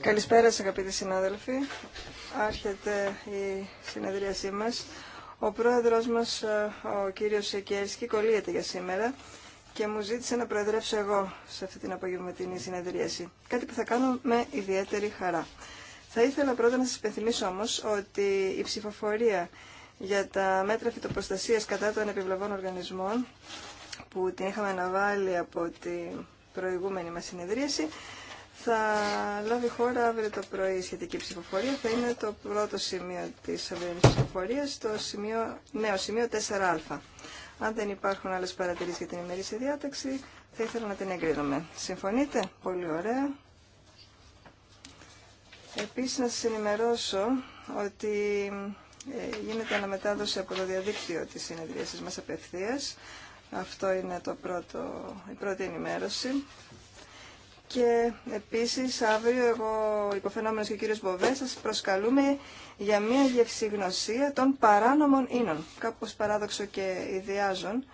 Καλησπέρα σας αγαπητοί συνάδελφοι. Άρχεται η συνεδρίασή μας. Ο πρόεδρος μας, ο κύριος Σεκέρσκι, κολλείεται για σήμερα και μου ζήτησε να προεδρεύσω εγώ σε αυτή την απογευματινή συνεδρίαση. Κάτι που θα κάνω με ιδιαίτερη χαρά. Θα ήθελα πρώτα να σας υπενθυμίσω όμως ότι η ψηφοφορία για τα μέτρα φυτοπροστασίας κατά των επιβλαβών οργανισμών που την είχαμε αναβάλει από την προηγούμενη μας συνεδρίαση θα λάβει χώρα αύριο το πρωί η σχετική ψηφοφορία. Θα είναι το πρώτο σημείο της αυριανής ψηφοφορίας, το σημείο, νέο ναι, σημείο 4α. Αν δεν υπάρχουν άλλες παρατηρήσεις για την ημερήσια διάταξη, θα ήθελα να την εγκρίνουμε. Συμφωνείτε? Πολύ ωραία. Επίσης να σας ενημερώσω ότι ε, γίνεται αναμετάδοση από το διαδίκτυο της συνεδρίασης μας απευθείας. Αυτό είναι το πρώτο, η πρώτη ενημέρωση. Και επίσης αύριο εγώ, υποφαινόμενος και ο κύριος Μποβέ, σας προσκαλούμε για μια γευσηγνωσία των παράνομων ίνων. Κάπως παράδοξο και ιδιάζων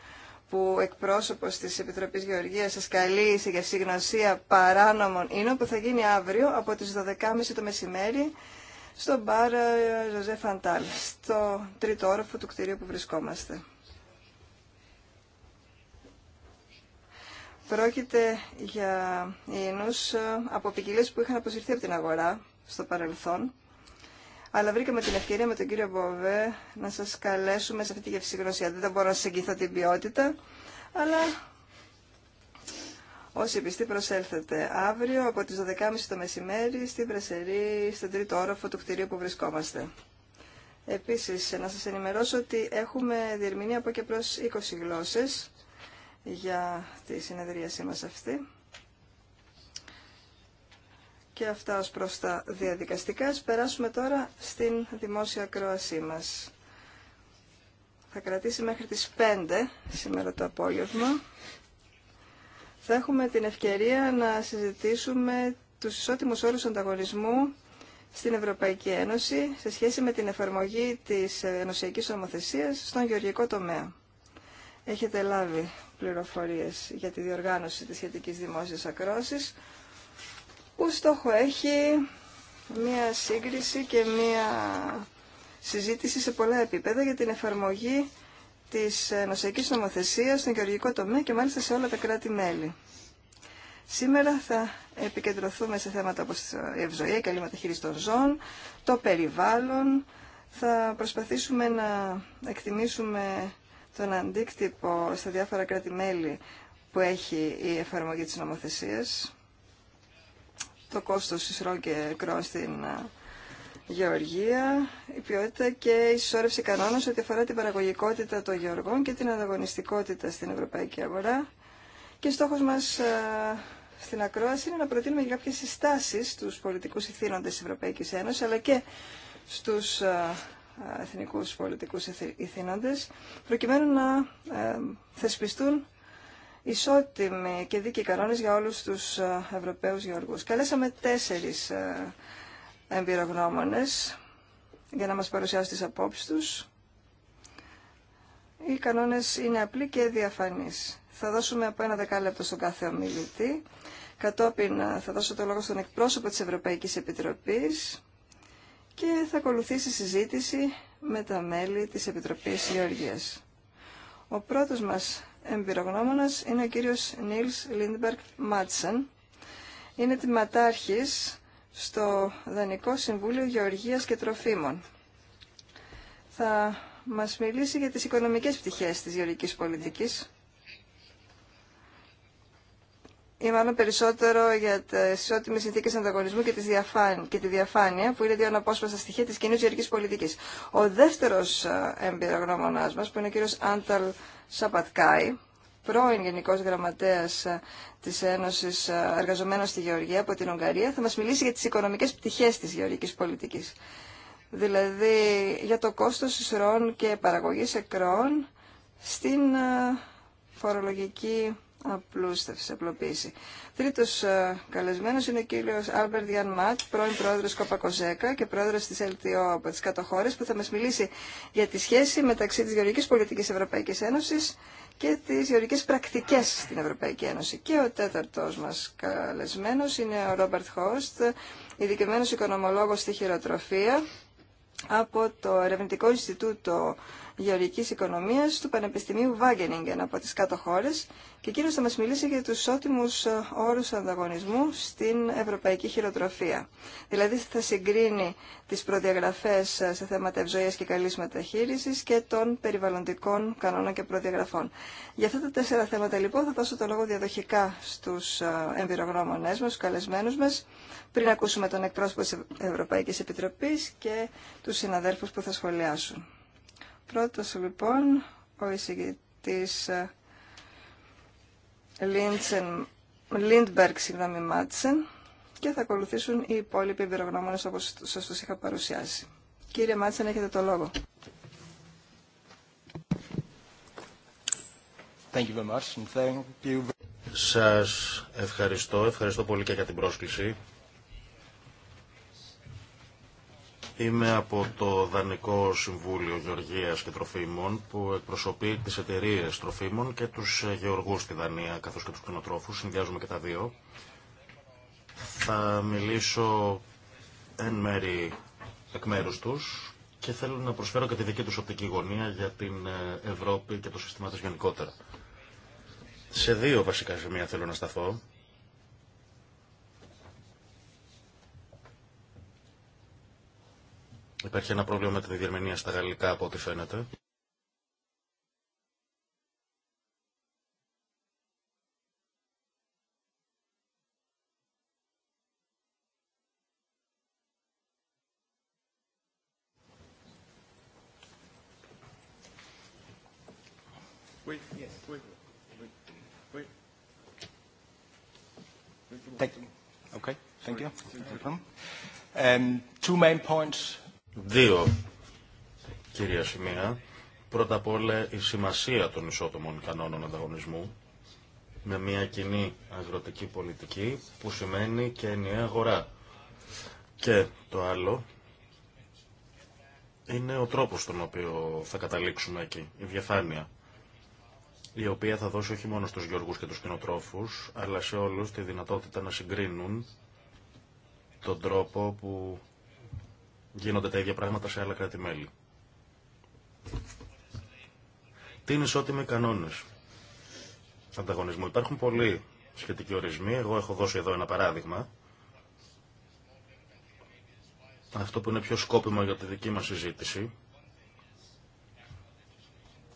που εκπρόσωπος της Επιτροπής Γεωργίας σας καλεί σε γευσηγνωσία παράνομων ίνων που θα γίνει αύριο από τις 12.30 το μεσημέρι στο μπαρ ε, Ζωζέ Φαντάλ, στο τρίτο όροφο του κτηρίου που βρισκόμαστε. Πρόκειται για ίνους ε, από ποικιλίε που είχαν αποσυρθεί από την αγορά στο παρελθόν. Αλλά βρήκαμε την ευκαιρία με τον κύριο Μπόβε να σας καλέσουμε σε αυτή τη γευσή γνωσία. Δεν μπορώ να σας εγγυθώ την ποιότητα, αλλά όσοι πιστοί προσέλθετε αύριο από τις 12.30 το μεσημέρι στην Πρεσερή, στον τρίτο όροφο του κτηρίου που βρισκόμαστε. Επίσης, να σας ενημερώσω ότι έχουμε διερμηνεί από και προς 20 γλώσσες για τη συνεδρίασή μας αυτή. Και αυτά ως προς τα διαδικαστικά. περάσουμε τώρα στην δημόσια ακρόασή μας. Θα κρατήσει μέχρι τις 5 σήμερα το απόγευμα. Θα έχουμε την ευκαιρία να συζητήσουμε τους ισότιμους όρους ανταγωνισμού στην Ευρωπαϊκή Ένωση σε σχέση με την εφαρμογή της ενωσιακής Ομοθεσίας στον γεωργικό τομέα. Έχετε λάβει πληροφορίες για τη διοργάνωση της σχετικής δημόσιας ακρόσης που στόχο έχει μία σύγκριση και μία συζήτηση σε πολλά επίπεδα για την εφαρμογή της νοσιακής νομοθεσίας στον γεωργικό τομέα και μάλιστα σε όλα τα κράτη-μέλη. Σήμερα θα επικεντρωθούμε σε θέματα όπως η ευζοία, καλή μεταχείριση των ζώων, το περιβάλλον. Θα προσπαθήσουμε να εκτιμήσουμε τον αντίκτυπο στα διάφορα κράτη-μέλη που έχει η εφαρμογή της νομοθεσίας, το κόστος της και κρών στην γεωργία, η ποιότητα και η συσσόρευση κανόνων ό,τι αφορά την παραγωγικότητα των γεωργών και την ανταγωνιστικότητα στην ευρωπαϊκή αγορά. Και στόχος μας στην ακρόαση είναι να προτείνουμε για κάποιες συστάσεις στους πολιτικούς ηθήνοντες της Ευρωπαϊκής Ένωσης, αλλά και στους εθνικούς πολιτικούς ηθήνοντες, προκειμένου να ε, θεσπιστούν ισότιμοι και δίκαιοι κανόνες για όλους τους ε, Ευρωπαίους γεωργούς. Καλέσαμε τέσσερις ε, εμπειρογνώμονες για να μας παρουσιάσουν τις απόψεις τους. Οι κανόνες είναι απλοί και διαφανείς. Θα δώσουμε από ένα δεκάλεπτο στον κάθε ομιλητή. Κατόπιν θα δώσω το λόγο στον εκπρόσωπο της Ευρωπαϊκής Επιτροπής και θα ακολουθήσει συζήτηση με τα μέλη της Επιτροπής Γεωργίας. Ο πρώτος μας εμπειρογνώμονας είναι ο κύριος Νίλς Λίντμπερκ Μάτσεν. Είναι τιματάρχης στο Δανικό Συμβούλιο Γεωργίας και Τροφίμων. Θα μας μιλήσει για τις οικονομικές πτυχές της γεωργικής πολιτικής ή μάλλον περισσότερο για τι ισότιμε συνθήκε ανταγωνισμού και, και τη διαφάνεια, που είναι δύο αναπόσπαστα στοιχεία τη κοινή γεωργική πολιτική. Ο δεύτερο ε, εμπειρογνώμονά μα, που είναι ο κύριο Άνταλ Σαπατκάη, πρώην Γενικό Γραμματέα ε, τη Ένωση ε, Εργαζομένων στη Γεωργία από την Ουγγαρία, θα μα μιλήσει για τι οικονομικέ πτυχέ τη γεωργική πολιτική. Δηλαδή για το κόστο ισρών και παραγωγή εκρών στην φορολογική απλούστευση, απλοποίηση. Τρίτος ε, καλεσμένο είναι ο κύριο Άλμπερτ Γιάν Ματ, πρώην πρόεδρος Κοπακοζέκα και πρόεδρο τη LTO από τι κάτω που θα μα μιλήσει για τη σχέση μεταξύ τη γεωργική πολιτική Ευρωπαϊκή Ένωση και τι γεωργικές πρακτικέ στην Ευρωπαϊκή Ένωση. Και ο τέταρτο μα καλεσμένο είναι ο Ρόμπερτ Χόστ, ειδικευμένο οικονομολόγος στη χειροτροφία από το Ερευνητικό Ινστιτούτο γεωργικής οικονομίας του Πανεπιστημίου Βάγγενιγκεν από τις κάτω χώρες και εκείνος θα μας μιλήσει για τους ότιμους ε, όρους ανταγωνισμού στην ευρωπαϊκή χειροτροφία. Δηλαδή θα συγκρίνει τις προδιαγραφές ε, σε θέματα ευζοίας και καλής μεταχείρισης και των περιβαλλοντικών κανόνων και προδιαγραφών. Για αυτά τα τέσσερα θέματα λοιπόν θα δώσω το λόγο διαδοχικά στους ε, εμπειρογνώμονές μας, στους καλεσμένους μας, πριν ακούσουμε τον εκπρόσωπο της Ευρωπαϊκής Επιτροπής και τους συναδέλφους που θα σχολιάσουν. Πρώτος λοιπόν ο εισηγητής ε, Λίντσεν, Λίντμπεργκ Μάτσεν και θα ακολουθήσουν οι υπόλοιποι εμπειρογνώμονες όπως σας τους είχα παρουσιάσει. Κύριε Μάτσεν έχετε το λόγο. Thank Σας ευχαριστώ. Ευχαριστώ πολύ και για την πρόσκληση. Είμαι από το Δανικό Συμβούλιο Γεωργίας και Τροφίμων που εκπροσωπεί τις εταιρείε τροφίμων και τους γεωργούς στη Δανία καθώς και τους κτηνοτρόφους. Συνδυάζουμε και τα δύο. Θα μιλήσω εν μέρη εκ μέρους τους και θέλω να προσφέρω και τη δική τους οπτική γωνία για την ε, Ευρώπη και το σύστημά της γενικότερα. Σε δύο βασικά σημεία θέλω να σταθώ. Υπάρχει ένα πρόβλημα με την διερμηνία στα γαλλικά από ό,τι φαίνεται. Okay, thank you. Um, two main points Δύο κυρία σημεία. Πρώτα απ' όλα η σημασία των ισότομων κανόνων ανταγωνισμού με μια κοινή αγροτική πολιτική που σημαίνει και ενιαία αγορά. Και το άλλο είναι ο τρόπος τον οποίο θα καταλήξουμε εκεί, η διαφάνεια η οποία θα δώσει όχι μόνο στους γεωργούς και τους κοινοτρόφους, αλλά σε όλους τη δυνατότητα να συγκρίνουν τον τρόπο που γίνονται τα ίδια πράγματα σε άλλα κράτη-μέλη. Τι είναι ισότιμοι κανόνε ανταγωνισμού. Υπάρχουν πολλοί σχετικοί ορισμοί. Εγώ έχω δώσει εδώ ένα παράδειγμα. Αυτό που είναι πιο σκόπιμο για τη δική μας συζήτηση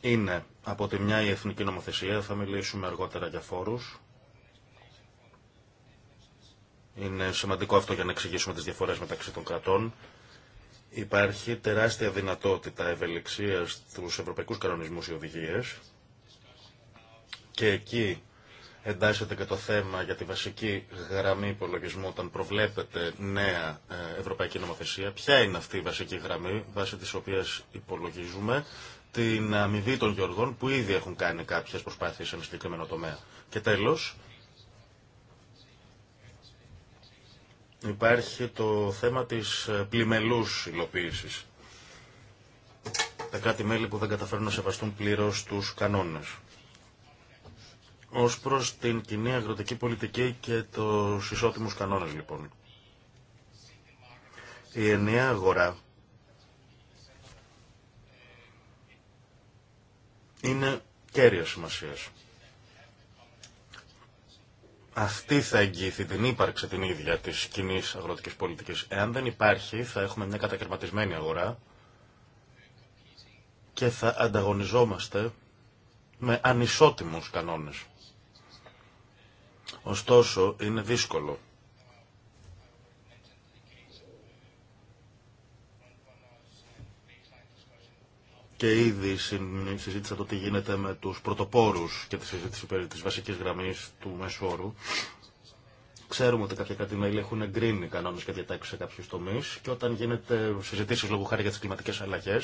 είναι από τη μια η εθνική νομοθεσία, θα μιλήσουμε αργότερα για φόρους. Είναι σημαντικό αυτό για να εξηγήσουμε τις διαφορές μεταξύ των κρατών. Υπάρχει τεράστια δυνατότητα ευελιξία στου ευρωπαϊκούς κανονισμούς ή οδηγίε, και εκεί εντάσσεται και το θέμα για τη βασική γραμμή υπολογισμού όταν προβλέπεται νέα ε, ευρωπαϊκή νομοθεσία. Ποια είναι αυτή η βασική γραμμή βάσει της οποίας υπολογίζουμε την αμοιβή των γεωργών που ήδη έχουν κάνει κάποιες προσπάθειες σε ένα συγκεκριμένο τομέα. Και τέλος, υπάρχει το θέμα της ε, πλημελούς υλοποίησης. Τα κράτη-μέλη που δεν καταφέρνουν να σεβαστούν πλήρως τους κανόνες. Ως προς την κοινή αγροτική πολιτική και το ισότιμους κανόνες λοιπόν. Η ενιαία αγορά είναι κέρια σημασίας αυτή θα εγγυηθεί την ύπαρξη την ίδια της κοινή αγροτικής πολιτικής. Εάν δεν υπάρχει θα έχουμε μια κατακαιρματισμένη αγορά και θα ανταγωνιζόμαστε με ανισότιμους κανόνες. Ωστόσο, είναι δύσκολο και ήδη συζήτησα το τι γίνεται με τους πρωτοπόρους και τη συζήτηση περί της βασικής γραμμής του μέσου όρου. Ξέρουμε ότι κάποια κράτη-μέλη έχουν εγκρίνει κανόνε και διατάξει σε κάποιου τομεί και όταν γίνεται συζητήσει λόγω χάρη για τι κλιματικέ αλλαγέ,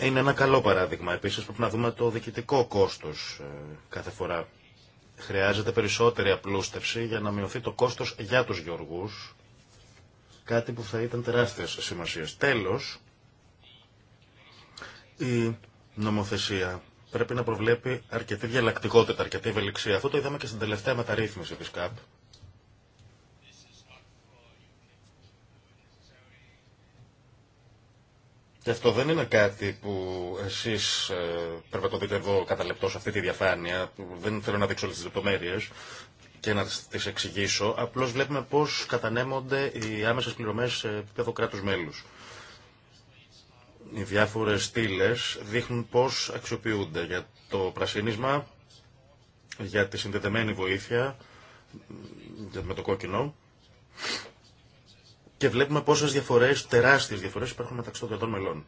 Είναι ένα καλό παράδειγμα. Επίση, πρέπει να δούμε το διοικητικό κόστο ε, κάθε φορά. Χρειάζεται περισσότερη απλούστευση για να μειωθεί το κόστο για του γεωργού Κάτι που θα ήταν τεράστια σημασία. Τέλος, η νομοθεσία πρέπει να προβλέπει αρκετή διαλλακτικότητα, αρκετή ευελιξία. Αυτό το είδαμε και στην τελευταία μεταρρύθμιση τη ΚΑΠ. Και αυτό δεν είναι κάτι που εσεί ε, πρέπει να το δείτε εδώ κατά λεπτό σε αυτή τη διαφάνεια, δεν θέλω να δείξω όλε τι λεπτομέρειε και να τι εξηγήσω. Απλώ βλέπουμε πώ κατανέμονται οι άμεσε πληρωμέ σε επίπεδο κράτου μέλου. Οι διάφορε στήλε δείχνουν πώ αξιοποιούνται για το πρασίνισμα, για τη συνδεδεμένη βοήθεια, με το κόκκινο. Και βλέπουμε πόσε διαφορέ, τεράστιε διαφορέ υπάρχουν μεταξύ των κρατών μελών.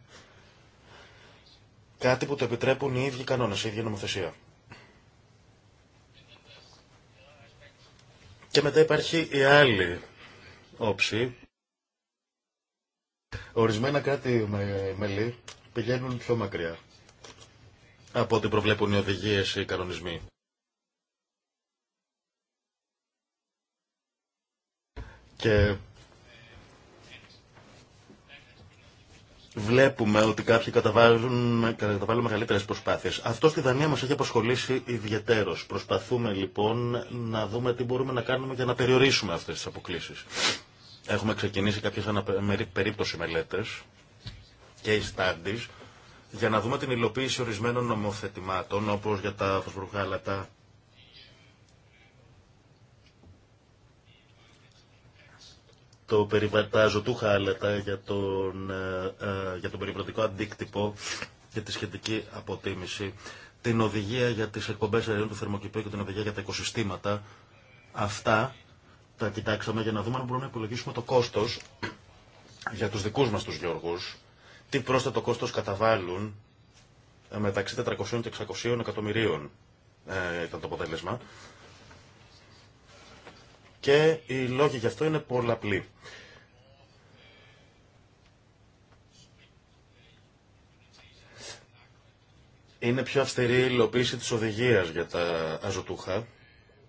Κάτι που το επιτρέπουν οι ίδιοι κανόνε, η ίδια νομοθεσία. Και μετά υπάρχει η άλλη όψη. Ορισμένα κάτι με, μελή πηγαίνουν πιο μακριά από ό,τι προβλέπουν οι οδηγίες ή οι κανονισμοί. Και βλέπουμε ότι κάποιοι καταβάλουν, καταβάλουν μεγαλύτερε προσπάθειε. Αυτό στη Δανία μα έχει απασχολήσει ιδιαίτερω. Προσπαθούμε λοιπόν να δούμε τι μπορούμε να κάνουμε για να περιορίσουμε αυτέ τι αποκλήσει. Έχουμε ξεκινήσει κάποιε περίπτωση μελέτε και studies για να δούμε την υλοποίηση ορισμένων νομοθετημάτων, όπω για τα φωσβουργάλατα το περιβατάζω του χάλετα για τον, ε, ε, για τον περιβαλλοντικό αντίκτυπο και τη σχετική αποτίμηση, την οδηγία για τις εκπομπές αερίων του θερμοκηπίου και την οδηγία για τα οικοσυστήματα, αυτά τα κοιτάξαμε για να δούμε αν μπορούμε να υπολογίσουμε το κόστος για τους δικούς μας τους γιώργους, τι πρόσθετο κόστος καταβάλουν ε, μεταξύ 400 και 600 εκατομμυρίων ήταν το αποτέλεσμα και οι λόγοι γι' αυτό είναι πολλαπλοί. Είναι πιο αυστηρή η υλοποίηση της οδηγίας για τα αζωτούχα,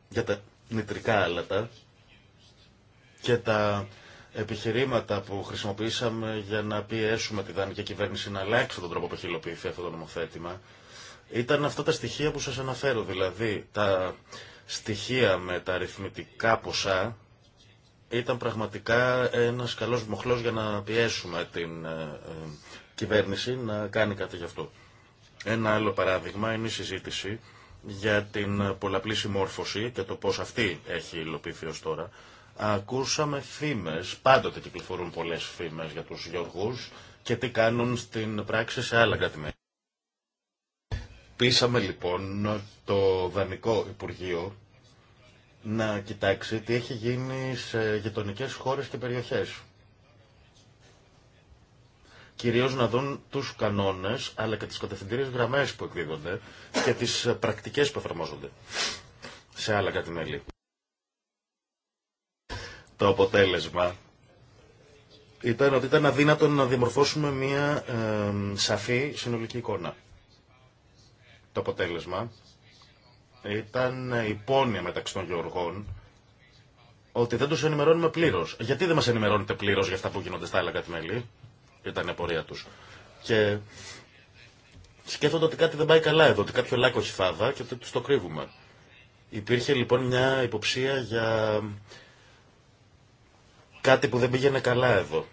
για τα νητρικά άλατα και τα επιχειρήματα που χρησιμοποιήσαμε για να πιέσουμε τη δανεική κυβέρνηση να αλλάξει τον τρόπο που έχει υλοποιηθεί αυτό το νομοθέτημα ήταν αυτά τα στοιχεία που σας αναφέρω, δηλαδή τα στοιχεία με τα αριθμητικά ποσά ήταν πραγματικά ένας καλός μοχλός για να πιέσουμε την ε, ε, κυβέρνηση να κάνει κάτι γι' αυτό. Ένα άλλο παράδειγμα είναι η συζήτηση για την πολλαπλή συμμόρφωση και το πώς αυτή έχει υλοποιηθεί ως τώρα. Ακούσαμε φήμες, πάντοτε κυκλοφορούν πολλές φήμες για τους Γιώργους και τι κάνουν στην πράξη σε άλλα Πείσαμε λοιπόν το Δανικό Υπουργείο να κοιτάξει τι έχει γίνει σε γειτονικές χώρες και περιοχές. Κυρίως να δουν τους κανόνες, αλλά και τις κατευθυντήριες γραμμές που εκδίδονται και τις πρακτικές που εφαρμόζονται σε άλλα κάτι Το αποτέλεσμα ήταν ότι ήταν αδύνατο να δημορφώσουμε μια σαφή συνολική εικόνα. Το αποτέλεσμα ήταν η πόνοια μεταξύ των γεωργών ότι δεν του ενημερώνουμε πλήρω. Γιατί δεν μα ενημερώνετε πλήρω για αυτά που γίνονται στα αλλα κατημέλη. ήταν η απορία του. Και σκέφτονται ότι κάτι δεν πάει καλά εδώ, ότι κάποιο λάκκο έχει φάδα και ότι του το κρύβουμε. Υπήρχε λοιπόν μια υποψία για κάτι που δεν πήγαινε καλά εδώ.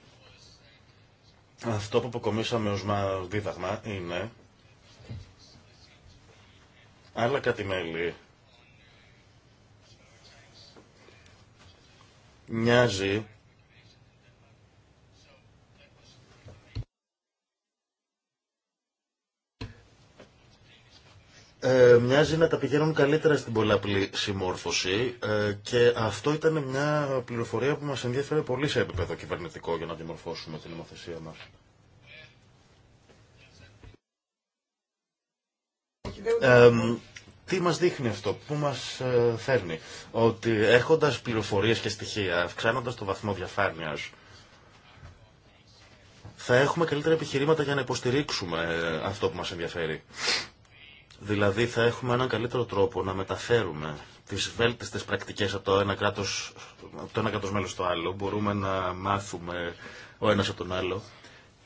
Αυτό που αποκομίσαμε ως δίδαγμα είναι Άλλα κάτι μέλη. Μοιάζει Ε, μοιάζει να τα πηγαίνουν καλύτερα στην πολλαπλή συμμόρφωση ε, και αυτό ήταν μια πληροφορία που μας ενδιαφέρει πολύ σε επίπεδο κυβερνητικό για να δημορφώσουμε την νομοθεσία μας. τι μας δείχνει αυτό, πού μας ε, φέρνει. Ότι έχοντας πληροφορίες και στοιχεία, αυξάνοντας το βαθμό διαφάνειας, θα έχουμε καλύτερα επιχειρήματα για να υποστηρίξουμε ε, αυτό που μας ενδιαφέρει. Δηλαδή θα έχουμε έναν καλύτερο τρόπο να μεταφέρουμε τις βέλτιστες πρακτικές από το ένα κράτος, από το ένα κράτος μέλος στο άλλο. Μπορούμε να μάθουμε ο ένας από τον άλλο.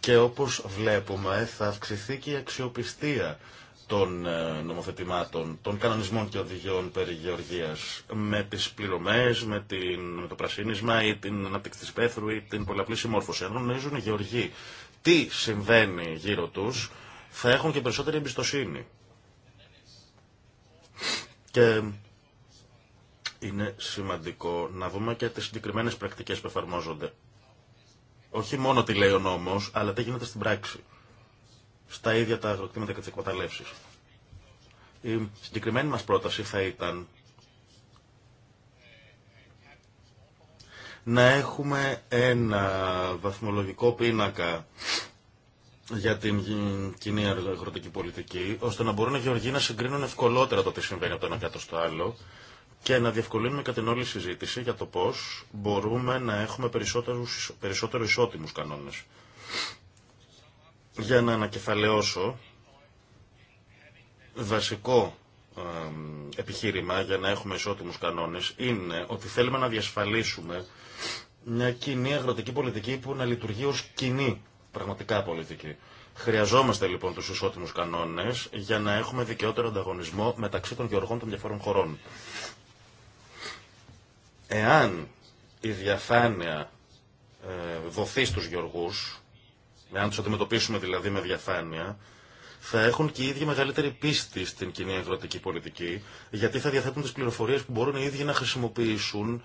Και όπως βλέπουμε θα αυξηθεί και η αξιοπιστία των ε, νομοθετημάτων, των κανονισμών και οδηγιών περί γεωργίας, με τις πληρωμές, με, το πρασίνισμα ή την ανάπτυξη της πέθρου ή την πολλαπλή συμμόρφωση. Αν γνωρίζουν οι γεωργοί τι συμβαίνει γύρω τους, θα έχουν και περισσότερη εμπιστοσύνη. Και είναι σημαντικό να δούμε και τις συγκεκριμένες πρακτικές που εφαρμόζονται. Όχι μόνο τι λέει ο νόμος, αλλά τι γίνεται στην πράξη στα ίδια τα αγροκτήματα και τι εκμεταλλεύσει. Η συγκεκριμένη μας πρόταση θα ήταν να έχουμε ένα βαθμολογικό πίνακα για την κοινή αγροτική πολιτική, ώστε να μπορούν οι γεωργοί να συγκρίνουν ευκολότερα το τι συμβαίνει από το ένα κάτω στο άλλο και να διευκολύνουμε κατά την όλη συζήτηση για το πώς μπορούμε να έχουμε περισσότερους, περισσότερο ισότιμους κανόνες. Για να ανακεφαλαιώσω, βασικό επιχείρημα για να έχουμε ισότιμους κανόνες είναι ότι θέλουμε να διασφαλίσουμε μια κοινή αγροτική πολιτική που να λειτουργεί ως κοινή πραγματικά πολιτική. Χρειαζόμαστε λοιπόν τους ισότιμους κανόνες για να έχουμε δικαιότερο ανταγωνισμό μεταξύ των γεωργών των διαφόρων χωρών. Εάν η διαφάνεια ε, δοθεί στους γεωργούς αν του αντιμετωπίσουμε δηλαδή με διαφάνεια, θα έχουν και οι ίδιοι μεγαλύτερη πίστη στην κοινή αγροτική πολιτική, γιατί θα διαθέτουν τι πληροφορίε που μπορούν οι ίδιοι να χρησιμοποιήσουν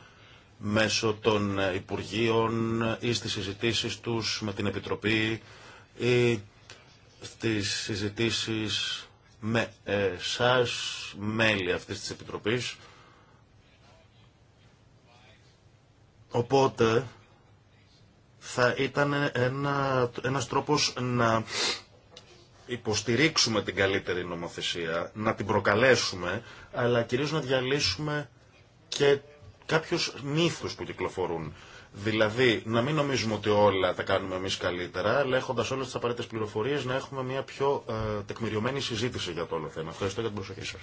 μέσω των ε, Υπουργείων ή στι συζητήσει τους με την Επιτροπή ή στις συζητήσει με εσά, μέλη αυτή τη Επιτροπής. Οπότε, θα ήταν ένα, ένας τρόπος να υποστηρίξουμε την καλύτερη νομοθεσία, να την προκαλέσουμε, αλλά κυρίως να διαλύσουμε και κάποιους μύθους που κυκλοφορούν. Δηλαδή, να μην νομίζουμε ότι όλα τα κάνουμε εμεί καλύτερα, αλλά έχοντα όλε τις απαραίτητε πληροφορίες να έχουμε μια πιο ε, τεκμηριωμένη συζήτηση για το όλο θέμα. Ευχαριστώ για την προσοχή σας.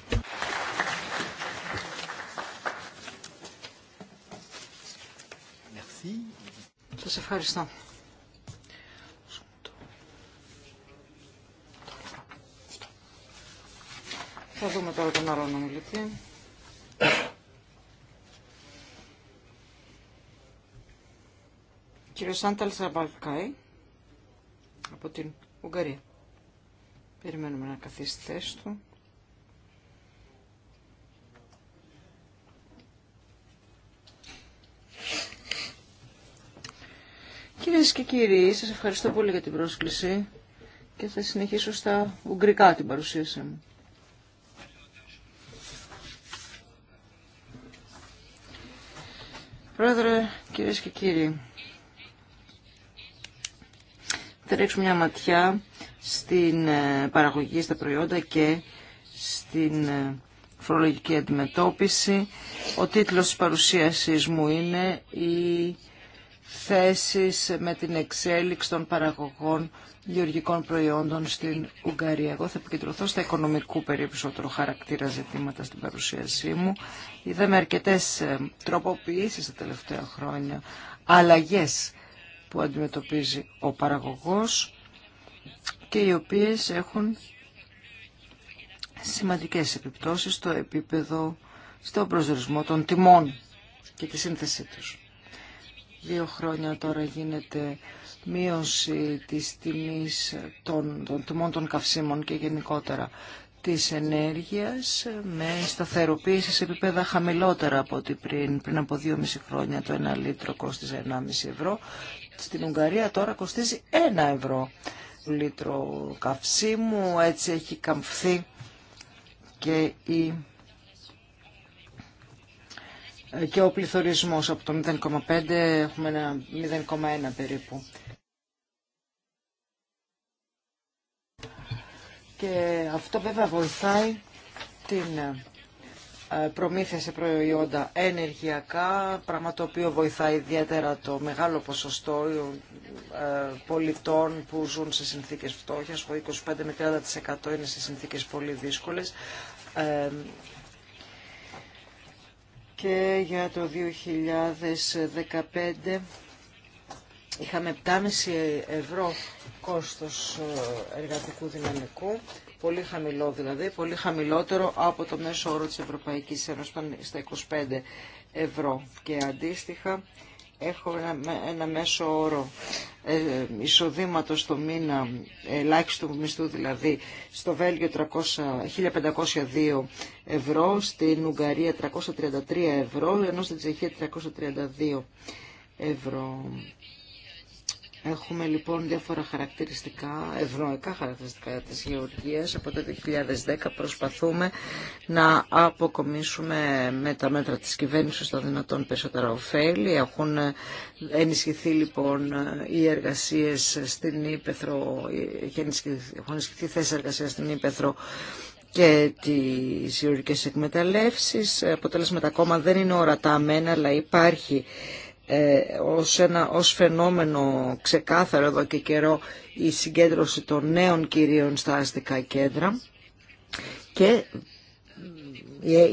Σας ευχαριστώ. Θα δούμε τώρα τον άλλο ομιλητή. Κύριο Σάνταλ Σαμπαλκάη από την Ουγγαρία. Περιμένουμε να καθίσει θέση του. Κυρίε και κύριοι, σα ευχαριστώ πολύ για την πρόσκληση και θα συνεχίσω στα ουγγρικά την παρουσίασή μου. Πρόεδρε, κυρίε και κύριοι, θα ρίξουμε μια ματιά στην ε, παραγωγή, στα προϊόντα και στην ε, φορολογική αντιμετώπιση. Ο τίτλος της παρουσίασής μου είναι η θέσεις με την εξέλιξη των παραγωγών γεωργικών προϊόντων στην Ουγγαρία. Εγώ θα επικεντρωθώ στα οικονομικού περισσότερο χαρακτήρα ζητήματα στην παρουσίασή μου. Είδαμε αρκετέ ε, τροποποιήσεις τα τελευταία χρόνια, αλλαγές που αντιμετωπίζει ο παραγωγός και οι οποίες έχουν σημαντικές επιπτώσεις στο επίπεδο, στον προσδορισμό των τιμών και τη σύνθεσή τους δύο χρόνια τώρα γίνεται μείωση της τιμής των, των τιμών των καυσίμων και γενικότερα της ενέργειας με σταθεροποίηση σε επίπεδα χαμηλότερα από ό,τι πριν, πριν από 2,5 χρόνια το ένα λίτρο κόστιζε 1,5 ευρώ. Στην Ουγγαρία τώρα κοστίζει ένα ευρώ λίτρο καυσίμου, έτσι έχει καμφθεί και η και ο πληθωρισμός από το 0,5 έχουμε ένα 0,1 περίπου. Και αυτό βέβαια βοηθάει την ε, προμήθεια σε προϊόντα ενεργειακά, πράγμα το οποίο βοηθάει ιδιαίτερα το μεγάλο ποσοστό ε, πολιτών που ζουν σε συνθήκες φτώχειας, που 25 με 30% είναι σε συνθήκες πολύ δύσκολες ε, και για το 2015 είχαμε 7,5 ευρώ κόστος ε, εργατικού δυναμικού, πολύ χαμηλό δηλαδή, πολύ χαμηλότερο από το μέσο όρο της Ευρωπαϊκής Ένωσης, στα 25 ευρώ και αντίστοιχα έχω ένα, μέσο όρο ε, εισοδήματος το μήνα, ελάχιστο μισθού δηλαδή, στο Βέλγιο 300, 1502 ευρώ, στην Ουγγαρία 333 ευρώ, ενώ στην Τσεχία 332 ευρώ. Έχουμε λοιπόν διάφορα χαρακτηριστικά, ευνοϊκά χαρακτηριστικά της γεωργίας. Από το 2010 προσπαθούμε να αποκομίσουμε με τα μέτρα της κυβέρνησης των δυνατόν περισσότερα ωφέλη. Έχουν ε, ενισχυθεί λοιπόν οι εργασίες στην Ήπεθρο, έχουν ενισχυθεί θέσεις εργασίας στην Ήπεθρο και τις γεωργικές εκμεταλλεύσεις. Αποτέλεσμα τα κόμμα δεν είναι ορατά μένα, αλλά υπάρχει ε, ως, ένα, ως φαινόμενο ξεκάθαρο εδώ και καιρό η συγκέντρωση των νέων κυρίων στα αστικά κέντρα και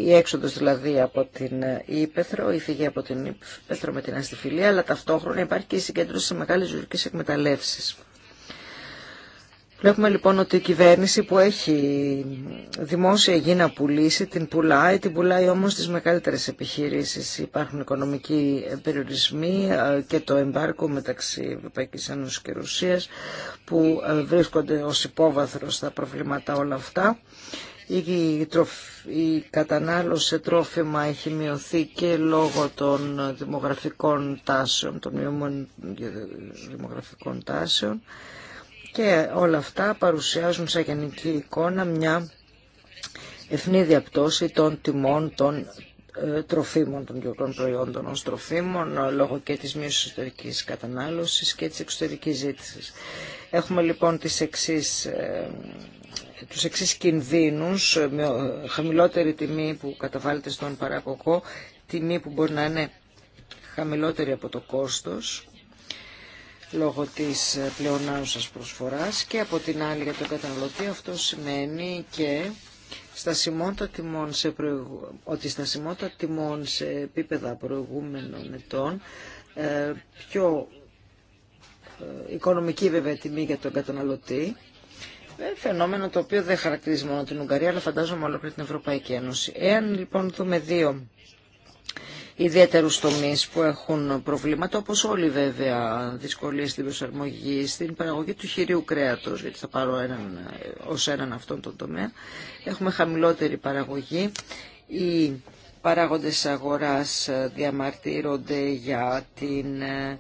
η έξοδος δηλαδή από την ε, Ήπεθρο, η φυγή από την Ήπεθρο με την αστιφιλία, αλλά ταυτόχρονα υπάρχει και η συγκέντρωση σε μεγάλες ζωικές εκμεταλλεύσεις. Βλέπουμε λοιπόν ότι η κυβέρνηση που έχει δημόσια γη να πουλήσει, την πουλάει, την πουλάει όμως στις μεγαλύτερες επιχειρήσεις. Υπάρχουν οικονομικοί περιορισμοί ε, και το εμπάρκο μεταξύ Ευρωπαϊκής Ένωσης και Ρουσίας που ε, βρίσκονται ως υπόβαθρο στα προβλήματα όλα αυτά. Η, η κατανάλωση τρόφιμα έχει μειωθεί και λόγω των δημογραφικών τάσεων, των μειωμένων δημογραφικών τάσεων. Και όλα αυτά παρουσιάζουν σαν γενική εικόνα μια ευνή διαπτώση των τιμών των ε, τροφίμων, των γεωργών προϊόντων ως τροφίμων, ε, λόγω και της μείωσης εσωτερικής κατανάλωσης και της εξωτερικής ζήτησης. Έχουμε λοιπόν τις εξής, ε, τους εξής κινδύνους, με χαμηλότερη τιμή που καταβάλλεται στον παραγωγό, τιμή που μπορεί να είναι χαμηλότερη από το κόστος, λόγω της ε, πλεονάουσας προσφοράς και από την άλλη για τον καταναλωτή αυτό σημαίνει και στασιμότητα τιμών σε προηγου... ότι στασιμότητα τιμών σε επίπεδα προηγούμενων ετών ε, πιο ε, οικονομική βέβαια τιμή για τον καταναλωτή φαινόμενο το οποίο δεν χαρακτηρίζει μόνο την Ουγγαρία αλλά φαντάζομαι και την Ευρωπαϊκή Ένωση. Εάν λοιπόν δούμε δύο ιδιαίτερους τομείς που έχουν προβλήματα, όπως όλοι βέβαια, δυσκολίες στην προσαρμογή, στην παραγωγή του χειρίου κρέατος, γιατί θα πάρω έναν, ως έναν αυτόν τον τομέα. Έχουμε χαμηλότερη παραγωγή. Οι παράγοντες αγοράς ε, διαμαρτύρονται για την ε,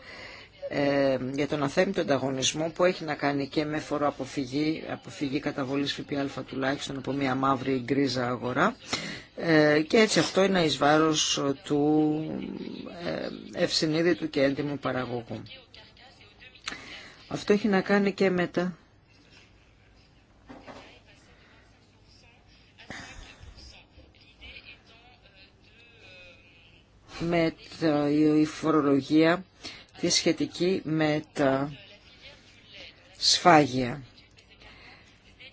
ε, για τον αθέμητο ανταγωνισμό που έχει να κάνει και με φοροαποφυγή, αποφυγή καταβολής ΦΠΑ τουλάχιστον από μια μαύρη ή γκρίζα αγορά ε, και έτσι αυτό είναι εις βάρος του ε, ευσυνείδητου και έντιμου παραγωγού. Αυτό έχει να κάνει και με τα... με τη φορολογία αυτή σχετική με τα σφάγια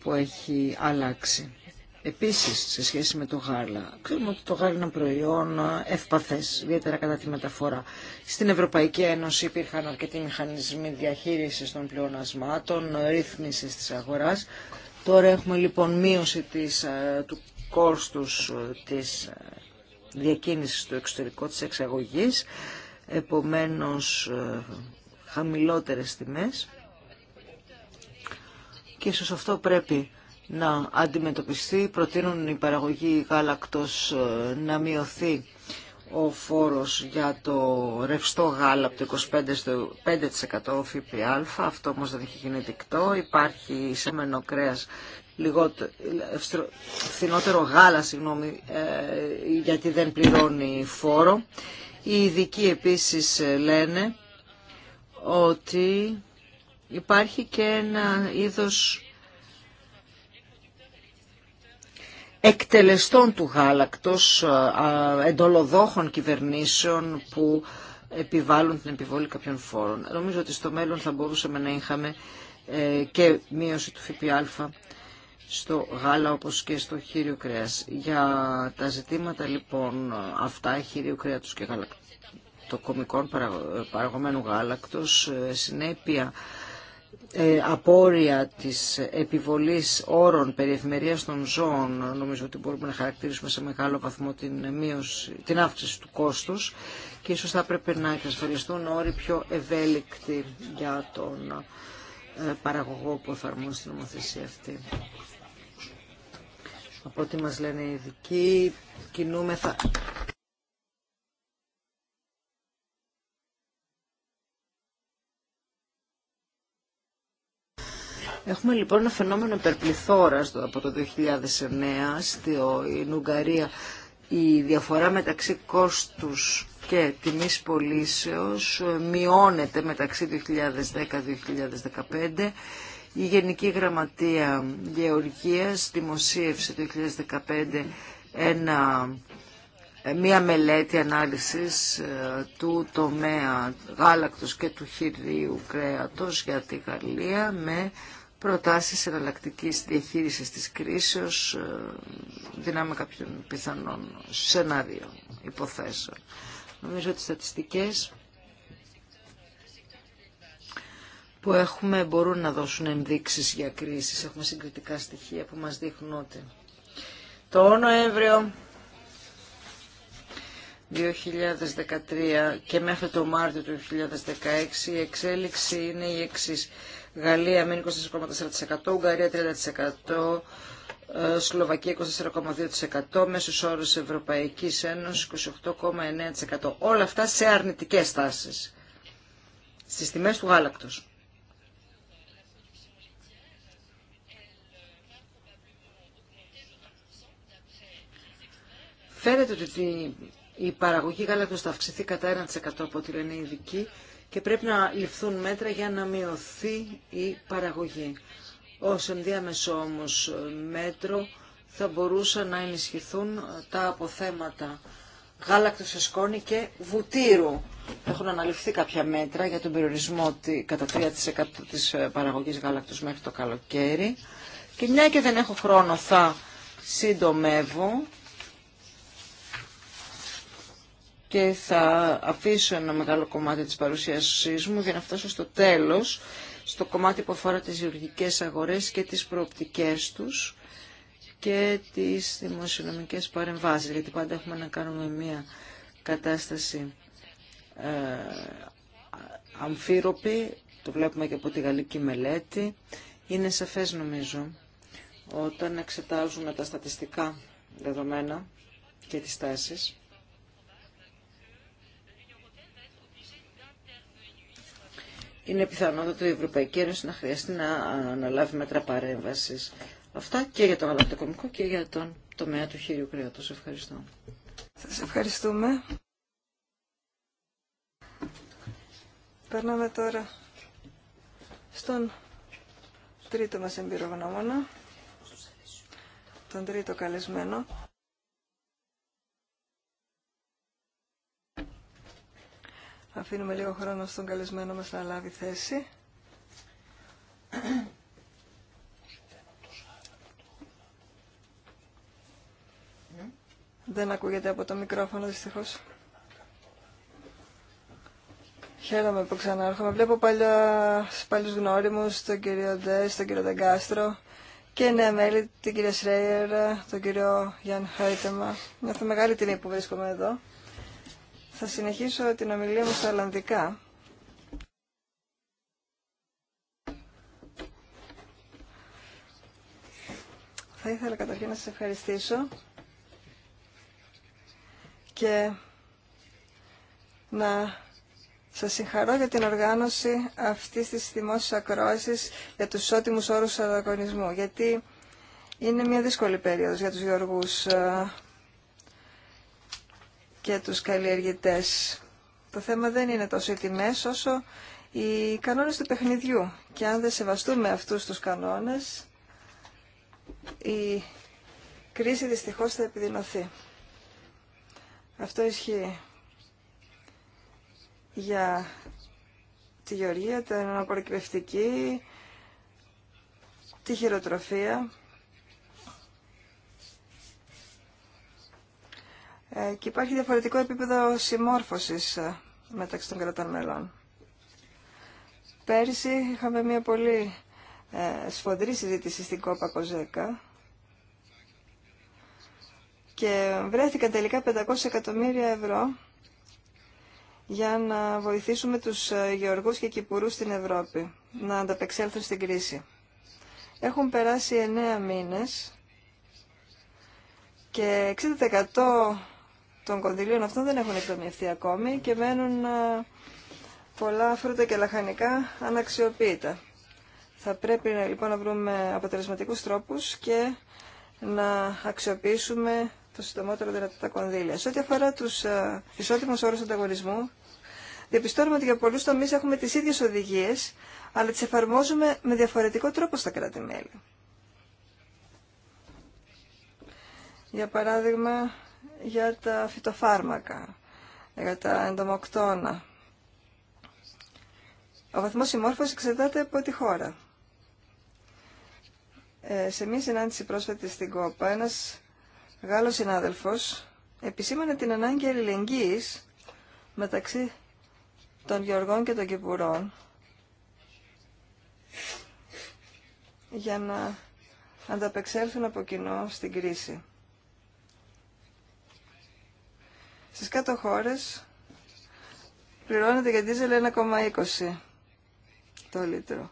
που έχει αλλάξει. Επίσης, σε σχέση με το γάλα, ξέρουμε ότι το γάλα είναι ένα προϊόν ευπαθές, ιδιαίτερα κατά τη μεταφορά. Στην Ευρωπαϊκή Ένωση υπήρχαν αρκετοί μηχανισμοί διαχείρισης των πλεονασμάτων, ρύθμισης της αγοράς. Τώρα έχουμε λοιπόν μείωση της, ε, του κόστους ε, της ε, διακίνησης του εξωτερικό της εξαγωγής επομένως ε, χαμηλότερες τιμές και ίσως αυτό πρέπει να αντιμετωπιστεί. Προτείνουν η παραγωγή γάλακτος ε, να μειωθεί ο φόρος για το ρευστό γάλα από το 25% στο 5% ΦΠΑ. Αυτό όμως δεν έχει γίνει δικτό. Υπάρχει σέμενο κρέας λιγότερο, φθηνότερο γάλα συγγνώμη, ε, γιατί δεν πληρώνει φόρο. Οι ειδικοί επίσης ε, λένε ότι υπάρχει και ένα είδος εκτελεστών του γάλακτος, ε, εντολοδόχων κυβερνήσεων που επιβάλλουν την επιβολή κάποιων φόρων. Νομίζω ότι στο μέλλον θα μπορούσαμε να είχαμε ε, και μείωση του ΦΠΑ στο γάλα όπως και στο χείριο κρέας. Για τα ζητήματα λοιπόν αυτά χείριο κρέατος και το γαλακτοκομικών παραγωμένου γάλακτος, ε, συνέπεια ε, απόρρια της επιβολής όρων περί ευημερίας των ζώων νομίζω ότι μπορούμε να χαρακτηρίσουμε σε μεγάλο βαθμό την, μείωση, την αύξηση του κόστους και ίσως θα έπρεπε να εξασφαλιστούν όροι πιο ευέλικτοι για τον ε, παραγωγό που εφαρμόζει την νομοθεσία αυτή από ό,τι μας λένε οι ειδικοί, κινούμεθα... Έχουμε λοιπόν ένα φαινόμενο υπερπληθώρας από το 2009 στην Ουγγαρία. Η διαφορά μεταξύ κόστους και τιμης πολισεως πωλήσεως μειώνεται μεταξύ 2010-2015 η Γενική Γραμματεία Γεωργίας δημοσίευσε το 2015 ένα, μία μελέτη ανάλυσης ε, του τομέα γάλακτος και του χειρίου κρέατος για τη Γαλλία με προτάσεις εναλλακτική διαχείρισης της κρίσεως ε, δυνάμει κάποιων πιθανών σενάριων, υποθέσεων. Νομίζω ότι οι στατιστικές που έχουμε μπορούν να δώσουν ενδείξεις για κρίσεις. Έχουμε συγκριτικά στοιχεία που μας δείχνουν ότι το Νοέμβριο 2013 και μέχρι το Μάρτιο του 2016 η εξέλιξη είναι η εξή. Γαλλία με 24,4%, Ουγγαρία 30%, ε, Σλοβακία 24,2%, μέσος όρος Ευρωπαϊκής Ένωσης 28,9%. Όλα αυτά σε αρνητικές τάσεις. Στις τιμές του γάλακτος. Φαίνεται ότι η παραγωγή γάλακτος θα αυξηθεί κατά 1% από ό,τι λένε οι και πρέπει να ληφθούν μέτρα για να μειωθεί η παραγωγή. Ως ενδιάμεσο όμως μέτρο θα μπορούσαν να ενισχυθούν τα αποθέματα γάλακτος σε σκόνη και βουτύρου. Έχουν αναλυφθεί κάποια μέτρα για τον περιορισμό κατά 3% της ε, παραγωγής γάλακτος μέχρι το καλοκαίρι. Και μια και δεν έχω χρόνο θα συντομεύω. και θα αφήσω ένα μεγάλο κομμάτι της παρουσίασής μου για να φτάσω στο τέλος, στο κομμάτι που αφορά τις γεωργικές αγορές και τις προοπτικές τους και τις δημοσιονομικές παρεμβάσεις, γιατί πάντα έχουμε να κάνουμε μια κατάσταση ε, αμφίροπη, το βλέπουμε και από τη γαλλική μελέτη. Είναι σαφές νομίζω, όταν εξετάζουμε τα στατιστικά δεδομένα και τις τάσεις, είναι πιθανότατο η Ευρωπαϊκή Ένωση να χρειαστεί να αναλάβει μέτρα παρέμβαση. Αυτά και για τον αλλακτοκομικό και για τον τομέα του χείριου κρέατος. Ευχαριστώ. Σας ευχαριστούμε. Περνάμε τώρα στον τρίτο μας εμπειρογνώμονα, τον τρίτο καλεσμένο, Αφήνουμε λίγο χρόνο στον καλεσμένο μας να λάβει θέση. Δεν ακούγεται από το μικρόφωνο δυστυχώς. Χαίρομαι που ξανάρχομαι. Βλέπω παλιά, παλιούς γνώριμους, τον κύριο Ντές, τον κύριο Δεγκάστρο και νέα μέλη, την κυρία Σρέιερ, τον κύριο Γιάνν Χάιτεμα. Νιώθω μεγάλη τιμή που βρίσκομαι εδώ. Θα συνεχίσω την ομιλία μου στα Ολλανδικά. Θα ήθελα καταρχήν να σας ευχαριστήσω και να σας συγχαρώ για την οργάνωση αυτής της δημόσιας ακρόασης για τους ισότιμους όρους αγωνισμού, γιατί είναι μια δύσκολη περίοδος για τους γεωργούς ε, και τους καλλιεργητές. Το θέμα δεν είναι τόσο οι τιμές όσο οι κανόνες του παιχνιδιού. Και αν δεν σεβαστούμε αυτούς τους κανόνες, η κρίση δυστυχώς θα επιδεινωθεί. Αυτό ισχύει για τη γεωργία, την αναπορκυπευτική, τη χειροτροφία Ε, και υπάρχει διαφορετικό επίπεδο συμμόρφωσης ε, μεταξύ των κρατών μελών. Πέρυσι είχαμε μια πολύ ε, σφοδρή συζήτηση στην κόπα Κοζέκα και βρέθηκαν τελικά 500 εκατομμύρια ευρώ για να βοηθήσουμε τους γεωργούς και κυπουρούς στην Ευρώπη να ανταπεξέλθουν στην κρίση. Έχουν περάσει 9 μήνες και 60% των κονδυλίων αυτών δεν έχουν εκδομηθεί ακόμη και μένουν πολλά φρούτα και λαχανικά αναξιοποιητά. Θα πρέπει λοιπόν να βρούμε αποτελεσματικούς τρόπους και να αξιοποιήσουμε το συντομότερο δυνατό τα κονδύλια. Σε ό,τι αφορά τους ισότιμους όρους ανταγωνισμού, διαπιστώνουμε ότι για πολλούς τομείς έχουμε τις ίδιες οδηγίες, αλλά τις εφαρμόζουμε με διαφορετικό τρόπο στα κράτη-μέλη. Για παράδειγμα, για τα φυτοφάρμακα, για τα εντομοκτώνα. Ο βαθμός συμμόρφωσης εξετάται από τη χώρα. Ε, σε μία συνάντηση πρόσφατη στην ΚΟΠΑ, ένας Γάλλος συνάδελφος επισήμανε την ανάγκη αλληλεγγύης μεταξύ των Γεωργών και των Κυπουρών για να ανταπεξέλθουν από κοινό στην κρίση. Στις κάτω χώρες πληρώνεται για δίζελ 1,20 το λίτρο.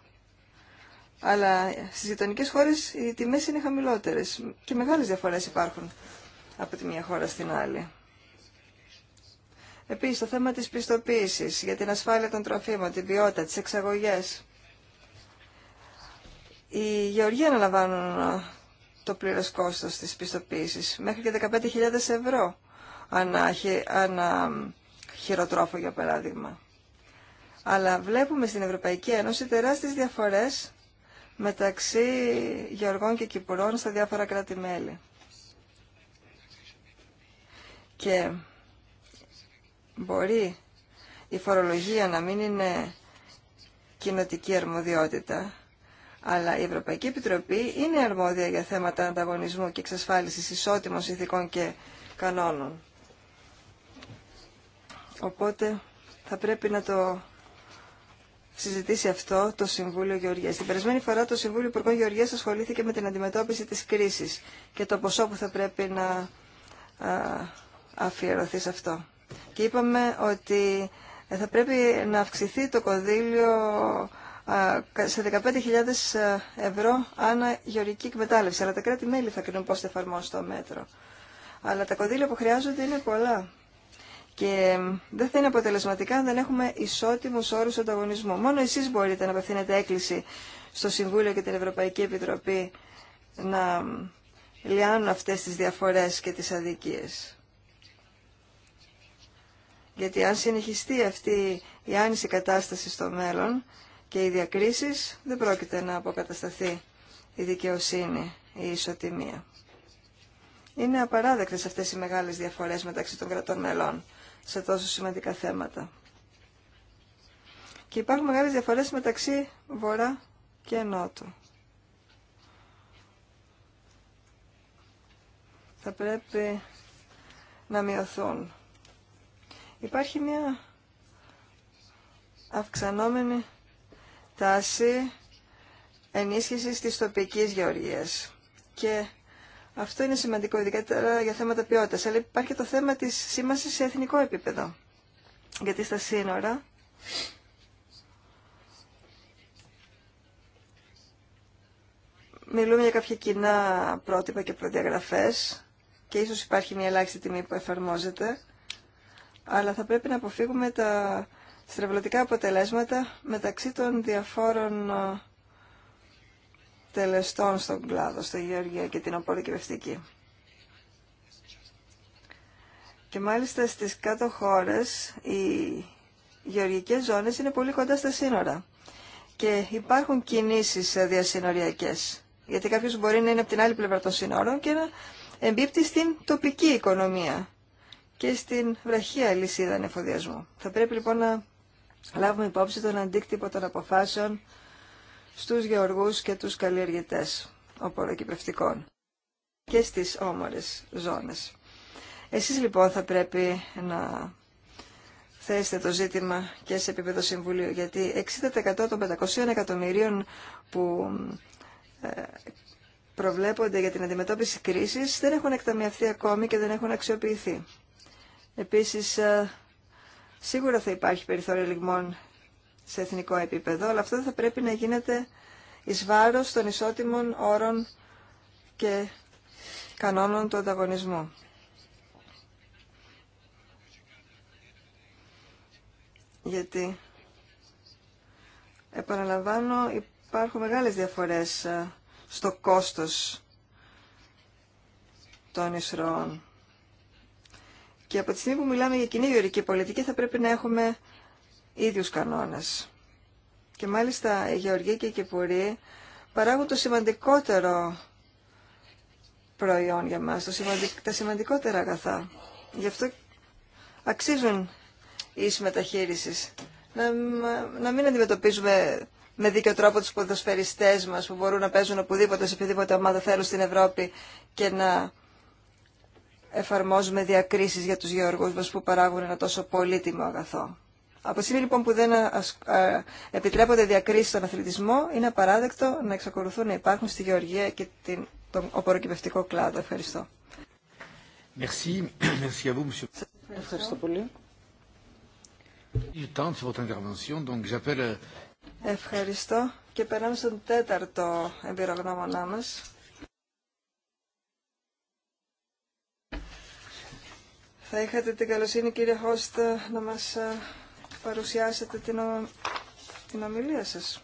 Αλλά στις γειτονικέ χώρες οι τιμές είναι χαμηλότερες και μεγάλες διαφορές υπάρχουν από τη μία χώρα στην άλλη. Επίσης, το θέμα της πιστοποίησης για την ασφάλεια των τροφίμων, την ποιότητα, τις εξαγωγές. Οι γεωργοί αναλαμβάνουν το πλήρες κόστος της πιστοποίησης, μέχρι και 15.000 ευρώ ανά, ανά χειροτρόφο για παράδειγμα. Αλλά βλέπουμε στην Ευρωπαϊκή Ένωση τεράστιες διαφορές μεταξύ γεωργών και κυπουρών στα διάφορα κράτη-μέλη. Και μπορεί η φορολογία να μην είναι κοινοτική αρμοδιότητα, αλλά η Ευρωπαϊκή Επιτροπή είναι αρμόδια για θέματα ανταγωνισμού και εξασφάλισης ισότιμων συνθηκών και κανόνων. Οπότε θα πρέπει να το συζητήσει αυτό το Συμβούλιο Γεωργίας. Την περασμένη φορά το Συμβούλιο Υπουργών Γεωργίας ασχολήθηκε με την αντιμετώπιση της κρίσης και το ποσό που θα πρέπει να αφιερωθεί σε αυτό. Και είπαμε ότι θα πρέπει να αυξηθεί το κονδύλιο σε 15.000 ευρώ ανά γεωργική εκμετάλλευση. Αλλά τα κράτη-μέλη θα κρίνουν πώς θα εφαρμόσουν το μέτρο. Αλλά τα κονδύλια που χρειάζονται είναι πολλά. Και δεν θα είναι αποτελεσματικά αν δεν έχουμε ισότιμού όρου ανταγωνισμού. Μόνο εσεί μπορείτε να απευθύνετε έκκληση στο Συμβούλιο και την Ευρωπαϊκή Επιτροπή να λιάνουν αυτέ τι διαφορέ και τι αδικίες. Γιατί αν συνεχιστεί αυτή η άνηση κατάσταση στο μέλλον και οι διακρίσει, δεν πρόκειται να αποκατασταθεί η δικαιοσύνη, η ισοτιμία. Είναι απαράδεκτες αυτές οι μεγάλες διαφορές μεταξύ των κρατών μελών σε τόσο σημαντικά θέματα. Και υπάρχουν μεγάλες διαφορές μεταξύ Βορρά και Νότου. Θα πρέπει να μειωθούν. Υπάρχει μια αυξανόμενη τάση ενίσχυσης της τοπικής γεωργίας και αυτό είναι σημαντικό, ειδικά για θέματα ποιότητα. Αλλά υπάρχει και το θέμα τη σήμανση σε εθνικό επίπεδο. Γιατί στα σύνορα μιλούμε για κάποια κοινά πρότυπα και προδιαγραφές και ίσως υπάρχει μια ελάχιστη τιμή που εφαρμόζεται, αλλά θα πρέπει να αποφύγουμε τα στρεβλωτικά αποτελέσματα μεταξύ των διαφόρων τελεστών στον κλάδο, στο Γεωργία και την απορροκυβευτική. Και μάλιστα στις κάτω χώρες οι γεωργικές ζώνες είναι πολύ κοντά στα σύνορα και υπάρχουν κινήσεις διασυνοριακές. Γιατί κάποιος μπορεί να είναι από την άλλη πλευρά των σύνορων και να εμπίπτει στην τοπική οικονομία και στην βραχία λυσίδα ανεφοδιασμού. Θα πρέπει λοιπόν να λάβουμε υπόψη τον αντίκτυπο των αποφάσεων στους γεωργούς και τους καλλιεργητές οπωροκυπευτικών και στις όμορες ζώνες. Εσείς λοιπόν θα πρέπει να θέσετε το ζήτημα και σε επίπεδο Συμβουλίου, γιατί 60% των 500 εκατομμυρίων που ε, προβλέπονται για την αντιμετώπιση κρίσης δεν έχουν εκταμιευθεί ακόμη και δεν έχουν αξιοποιηθεί. Επίσης, ε, σίγουρα θα υπάρχει περιθώριο λιγμών σε εθνικό επίπεδο, αλλά αυτό θα πρέπει να γίνεται εις βάρος των ισότιμων όρων και κανόνων του ανταγωνισμού. Γιατί, επαναλαμβάνω, υπάρχουν μεγάλες διαφορές ε, στο κόστος των ισρώων. Και από τη στιγμή που μιλάμε για κοινή γεωρική πολιτική θα πρέπει να έχουμε ίδιους κανόνες. Και μάλιστα η Γεωργία και η Κυπουρή παράγουν το σημαντικότερο προϊόν για μας, το τα σημαντικότερα αγαθά. Γι' αυτό αξίζουν οι μεταχείρισης. Να, να μην αντιμετωπίζουμε με δίκαιο τρόπο τους ποδοσφαιριστές μας που μπορούν να παίζουν οπουδήποτε σε οποιαδήποτε ομάδα θέλουν στην Ευρώπη και να εφαρμόζουμε διακρίσεις για τους γεωργούς μας που παράγουν ένα τόσο πολύτιμο αγαθό. Από λοιπόν που δεν επιτρέπονται διακρίσει στον αθλητισμό, είναι απαράδεκτο να εξακολουθούν να υπάρχουν στη γεωργία και την, τον οποροκυπευτικό κλάδο. Ευχαριστώ. Merci. Merci à vous, Ευχαριστώ πολύ. Euh, ευχαριστώ και περνάμε στον τέταρτο εμπειρογνώμονά μας. Θα είχατε την καλοσύνη κύριε Χώστα να μας ε, παρουσιάσετε την, ο... την ομιλία σας.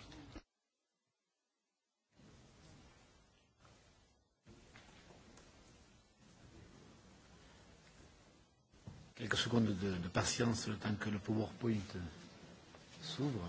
Quelques secondes de, de patience le temps que le PowerPoint s'ouvre.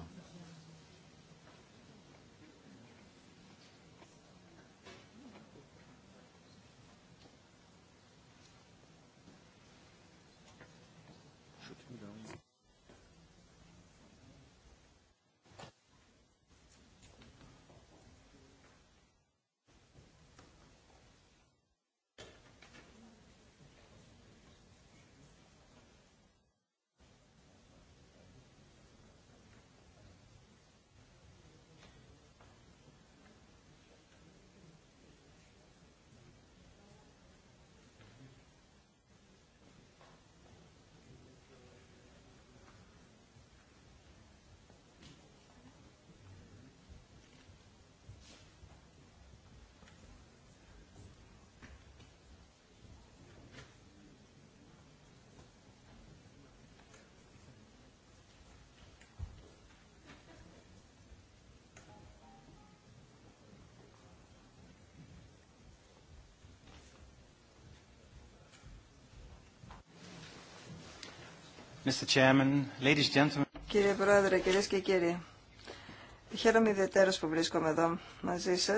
Κύριε Πρόεδρε, κυρίε και κύριοι, χαίρομαι ιδιαίτερα που βρίσκομαι εδώ μαζί σα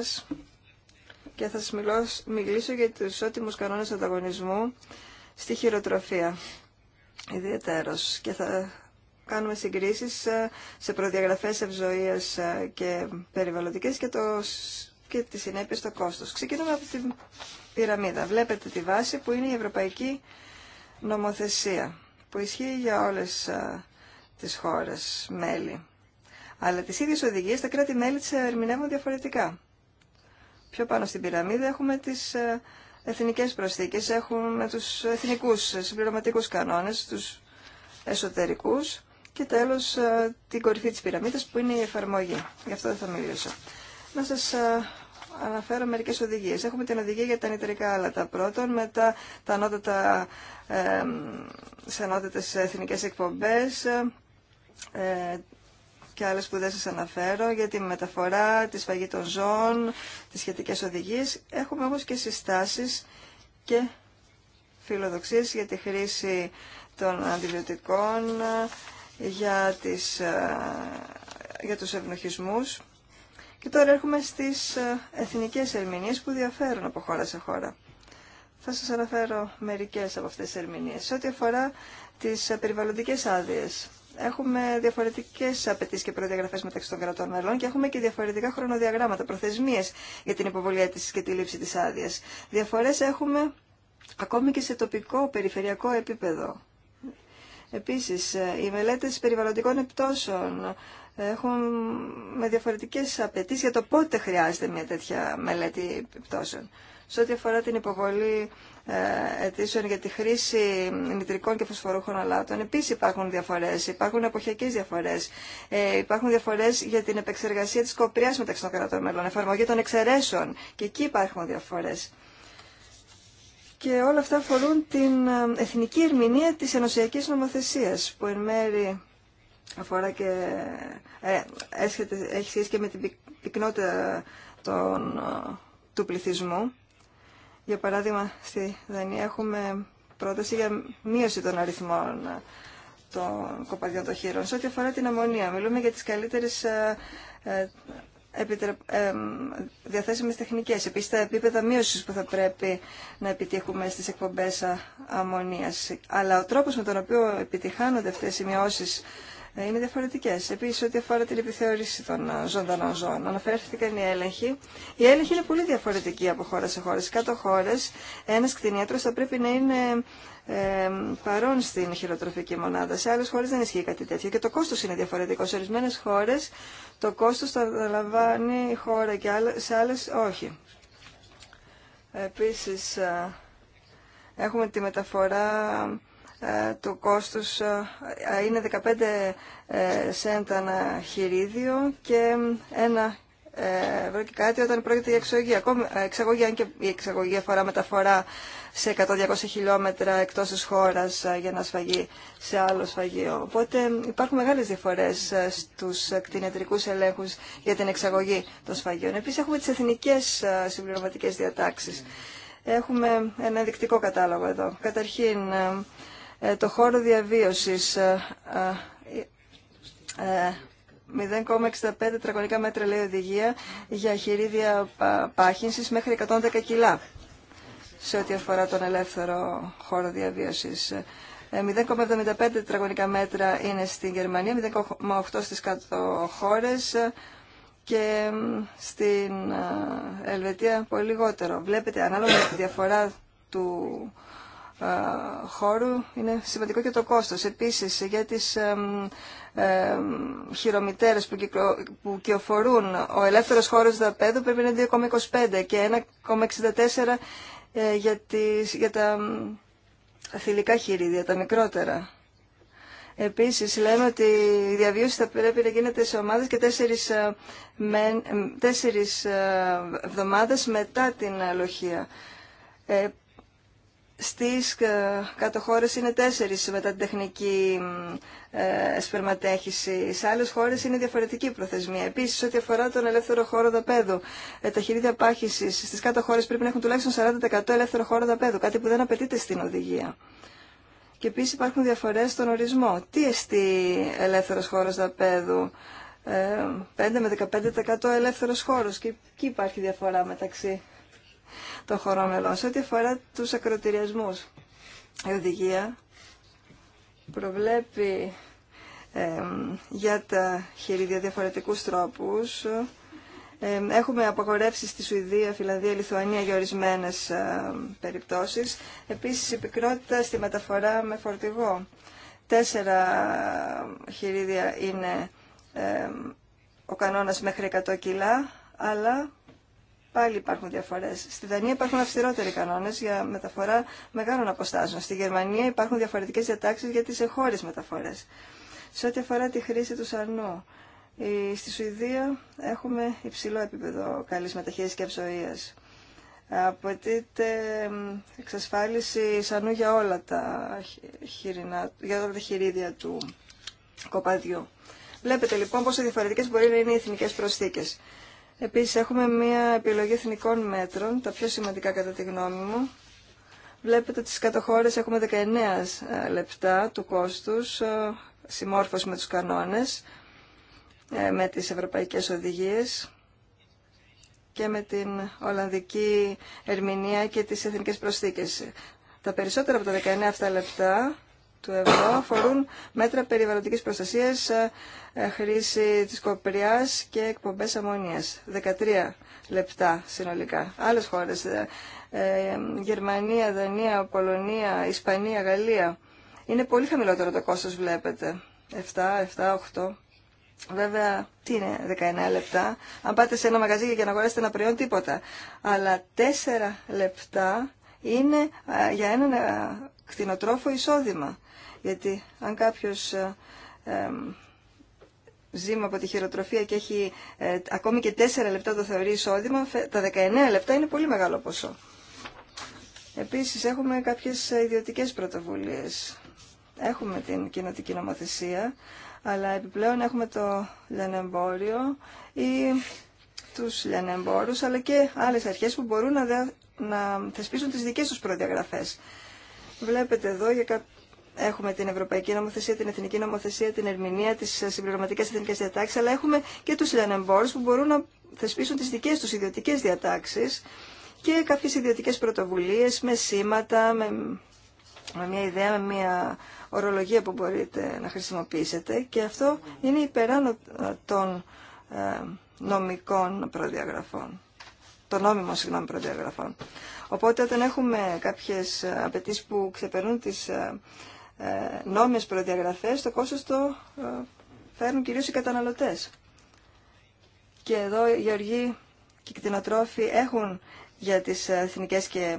και θα σα μιλήσω για του ισότιμου κανόνε ανταγωνισμού στη χειροτροφία. Ιδιαίτερο. Και θα κάνουμε συγκρίσει ε, σε προδιαγραφέ ευζοία ε, και περιβαλλοντικέ και, το... και τι συνέπειε στο κόστο. Ξεκινούμε από την πυραμίδα. Βλέπετε τη βάση που είναι η ευρωπαϊκή νομοθεσία που ισχύει για όλες τις χώρες μέλη. Αλλά τις ίδιες οδηγίες τα κράτη-μέλη τις ερμηνεύουν διαφορετικά. Πιο πάνω στην πυραμίδα έχουμε τις εθνικές προσθήκες, έχουμε τους εθνικούς συμπληρωματικούς κανόνες, τους εσωτερικούς και τέλος την κορυφή της πυραμίδας που είναι η εφαρμογή. Γι' αυτό δεν θα μιλήσω. Να σας αναφέρω μερικέ οδηγίες. Έχουμε την οδηγία για τα νητρικά άλατα πρώτον, μετά τα ανώτατα, ε, σε εθνικές εκπομπές ε, και άλλες που δεν σας αναφέρω, για τη μεταφορά, τη σφαγή των ζώων, τις σχετικές οδηγίες. Έχουμε όμως και συστάσεις και φιλοδοξίες για τη χρήση των αντιβιωτικών, ε, για, τις, ε, για τους ευνοχισμούς και τώρα έρχομαι στις ε, εθνικές ερμηνείες που διαφέρουν από χώρα σε χώρα. Θα σας αναφέρω μερικές από αυτές τις ερμηνείες. Σε ό,τι αφορά τις ε, περιβαλλοντικές άδειες, έχουμε διαφορετικές απαιτήσει και προδιαγραφές μεταξύ των κρατών μελών και έχουμε και διαφορετικά χρονοδιαγράμματα, προθεσμίες για την υποβολή αίτησης και τη λήψη της άδεια. Διαφορές έχουμε ακόμη και σε τοπικό, περιφερειακό επίπεδο. Επίσης, ε, οι μελέτες περιβαλλοντικών επιπτώσεων έχουν με διαφορετικές απαιτήσεις για το πότε χρειάζεται μια τέτοια μελέτη πτώσεων. Σε ό,τι αφορά την υποβολή ε, αιτήσεων για τη χρήση νητρικών και φωσφορούχων αλάτων, επίσης υπάρχουν διαφορές, υπάρχουν εποχιακές διαφορές, ε, υπάρχουν διαφορές για την επεξεργασία της κοπριάς μεταξύ των κρατών μελών, εφαρμογή των εξαιρέσεων και εκεί υπάρχουν διαφορές. Και όλα αυτά αφορούν την ε, εθνική ερμηνεία της ενωσιακής νομοθεσίας, που εν μέρη αφορά και ε, έσχεται, έχει σχέση και με την πυκνότητα των, ε, του πληθυσμού. Για παράδειγμα, στη Δανία έχουμε πρόταση για μείωση των αριθμών ε, των κοπαδιών των χείρων. Σε ό,τι αφορά την αμμονία, μιλούμε για τις καλύτερες ε, ε επιτρε... ε, διαθέσιμες τεχνικές. Επίσης, τα επίπεδα μείωσης που θα πρέπει να επιτύχουμε στις εκπομπές αμμονίας. Αλλά ο τρόπος με τον οποίο επιτυχάνονται αυτές οι μειώσεις ε, είναι διαφορετικέ. Επίση, ό,τι αφορά την επιθεώρηση των ε, ζωντανών ζώων, αναφέρθηκαν οι έλεγχοι. Οι έλεγχοι είναι πολύ διαφορετικοί από χώρα σε χώρα. Σε κάτω χώρε, ένα κτηνίατρο θα πρέπει να είναι ε, παρόν στην χειροτροφική μονάδα. Σε άλλε χώρε δεν ισχύει κάτι τέτοιο και το κόστο είναι διαφορετικό. Σε ορισμένε χώρε το κόστο το αναλαμβάνει η χώρα και σε άλλε όχι. Επίση, ε, έχουμε τη μεταφορά ε, του κόστους ε, είναι 15 σέντα ένα χειρίδιο και ένα ε, ευρώ και κάτι όταν πρόκειται για εξαγωγή. Ακόμη, εξαγωγή, αν και η εξαγωγή αφορά μεταφορά σε 100-200 χιλιόμετρα εκτός της χώρας για να σφαγεί σε άλλο σφαγείο. Οπότε υπάρχουν μεγάλες διαφορές στους κτηνιατρικούς ελέγχους για την εξαγωγή των σφαγείων. Επίσης έχουμε τις εθνικές συμπληρωματικές διατάξεις. Έχουμε ένα ενδεικτικό κατάλογο εδώ. Καταρχήν, ε, το χώρο διαβίωσης 0,65 ε, ε, τετραγωνικά μέτρα λέει οδηγία για χειρίδια πάχυνσης μέχρι 110 κιλά σε ό,τι αφορά τον ελεύθερο χώρο διαβίωσης. 0,75 τετραγωνικά μέτρα είναι στην Γερμανία, 0,8 στις κάτω χώρες και στην Ελβετία πολύ λιγότερο. Βλέπετε, ανάλογα τη διαφορά του ε, χώρου είναι σημαντικό και το κόστος. Επίσης, για τις ε, χειρομητέρες που, που κυοφορούν, ο ελεύθερος χώρος δαπέδου πρέπει να είναι 2,25 και 1,64 ε, για, για τα θηλυκά χειρίδια, τα μικρότερα. Επίσης, λέμε ότι η διαβίωση θα πρέπει να γίνεται σε ομάδες και τέσσερις, ε, με, τέσσερις εβδομάδες μετά την αλοχία στις ε, κάτω χώρες είναι τέσσερις μετά την τεχνική ε, σπερματέχηση. Σε άλλες χώρες είναι διαφορετική προθεσμία. Επίσης, ό,τι αφορά τον ελεύθερο χώρο δαπέδου, ε, τα χειρίδια πάχησης στις κάτω χώρες πρέπει να έχουν τουλάχιστον 40% ελεύθερο χώρο δαπέδου, κάτι που δεν απαιτείται στην οδηγία. Και επίσης υπάρχουν διαφορές στον ορισμό. Τι εστί ελεύθερος χώρος δαπέδου, ε, 5 με 15% ελεύθερος χώρος και εκεί υπάρχει διαφορά μεταξύ των μελών. Σε ό,τι αφορά τους ακροτηριασμού η οδηγία προβλέπει ε, για τα χειρίδια διαφορετικού τρόπου έχουμε απαγορεύσει στη Σουηδία, Φιλανδία, Λιθουανία για ορισμενε περιπτωσει επιση η πικρότητα στη μεταφορά με φορτηγό. Τέσσερα χειρίδια είναι ο κανόνας μέχρι 100 κιλά, αλλά πάλι υπάρχουν διαφορέ. Στη Δανία υπάρχουν αυστηρότεροι κανόνε για μεταφορά μεγάλων αποστάσεων. Στη Γερμανία υπάρχουν διαφορετικέ διατάξει για τι εγχώριε μεταφορέ. Σε ό,τι αφορά τη χρήση του σανού. στη Σουηδία έχουμε υψηλό επίπεδο καλή μεταχείριση και αψοεία. Απαιτείται εξασφάλιση σανού για όλα τα, χειρινά, για όλα τα χειρίδια του κοπαδιού. Βλέπετε λοιπόν πόσο διαφορετικές μπορεί να είναι οι εθνικές προσθήκες. Επίσης έχουμε μία επιλογή εθνικών μέτρων, τα πιο σημαντικά κατά τη γνώμη μου. Βλέπετε ότι στις κατοχώρες έχουμε 19 ε, λεπτά του κόστους, ε, συμμόρφωση με τους κανόνες, ε, με τις ευρωπαϊκές οδηγίες και με την Ολλανδική ερμηνεία και τις εθνικές προσθήκες. Τα περισσότερα από τα 19 αυτά λεπτά του ευρώ αφορούν μέτρα περιβαλλοντικής προστασίας, ε, ε, χρήση της κοπριά και εκπομπές αμμονίας. 13 λεπτά συνολικά. Άλλες χώρες, ε, Γερμανία, Δανία, Πολωνία, Ισπανία, Γαλλία. Είναι πολύ χαμηλότερο το κόστος βλέπετε. 7, 7, 8. Βέβαια, τι είναι 19 λεπτά. Αν πάτε σε ένα μαγαζί για να αγοράσετε ένα προϊόν, τίποτα. Αλλά 4 λεπτά είναι για έναν κτηνοτρόφο εισόδημα. Γιατί αν κάποιος ε, με από τη χειροτροφία και έχει ε, ακόμη και 4 λεπτά το θεωρεί εισόδημα, τα 19 λεπτά είναι πολύ μεγάλο ποσό. Επίσης έχουμε κάποιες ιδιωτικές πρωτοβουλίες. Έχουμε την κοινοτική νομοθεσία, αλλά επιπλέον έχουμε το λιανεμπόριο ή τους λιανεμπόρους, αλλά και άλλες αρχές που μπορούν να, δε, να θεσπίσουν τις δικές τους προδιαγραφές. Βλέπετε εδώ για Έχουμε την Ευρωπαϊκή Νομοθεσία, την Εθνική Νομοθεσία, την Ερμηνεία, τι συμπληρωματικέ εθνικέ διατάξει, αλλά έχουμε και του λιανεμπόρου που μπορούν να θεσπίσουν τι δικέ του ιδιωτικέ διατάξει και κάποιε ιδιωτικέ πρωτοβουλίε με σήματα, με, με μια ιδέα, με μια ορολογία που μπορείτε να χρησιμοποιήσετε. Και αυτό είναι υπεράνω των ε, νομικών προδιαγραφών των νόμιμων συγγνώμη, προδιαγραφών. Οπότε όταν έχουμε κάποιες απαιτήσει που ξεπερνούν τις ε, ε, νόμιες προδιαγραφές, το κόστος το ε, φέρνουν κυρίως οι καταναλωτές. Και εδώ οι γεωργοί και οι κτηνοτρόφοι έχουν για τις εθνικές και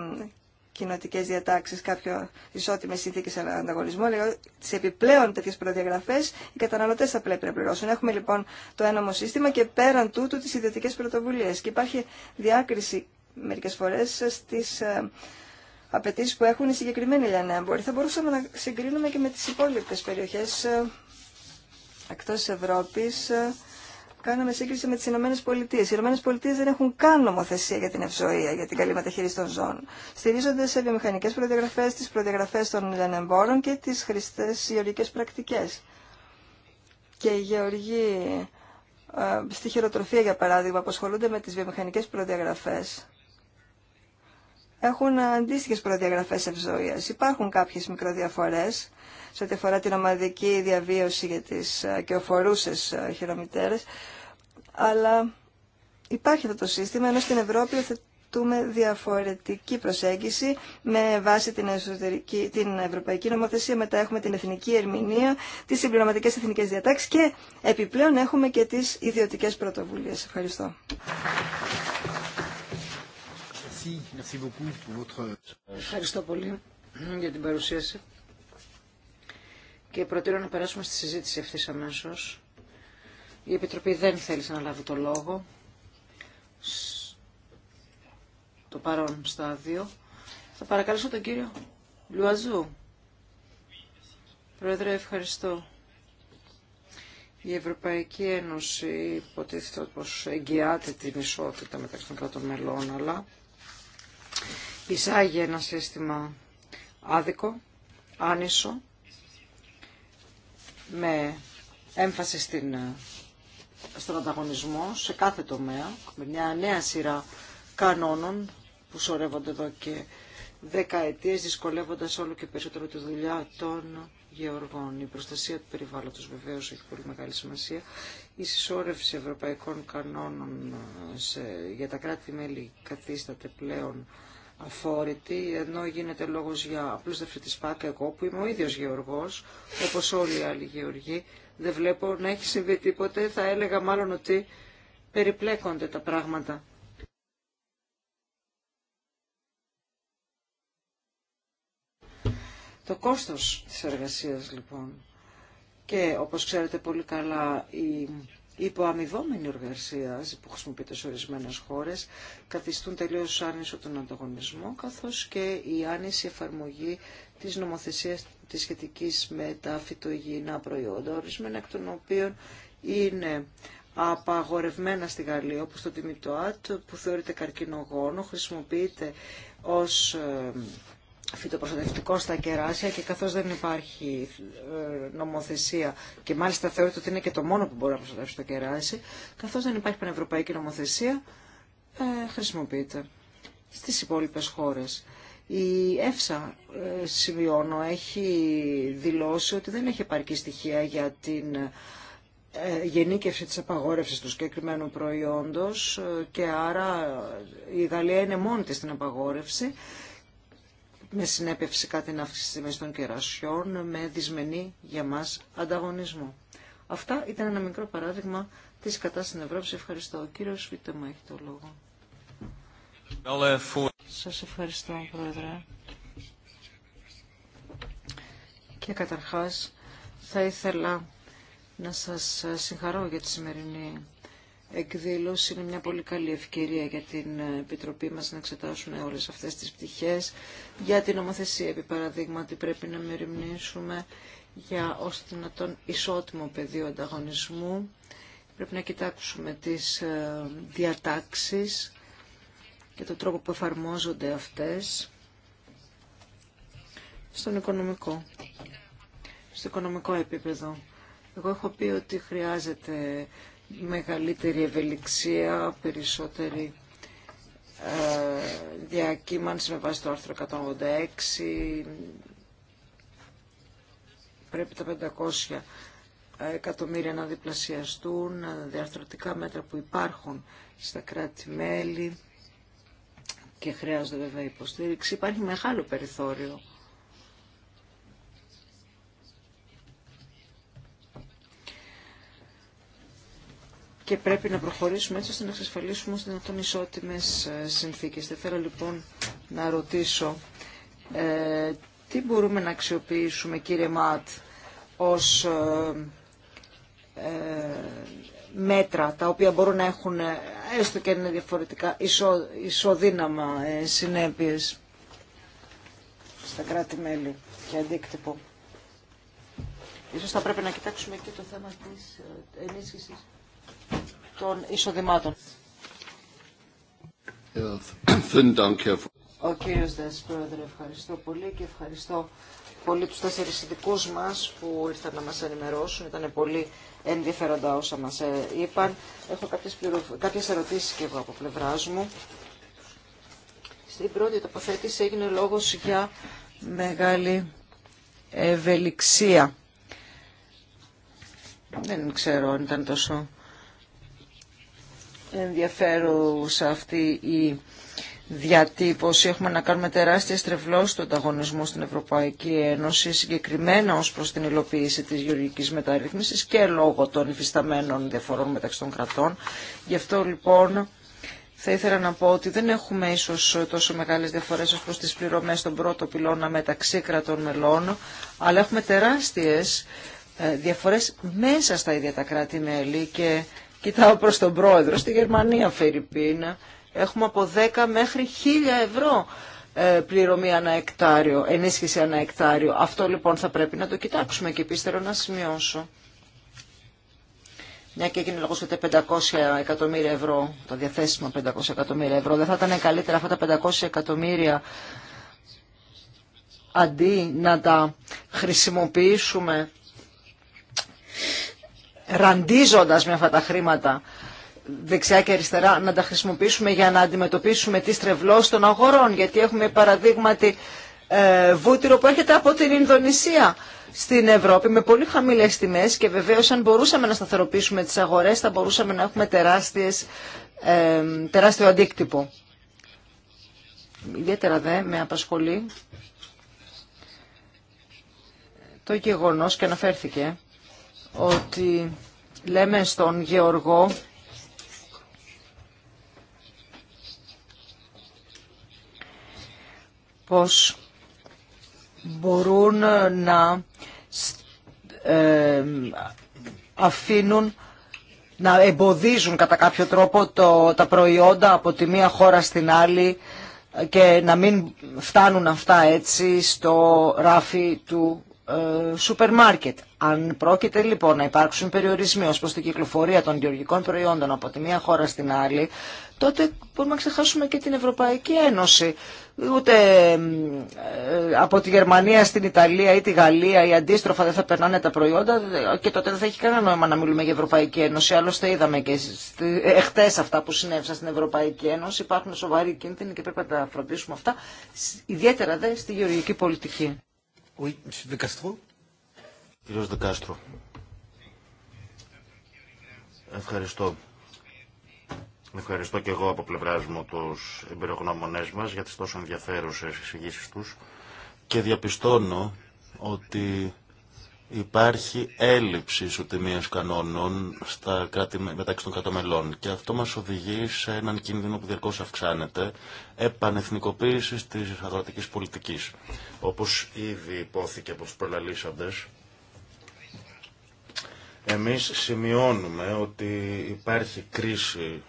κοινοτικές διατάξεις κάποιο ισότιμε συνθήκες ανταγωνισμού, αλλά τις επιπλέον τέτοιες προδιαγραφές οι καταναλωτές θα πρέπει να πληρώσουν. Έχουμε λοιπόν το ένομο σύστημα και πέραν τούτου τις ιδιωτικές πρωτοβουλίες. Και υπάρχει διάκριση μερικές φορές στις ε, απαιτήσει που έχουν οι συγκεκριμένοι λιανέμποροι. Θα μπορούσαμε να συγκρίνουμε και με τις υπόλοιπες περιοχές ε, εκτός Ευρώπης. Ε, κάναμε σύγκριση με τις Ηνωμένες Πολιτείες. Οι Ηνωμένες Πολιτείες δεν έχουν καν νομοθεσία για την ευζοία, για την καλή μεταχείριση των ζώων. Στηρίζονται σε βιομηχανικές προδιαγραφές, τις προδιαγραφές των λιανέμπορων και τις χρηστές γεωργικές πρακτικές. Και οι γεωργοί ε, στη χειροτροφία, για παράδειγμα, ασχολούνται με τις βιομηχανικές προδιαγραφές έχουν αντίστοιχε προδιαγραφέ ευζοία. Υπάρχουν κάποιε μικροδιαφορέ σε ό,τι αφορά την ομαδική διαβίωση για τι ε, κεοφορούσε χειρομητέρε, αλλά υπάρχει αυτό το σύστημα, ενώ στην Ευρώπη υιοθετούμε διαφορετική προσέγγιση με βάση την, εσωτερική, την ευρωπαϊκή νομοθεσία, μετά έχουμε την εθνική ερμηνεία, τι συμπληρωματικέ εθνικέ διατάξει και επιπλέον έχουμε και τι ιδιωτικέ πρωτοβουλίε. Ευχαριστώ. Ευχαριστώ πολύ για την παρουσίαση. Και προτείνω να περάσουμε στη συζήτηση αυτή αμέσω. Η Επιτροπή δεν θέλει να λάβει το λόγο το παρόν στάδιο. Θα παρακαλέσω τον κύριο Λουαζού. Πρόεδρε, ευχαριστώ. Η Ευρωπαϊκή Ένωση υποτίθεται πως εγγυάται την ισότητα μεταξύ των κρατών μελών, αλλά εισάγει ένα σύστημα άδικο, άνισο, με έμφαση στην, στον ανταγωνισμό σε κάθε τομέα, με μια νέα σειρά κανόνων που σωρεύονται εδώ και δεκαετίες, δυσκολεύοντας όλο και περισσότερο τη δουλειά των γεωργών. Η προστασία του περιβάλλοντος βεβαίως έχει πολύ μεγάλη σημασία. Η συσσόρευση ευρωπαϊκών κανόνων ε, σε, για τα κράτη-μέλη καθίσταται πλέον αφόρητη, ενώ γίνεται λόγος για απλούστευση τη ΠΑΚ εγώ που είμαι ο ίδιος γεωργό, όπως όλοι οι άλλοι γεωργοί, δεν βλέπω να έχει συμβεί τίποτε, θα έλεγα μάλλον ότι περιπλέκονται τα πράγματα. Το κόστος της εργασίας λοιπόν και όπως ξέρετε πολύ καλά η αμοιβόμενη εργασία που χρησιμοποιείται σε ορισμένε χώρε καθιστούν τελείω άνεσο τον ανταγωνισμό, καθώ και η άνεση εφαρμογή τη νομοθεσία τη σχετική με τα φυτογενή προϊόντα, ορισμένα εκ των οποίων είναι απαγορευμένα στη Γαλλία, όπως το τιμητοάτ, που θεωρείται καρκινογόνο, χρησιμοποιείται ως ε, φυτοπροστατευτικό στα κεράσια και καθώς δεν υπάρχει ε, νομοθεσία και μάλιστα θεωρείται ότι είναι και το μόνο που μπορεί να προστατεύσει το κεράσι, καθώς δεν υπάρχει πανευρωπαϊκή νομοθεσία, ε, χρησιμοποιείται στις υπόλοιπες χώρες. Η ΕΦΣΑ, ε, σημειώνω, έχει δηλώσει ότι δεν έχει επαρκή στοιχεία για την γενίκευση της απαγόρευσης του συγκεκριμένου προϊόντος και άρα η Γαλλία είναι μόνη της στην απαγόρευση με συνέπεια φυσικά την αύξηση τη των κερασιών με δυσμενή για μας ανταγωνισμό. Αυτά ήταν ένα μικρό παράδειγμα της κατάστασης στην Ευρώπη. ευχαριστώ. Ο κύριος έχει το λόγο. Σας ευχαριστώ, Πρόεδρε. Και καταρχάς θα ήθελα να σας συγχαρώ για τη σημερινή εκδήλωση είναι μια πολύ καλή ευκαιρία για την Επιτροπή μας να εξετάσουν όλες αυτές τις πτυχές. Για την νομοθεσία, επί ότι πρέπει να μεριμνήσουμε για όσο δυνατόν ισότιμο πεδίο ανταγωνισμού. Πρέπει να κοιτάξουμε τις ε, διατάξεις και τον τρόπο που εφαρμόζονται αυτές στον οικονομικό, στο οικονομικό επίπεδο. Εγώ έχω πει ότι χρειάζεται μεγαλύτερη ευελιξία, περισσότερη ε, διακύμανση με βάση το άρθρο 186, πρέπει τα 500 εκατομμύρια να διπλασιαστούν, διαρθρωτικά μέτρα που υπάρχουν στα κράτη-μέλη και χρειάζονται βέβαια υποστήριξη. Υπάρχει μεγάλο περιθώριο και πρέπει να προχωρήσουμε έτσι ώστε να εξασφαλίσουμε ώστε να ισότιμες ε, συνθήκες. Δεν θέλω λοιπόν να ρωτήσω ε, τι μπορούμε να αξιοποιήσουμε κύριε Μάτ ως ε, μέτρα τα οποία μπορούν να έχουν έστω και είναι διαφορετικά ισο, ισοδύναμα συνέπειες στα κράτη-μέλη και αντίκτυπο. Ίσως θα πρέπει να κοιτάξουμε και το θέμα της ενίσχυσης των εισοδημάτων. Ο κύριος Δες, ευχαριστώ πολύ και ευχαριστώ πολύ τους τέσσερις ειδικού μας που ήρθαν να μας ενημερώσουν. Ήταν πολύ ενδιαφέροντα όσα μας ε, είπαν. Έχω κάποιες, ερωτήσει κάποιες ερωτήσεις και εγώ από πλευρά μου. Στην πρώτη τοποθέτηση έγινε λόγος για μεγάλη ευελιξία. Δεν ξέρω αν ήταν τόσο ενδιαφέρουσα αυτή η διατύπωση. Έχουμε να κάνουμε τεράστια στρεβλώσεις του ανταγωνισμού στην Ευρωπαϊκή Ένωση, συγκεκριμένα ως προς την υλοποίηση της γεωργικής μεταρρύθμισης και λόγω των υφισταμένων διαφορών μεταξύ των κρατών. Γι' αυτό λοιπόν... Θα ήθελα να πω ότι δεν έχουμε ίσως τόσο μεγάλες διαφορές ως προς τις πληρωμές των πρώτο πυλώνα μεταξύ κρατών μελών, αλλά έχουμε τεράστιες ε, διαφορές μέσα στα ίδια τα κράτη-μέλη και Κοιτάω προς τον πρόεδρο. Στη Γερμανία, Φερρυπίνα, έχουμε από 10 μέχρι 1000 ευρώ ε, πληρωμή ανά εκτάριο, ενίσχυση ανά εκτάριο. Αυτό λοιπόν θα πρέπει να το κοιτάξουμε και θέλω να σημειώσω. Μια και έγινε λόγο ότι τα 500 εκατομμύρια ευρώ, τα διαθέσιμα 500 εκατομμύρια ευρώ, δεν θα ήταν καλύτερα αυτά τα 500 εκατομμύρια αντί να τα χρησιμοποιήσουμε ραντίζοντας με αυτά τα χρήματα δεξιά και αριστερά να τα χρησιμοποιήσουμε για να αντιμετωπίσουμε τις στρεβλώση των αγορών γιατί έχουμε παραδείγματι ε, βούτυρο που έρχεται από την Ινδονησία στην Ευρώπη με πολύ χαμηλές τιμές και βεβαίως αν μπορούσαμε να σταθεροποιήσουμε τις αγορές θα μπορούσαμε να έχουμε ε, τεράστιο αντίκτυπο. Ιδιαίτερα δε με απασχολεί το γεγονός και αναφέρθηκε ότι λέμε στον Γεωργό πως μπορούν να ε, αφήνουν να εμποδίζουν κατά κάποιο τρόπο το, τα προϊόντα από τη μία χώρα στην άλλη και να μην φτάνουν αυτά έτσι στο ράφι του ε, σούπερ μάρκετ. Αν πρόκειται λοιπόν να υπάρξουν περιορισμοί ως προς την κυκλοφορία των γεωργικών προϊόντων από τη μία χώρα στην άλλη, τότε μπορούμε να ξεχάσουμε και την Ευρωπαϊκή Ένωση. Ούτε ε, από τη Γερμανία στην Ιταλία ή τη Γαλλία ή αντίστροφα δεν θα περνάνε τα προϊόντα και τότε δεν θα έχει κανένα νόημα να μιλούμε για Ευρωπαϊκή Ένωση. Άλλωστε είδαμε και ε, εχθές αυτά που συνέβησαν στην Ευρωπαϊκή Ένωση. Υπάρχουν σοβαροί κίνδυνοι και πρέπει να τα φροντίσουμε αυτά, ιδιαίτερα δε στη γεωργική πολιτική. Oui, M. De Castro. Κύριος Δεκάστρο. Ευχαριστώ. Ευχαριστώ και εγώ από πλευρά μου τους εμπειρογνωμονές μας για τις τόσο ενδιαφέρουσες εισηγήσει τους και διαπιστώνω ότι υπάρχει έλλειψη ισοτιμίας κανόνων στα κράτη, μεταξύ των κρατομελών και αυτό μας οδηγεί σε έναν κίνδυνο που διαρκώς αυξάνεται επανεθνικοποίησης της αγροτικής πολιτικής. Όπως ήδη υπόθηκε από τους προλαλήσαντες, εμείς σημειώνουμε ότι υπάρχει κρίση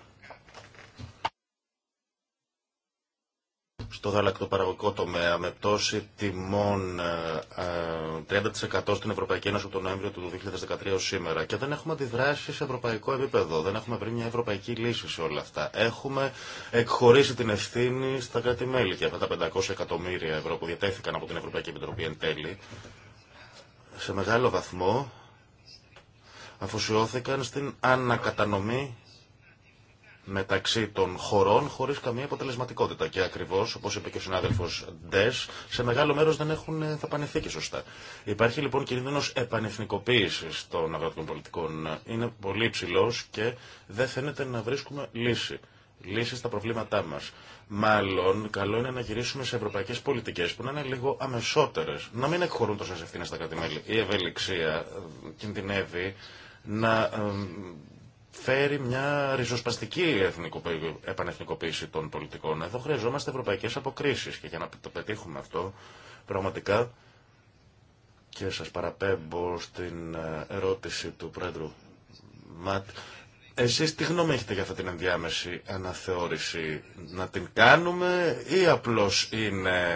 το γαλακτοπαραγωγικό τομέα με πτώση τιμών 30% ε, ε, στην Ευρωπαϊκή Ένωση από τον Νοέμβριο του 2013 ως σήμερα και δεν έχουμε αντιδράσει σε ευρωπαϊκό επίπεδο, δεν έχουμε βρει μια ευρωπαϊκή λύση σε όλα αυτά. Έχουμε εκχωρήσει την ευθύνη στα κράτη-μέλη και αυτά τα 500 εκατομμύρια ευρώ που διατέθηκαν από την Ευρωπαϊκή Επιτροπή εν τέλει σε μεγάλο βαθμό αφοσιώθηκαν στην ανακατανομή μεταξύ των χωρών χωρίς καμία αποτελεσματικότητα. Και ακριβώς, όπως είπε και ο συνάδελφος Ντες, σε μεγάλο μέρος δεν έχουν δαπανηθεί και σωστά. Υπάρχει λοιπόν κινδύνος επανεθνικοποίησης των αγροτικών πολιτικών. Είναι πολύ υψηλό και δεν φαίνεται να βρίσκουμε λύση. Λύση στα προβλήματά μας. Μάλλον, καλό είναι να γυρίσουμε σε ευρωπαϊκέ πολιτικέ που να είναι λίγο αμεσότερε. Να μην εκχωρούν τόσε ευθύνε στα κρατη Η ευελιξία ε, κινδυνεύει να ε, φέρει μια ριζοσπαστική επανεθνικοποίηση των πολιτικών. Εδώ χρειαζόμαστε ευρωπαϊκές αποκρίσεις και για να το πετύχουμε αυτό πραγματικά και σας παραπέμπω στην ε, ερώτηση του πρόεδρου Ματ. Εσείς τι γνώμη έχετε για αυτή την ενδιάμεση αναθεώρηση, να την κάνουμε ή απλώς είναι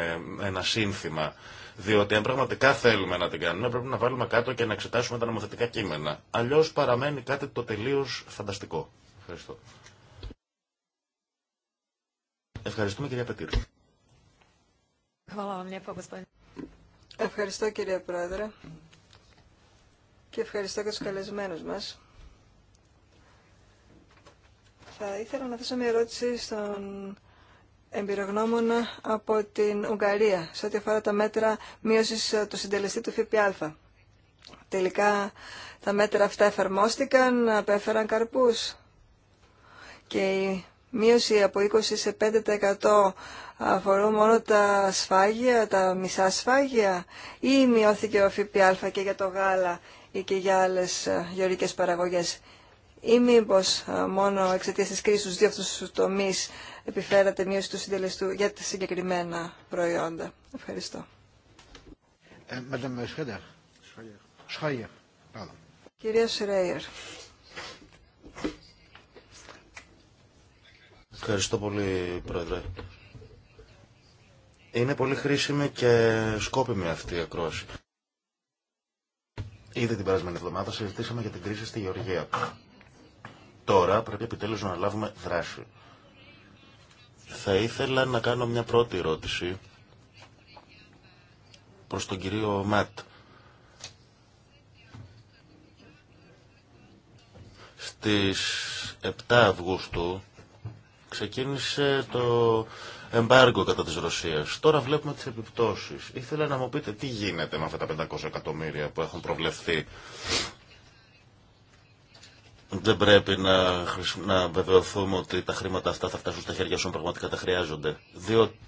ένα σύνθημα διότι αν πραγματικά θέλουμε να την κάνουμε, πρέπει να βάλουμε κάτω και να εξετάσουμε τα νομοθετικά κείμενα. Αλλιώ παραμένει κάτι το τελείω φανταστικό. Ευχαριστώ. Ευχαριστούμε κυρία Πετήρ. Ευχαριστώ κύριε Πρόεδρε και ευχαριστώ και τους καλεσμένους μας. Θα ήθελα να θέσω μια ερώτηση στον εμπειρογνώμων από την Ουγγαρία σε ό,τι αφορά τα μέτρα μείωσης ε, του συντελεστή του ΦΠΑ. Τελικά τα μέτρα αυτά εφαρμόστηκαν, απέφεραν καρπούς και η μείωση από 20% σε 5% αφορούν μόνο τα σφάγια, τα μισά σφάγια ή μειώθηκε ο ΦΠΑ και για το γάλα ή και για άλλες ε, γεωρικές παραγωγές ή μήπω ε, μόνο εξαιτία τη κρίση δύο αυτού του τομεί επιφέρατε μείωση του συντελεστού για τα συγκεκριμένα προϊόντα. Ευχαριστώ. Ε, Κυρία Σρέιερ. Ευχαριστώ πολύ, Πρόεδρε. Είναι πολύ χρήσιμη και σκόπιμη αυτή η ακρόαση. Ήδη την περασμένη εβδομάδα συζητήσαμε για την κρίση στη Γεωργία. Τώρα πρέπει επιτέλους να λάβουμε δράση. Θα ήθελα να κάνω μια πρώτη ερώτηση προς τον κύριο Ματ. Στις 7 Αυγούστου ξεκίνησε το εμπάργκο κατά της Ρωσίας. Τώρα βλέπουμε τις επιπτώσεις. Ήθελα να μου πείτε τι γίνεται με αυτά τα 500 εκατομμύρια που έχουν προβλεφθεί δεν πρέπει να, να βεβαιωθούμε ότι τα χρήματα αυτά θα φτάσουν στα χέρια σου πραγματικά τα χρειάζονται. Διότι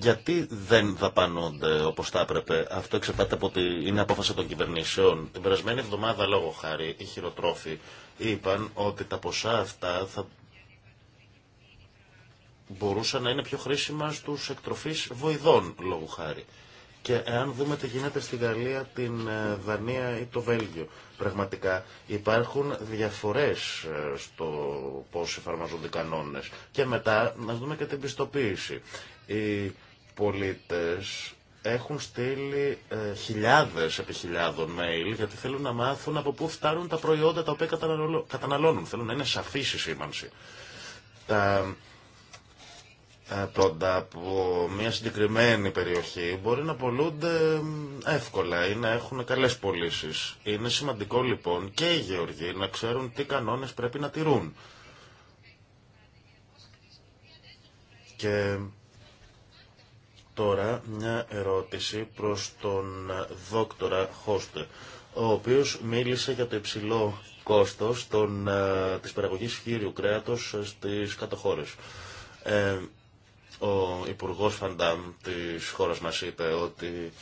γιατί δεν δαπανώνται όπω θα έπρεπε. Αυτό εξαρτάται από ότι είναι απόφαση των κυβερνήσεων. Την περασμένη εβδομάδα, λόγω χάρη, οι χειροτρόφοι είπαν ότι τα ποσά αυτά θα μπορούσαν να είναι πιο χρήσιμα στου εκτροφεί βοηδών, λόγω χάρη. Και εάν δούμε τι γίνεται στη Γαλλία, την ε, Δανία ή το Βέλγιο, πραγματικά υπάρχουν διαφορές ε, στο πώς εφαρμόζονται οι κανόνες. Και μετά να δούμε και την πιστοποίηση. Οι πολίτες έχουν στείλει ε, χιλιάδες επί χιλιάδων mail γιατί θέλουν να μάθουν από πού φτάνουν τα προϊόντα τα οποία καταναλώνουν. Θέλουν να είναι σαφή η σήμανση πρώτα από μια συγκεκριμένη περιοχή μπορεί να πολλούνται εύκολα ή να έχουν καλές πωλήσει. Είναι σημαντικό λοιπόν και οι γεωργοί να ξέρουν τι κανόνες πρέπει να τηρούν. Και τώρα μια ερώτηση προς τον δόκτορα Χώστε, ο οποίος μίλησε για το υψηλό κόστος των, ε, της παραγωγής χείριου κρέατος ε, στις κατοχώρες. Ε, ο Υπουργό Φαντάμ τη χώρα μα είπε ότι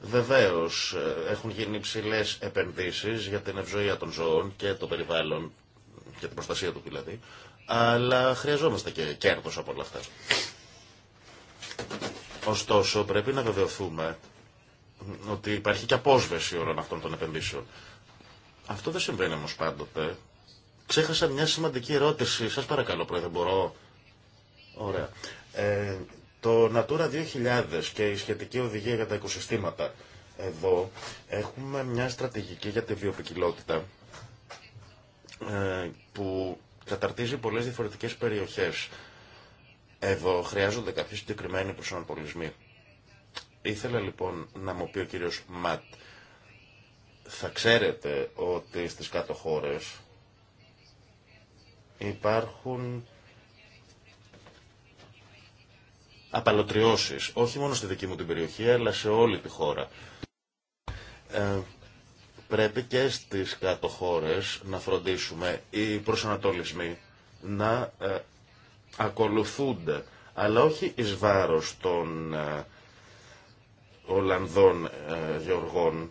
βεβαίω ε, έχουν γίνει υψηλέ επενδύσει για την ευζοία των ζώων και το περιβάλλον και την προστασία του δηλαδή, αλλά χρειαζόμαστε και κέρδο από όλα αυτά. Ωστόσο, πρέπει να βεβαιωθούμε ότι υπάρχει και απόσβεση όλων αυτών των επενδύσεων. Αυτό δεν συμβαίνει όμω πάντοτε. Ξέχασα μια σημαντική ερώτηση. Σα παρακαλώ, Πρόεδρε, μπορώ. Ωραία. Ε, το Natura 2000 και η σχετική οδηγία για τα οικοσυστήματα. Εδώ έχουμε μια στρατηγική για τη βιοποικιλότητα ε, που καταρτίζει πολλές διαφορετικές περιοχές. Εδώ χρειάζονται κάποιοι συγκεκριμένοι προσανατολισμοί. Ήθελα λοιπόν να μου πει ο κύριος Ματ, θα ξέρετε ότι στις κάτω χώρες υπάρχουν απαλωτριώσεις, όχι μόνο στη δική μου την περιοχή, αλλά σε όλη τη χώρα. Ε, πρέπει και στις κάτω χώρες να φροντίσουμε οι προσανατολισμοί να ε, ακολουθούνται, αλλά όχι εις βάρος των ε, Ολλανδών ε, γεωργών,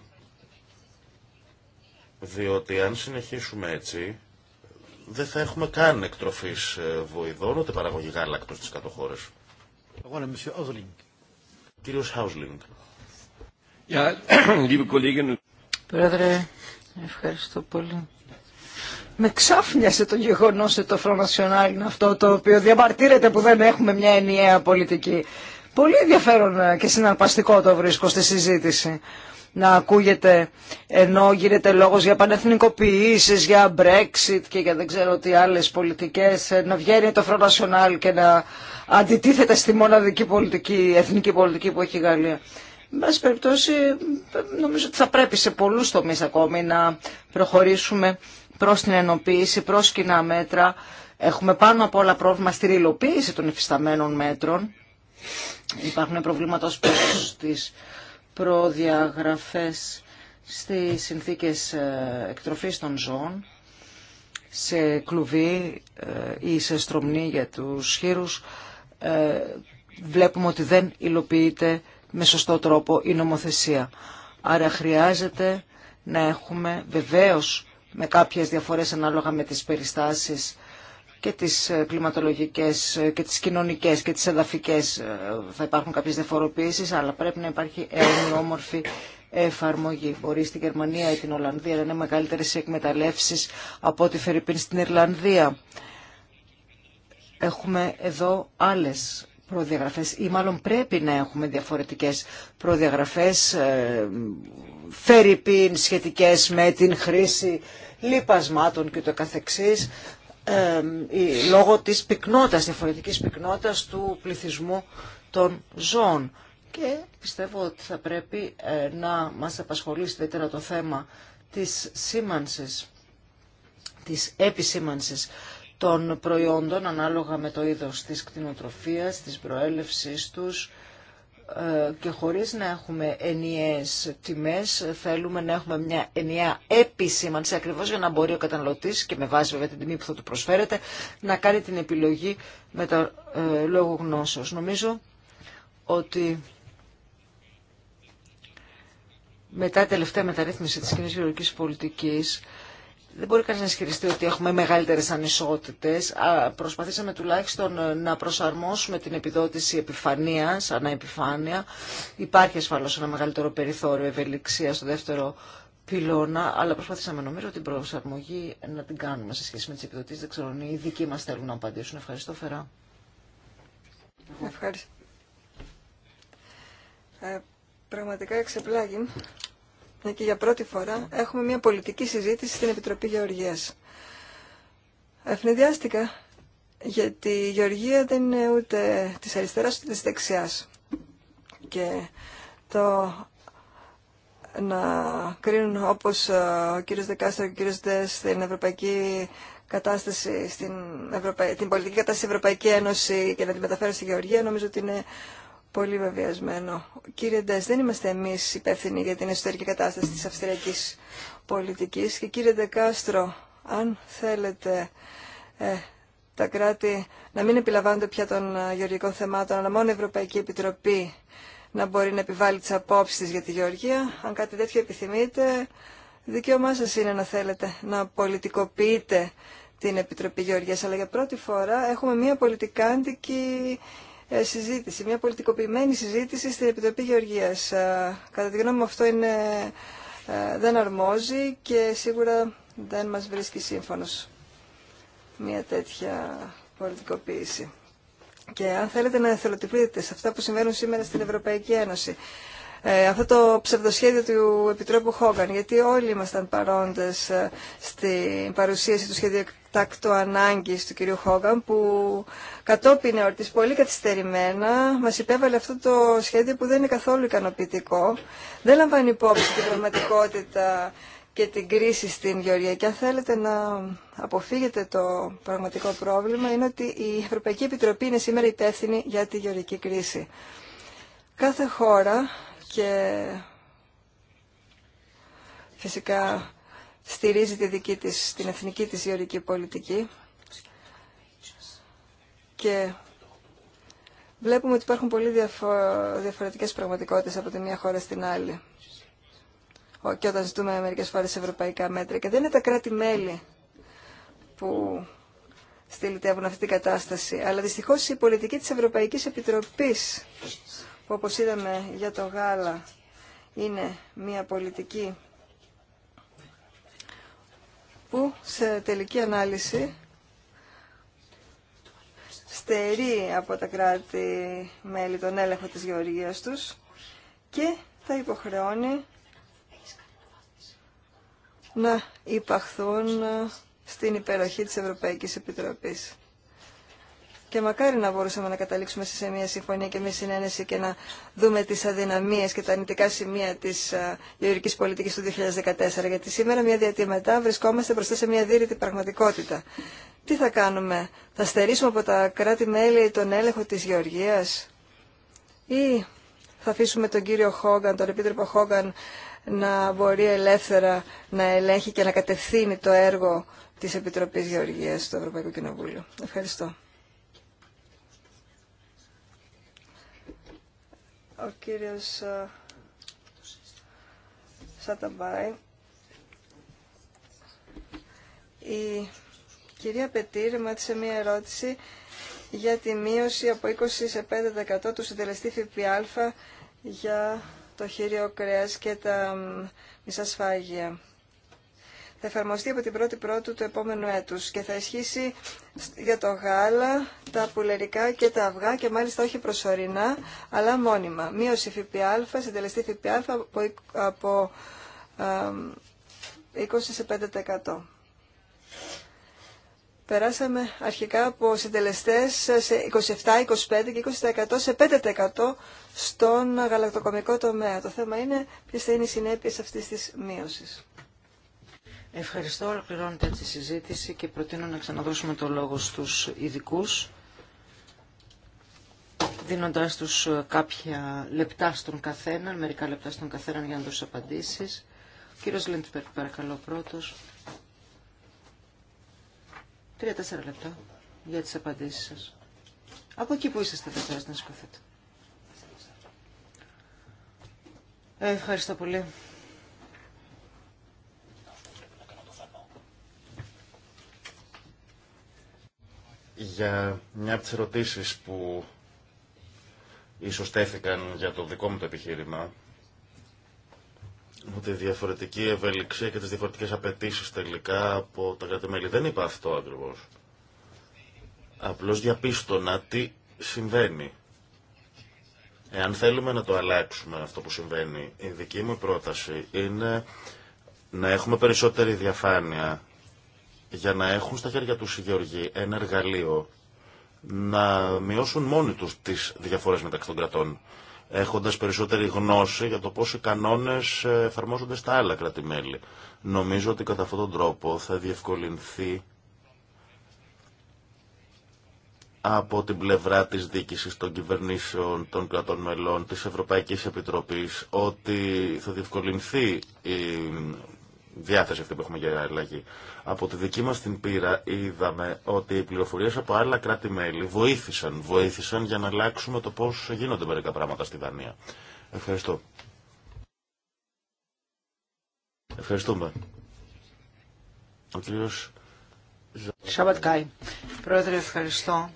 διότι αν συνεχίσουμε έτσι, δεν θα έχουμε καν εκτροφής ε, βοηδών, ούτε παραγωγή γάλακτο στις κάτω χώρες. Κύριος Χάουσλινγκ. Πρόεδρε, ευχαριστώ πολύ. Με ξάφνιασε το γεγονό ότι το Front National είναι αυτό το οποίο διαμαρτύρεται που δεν έχουμε μια ενιαία πολιτική. Πολύ ενδιαφέρον και συναρπαστικό το βρίσκω στη συζήτηση να ακούγεται ενώ γίνεται λόγος για πανεθνικοποιήσεις, για Brexit και για δεν ξέρω τι άλλες πολιτικές, ε, να βγαίνει το Front National και να αντιτίθεται στη μοναδική πολιτική, εθνική πολιτική που έχει η Γαλλία. Με βάση περιπτώσει, νομίζω ότι θα πρέπει σε πολλούς τομείς ακόμη να προχωρήσουμε προς την ενοποίηση, προς κοινά μέτρα. Έχουμε πάνω απ' όλα πρόβλημα στη ρηλοποίηση των υφισταμένων μέτρων. Υπάρχουν προβλήματα ως προδιαγραφές στις συνθήκες ε, εκτροφής των ζώων σε κλουβί ε, ή σε στρομνή για τους χείρους ε, βλέπουμε ότι δεν υλοποιείται με σωστό τρόπο η νομοθεσία. Άρα χρειάζεται να έχουμε βεβαίως με κάποιες διαφορές ανάλογα με τις περιστάσεις και τις ε, κλιματολογικές ε, και τις κοινωνικές και τις εδαφικές ε, θα υπάρχουν κάποιες διαφοροποιήσεις, αλλά πρέπει να υπάρχει όμορφη εφαρμογή. Μπορεί στην Γερμανία ή την Ολλανδία να είναι μεγαλύτερες οι από ό,τι φερειπίν στην Ιρλανδία. Έχουμε εδώ άλλες προδιαγραφές ή μάλλον πρέπει να έχουμε διαφορετικές προδιαγραφές ε, φερειπίν σχετικές με την χρήση λιπασμάτων και το καθεξής ε, λόγω της πυκνότητας, διαφορετικής πυκνότητας του πληθυσμού των ζώων. Και πιστεύω ότι θα πρέπει ε, να μας απασχολήσει ιδιαίτερα το θέμα της σήμανσης, της επισήμανσης των προϊόντων ανάλογα με το είδος της κτηνοτροφίας, της προέλευσής τους, ε, και χωρίς να έχουμε ενιαίες τιμές θέλουμε να έχουμε μια ενιαία επισήμανση ακριβώς για να μπορεί ο καταναλωτής και με βάση βέβαια την τιμή που θα του προσφέρεται να κάνει την επιλογή με το ε, λόγο γνώσεως. Νομίζω ότι μετά τελευταία μεταρρύθμιση της κοινής πολιτικής δεν μπορεί κανεί να ισχυριστεί ότι έχουμε μεγαλύτερες ανισότητες. Προσπαθήσαμε τουλάχιστον ε, να προσαρμόσουμε την επιδότηση επιφανείας, αναεπιφάνεια. Υπάρχει ασφαλώ ένα μεγαλύτερο περιθώριο ευελιξία στο δεύτερο πυλώνα, αλλά προσπαθήσαμε νομίζω την προσαρμογή να την κάνουμε σε σχέση με τι επιδοτήσει, Δεν ξέρω αν οι δικοί μα θέλουν να απαντήσουν. Ευχαριστώ, Φερά. Ευχαριστώ. Ε, πραγματικά εξεπλάγει μια ναι, και για πρώτη φορά έχουμε μια πολιτική συζήτηση στην Επιτροπή Γεωργίας. Ευνηδιάστηκα γιατί η Γεωργία δεν είναι ούτε της αριστεράς ούτε της δεξιάς. Και το να κρίνουν όπως ε, ο κύριος Δεκάστρο και ο κύριος Δες στην Ευρωπαϊκή κατάσταση, στην Ευρωπαϊ... την πολιτική κατάσταση στην Ευρωπαϊκή Ένωση και να τη μεταφέρουν στη Γεωργία νομίζω ότι είναι πολύ βαβιασμένο. Κύριε Ντάς, δεν είμαστε εμείς υπεύθυνοι για την εσωτερική κατάσταση της αυστριακής πολιτικής. Και κύριε Ντεκάστρο, αν θέλετε ε, τα κράτη να μην επιλαμβάνονται πια των ε, γεωργικών θεμάτων, αλλά μόνο η Ευρωπαϊκή Επιτροπή να μπορεί να επιβάλλει τις απόψεις τη για τη Γεωργία. Αν κάτι τέτοιο επιθυμείτε, δικαίωμά σας είναι να θέλετε να πολιτικοποιείτε την Επιτροπή Γεωργίας. Αλλά για πρώτη φορά έχουμε μια πολιτικάντικη ε, συζήτηση, μια πολιτικοποιημένη συζήτηση στην Επιτροπή Γεωργίας. Ε, κατά τη γνώμη μου αυτό είναι, ε, δεν αρμόζει και σίγουρα δεν μας βρίσκει σύμφωνος μια τέτοια πολιτικοποίηση. Και αν θέλετε να εθελοτυπείτε σε αυτά που συμβαίνουν σήμερα στην Ευρωπαϊκή Ένωση, αυτό το ψευδοσχέδιο του Επιτρόπου Χόγκαν, γιατί όλοι ήμασταν παρόντες στην παρουσίαση του σχεδίου Τάκτο ανάγκη του κυρίου Χόγκαν που κατόπιν εορτής πολύ καθυστερημένα μας υπέβαλε αυτό το σχέδιο που δεν είναι καθόλου ικανοποιητικό. Δεν λαμβάνει υπόψη την πραγματικότητα και την κρίση στην Γεωργία. Και αν θέλετε να αποφύγετε το πραγματικό πρόβλημα είναι ότι η Ευρωπαϊκή Επιτροπή είναι σήμερα υπεύθυνη για τη γεωργική κρίση. Κάθε χώρα και φυσικά στηρίζει τη δική της, την εθνική της γεωρική πολιτική και βλέπουμε ότι υπάρχουν πολύ διαφορετικές πραγματικότητες από τη μία χώρα στην άλλη και όταν ζητούμε μερικές φορές ευρωπαϊκά μέτρα και δεν είναι τα κράτη-μέλη που στυλιτεύουν αυτή την κατάσταση αλλά δυστυχώς η πολιτική της Ευρωπαϊκής Επιτροπής που όπως είδαμε για το γάλα είναι μια πολιτική που σε τελική ανάλυση στερεί από τα κράτη μέλη τον έλεγχο της γεωργίας τους και τα υποχρεώνει να υπαχθούν στην υπεροχή της Ευρωπαϊκής Επιτροπής. Και μακάρι να μπορούσαμε να καταλήξουμε σε μια συμφωνία και μια συνένεση και να δούμε τι αδυναμίε και τα αρνητικά σημεία τη ε, γεωργική πολιτική του 2014. Γιατί σήμερα, μια διετία μετά, βρισκόμαστε μπροστά σε μια δίρυτη πραγματικότητα. Τι θα κάνουμε, θα στερήσουμε από τα κράτη-μέλη τον έλεγχο τη γεωργία ή θα αφήσουμε τον κύριο Χόγκαν, τον επίτροπο Χόγκαν, να μπορεί ελεύθερα να ελέγχει και να κατευθύνει το έργο της Επιτροπής Γεωργίας του Ευρωπαϊκό Κοινοβούλιο. Ευχαριστώ. Ο κύριος ε, Σαταμπάη. Η κυρία Πετήρ μάθησε μία ερώτηση για τη μείωση από 20% σε 5% του συντελεστή ΦΠΑ για το χείριο κρέας και τα μισά σφάγια θα εφαρμοστεί από την 1η Πρώτου του επόμενου έτους και θα ισχύσει για το γάλα, τα πουλερικά και τα αυγά και μάλιστα όχι προσωρινά, αλλά μόνιμα. Μείωση ΦΠΑ, συντελεστή ΦΠΑ από 20% σε 5%. Περάσαμε αρχικά από από σε 27, 25 και 20% σε 5% στον γαλακτοκομικό τομέα. Το θέμα είναι ποιε θα είναι οι συνέπειε αυτή τη μείωση. Ευχαριστώ. Ολοκληρώνεται έτσι η συζήτηση και προτείνω να ξαναδώσουμε το λόγο στους ειδικού, δίνοντάς τους ε, κάποια λεπτά στον καθένα, μερικά λεπτά στον καθένα για να δώσει απαντήσεις. Κύριο κυριος Λέντπερ, παρακαλώ, πρώτος. Τρία-τέσσερα λεπτά για τις απαντήσεις σας. Από εκεί που είσαστε δεν χρειάζεται να σκοθείτε. Ε, ευχαριστώ πολύ. για μια από τις ερωτήσεις που ίσως τέθηκαν για το δικό μου το επιχείρημα ότι η διαφορετική ευελιξία και τις διαφορετικές απαιτήσει τελικά από τα κράτη-μέλη. Δεν είπα αυτό ακριβώς. Απλώς διαπίστωνα τι συμβαίνει. Εάν θέλουμε να το αλλάξουμε αυτό που συμβαίνει, η δική μου πρόταση είναι να έχουμε περισσότερη διαφάνεια για να έχουν στα χέρια τους οι γεωργοί ένα εργαλείο να μειώσουν μόνοι τους τις διαφορές μεταξύ των κρατών έχοντας περισσότερη γνώση για το πώς οι κανόνες ε, εφαρμόζονται στα άλλα κράτη-μέλη. Νομίζω ότι κατά αυτόν τον τρόπο θα διευκολυνθεί από την πλευρά της διοίκησης των κυβερνήσεων των κρατών μελών της Ευρωπαϊκής Επιτροπής ότι θα διευκολυνθεί η διάθεση αυτή που έχουμε για αλλαγή. Από τη δική μας την πείρα είδαμε ότι οι πληροφορίες από άλλα κράτη-μέλη βοήθησαν, βοήθησαν για να αλλάξουμε το πώς γίνονται μερικά πράγματα στη Δανία. Ευχαριστώ. Ευχαριστούμε. Ο κύριος... Σαββατκάι. Πρόεδρε, ευχαριστώ.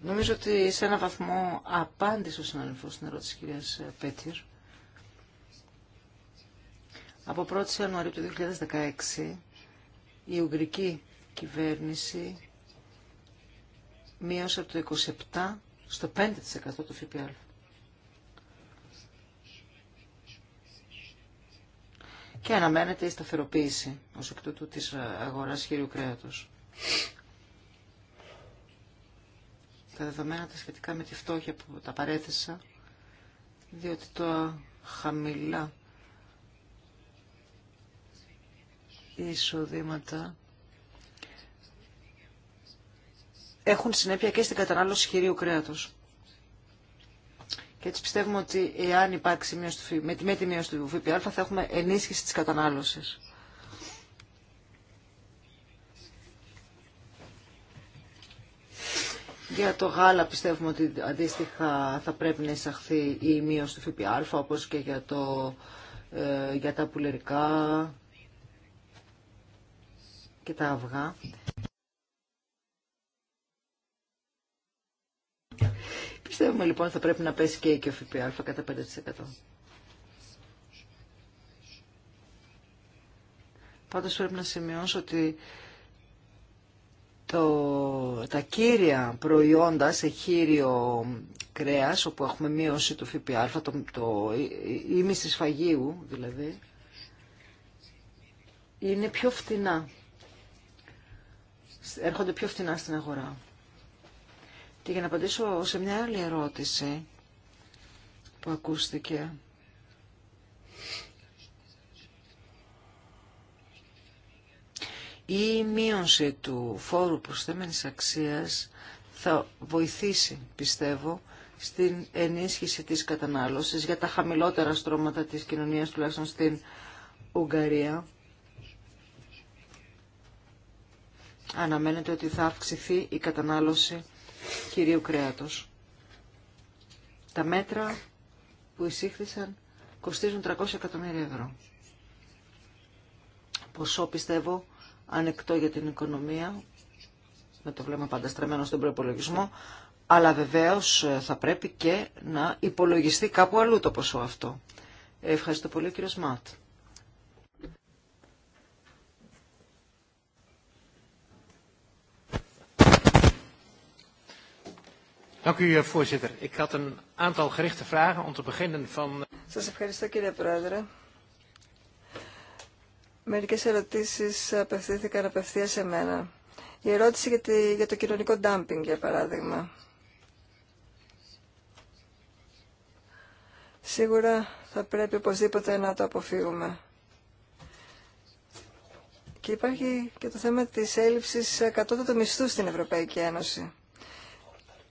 Νομίζω ότι σε ένα βαθμό απάντησε ο συνάδελφος στην ερώτηση της κυρίας Πέτυρ. Από 1η Ιανουαρίου του 2016 η Ουγγρική κυβέρνηση μείωσε από το 27% στο 5% του ΦΠΑ. Και αναμένεται η σταθεροποίηση ως εκ τούτου της αγοράς χείριου κρέατος τα δεδομένα τα σχετικά με τη φτώχεια που τα παρέθεσα, διότι το χαμηλά εισοδήματα έχουν συνέπεια και στην κατανάλωση χειρίου κρέατος. Και έτσι πιστεύουμε ότι εάν υπάρξει με τη μείωση του ΦΠΑ θα έχουμε ενίσχυση της κατανάλωσης. Για το γάλα πιστεύουμε ότι αντίστοιχα θα πρέπει να εισαχθεί η μείωση του ΦΠΑ όπως και για, το, ε, για τα πουλερικά και τα αυγά. Πιστεύουμε λοιπόν θα πρέπει να πέσει και, και ο ΦΠΑ κατά 5%. Πάντως πρέπει να σημειώσω ότι το, τα κύρια προϊόντα σε χείριο κρέας, όπου έχουμε μείωση του ΦΠΑ, το, το ίμιση Φαγίου, δηλαδή, είναι πιο φτηνά. Έρχονται πιο φτηνά στην αγορά. Και για να απαντήσω σε μια άλλη ερώτηση που ακούστηκε, Η μείωση του φόρου προσθέμενης αξίας θα βοηθήσει, πιστεύω, στην ενίσχυση της κατανάλωσης για τα χαμηλότερα στρώματα της κοινωνίας, τουλάχιστον στην Ουγγαρία. Αναμένεται ότι θα αυξηθεί η κατανάλωση κυρίου κρέατος. Τα μέτρα που εισήχθησαν κοστίζουν 300 εκατομμύρια ευρώ. Ποσό πιστεύω ανεκτό για την οικονομία, με το βλέμμα πάντα στραμμένο στον προπολογισμό, αλλά βεβαίως ε, θα πρέπει και να υπολογιστεί κάπου αλλού το ποσό αυτό. Ευχαριστώ πολύ κύριο Σμάτ. Σας ευχαριστώ κύριε Πρόεδρε. Μερικές ερωτήσεις απευθύνθηκαν απευθεία σε μένα. Η ερώτηση για, για το κοινωνικό ντάμπινγκ, για παράδειγμα. Σίγουρα θα πρέπει οπωσδήποτε να το αποφύγουμε. Και υπάρχει και το θέμα της έλλειψης κατώτατου μισθού στην Ευρωπαϊκή Ένωση.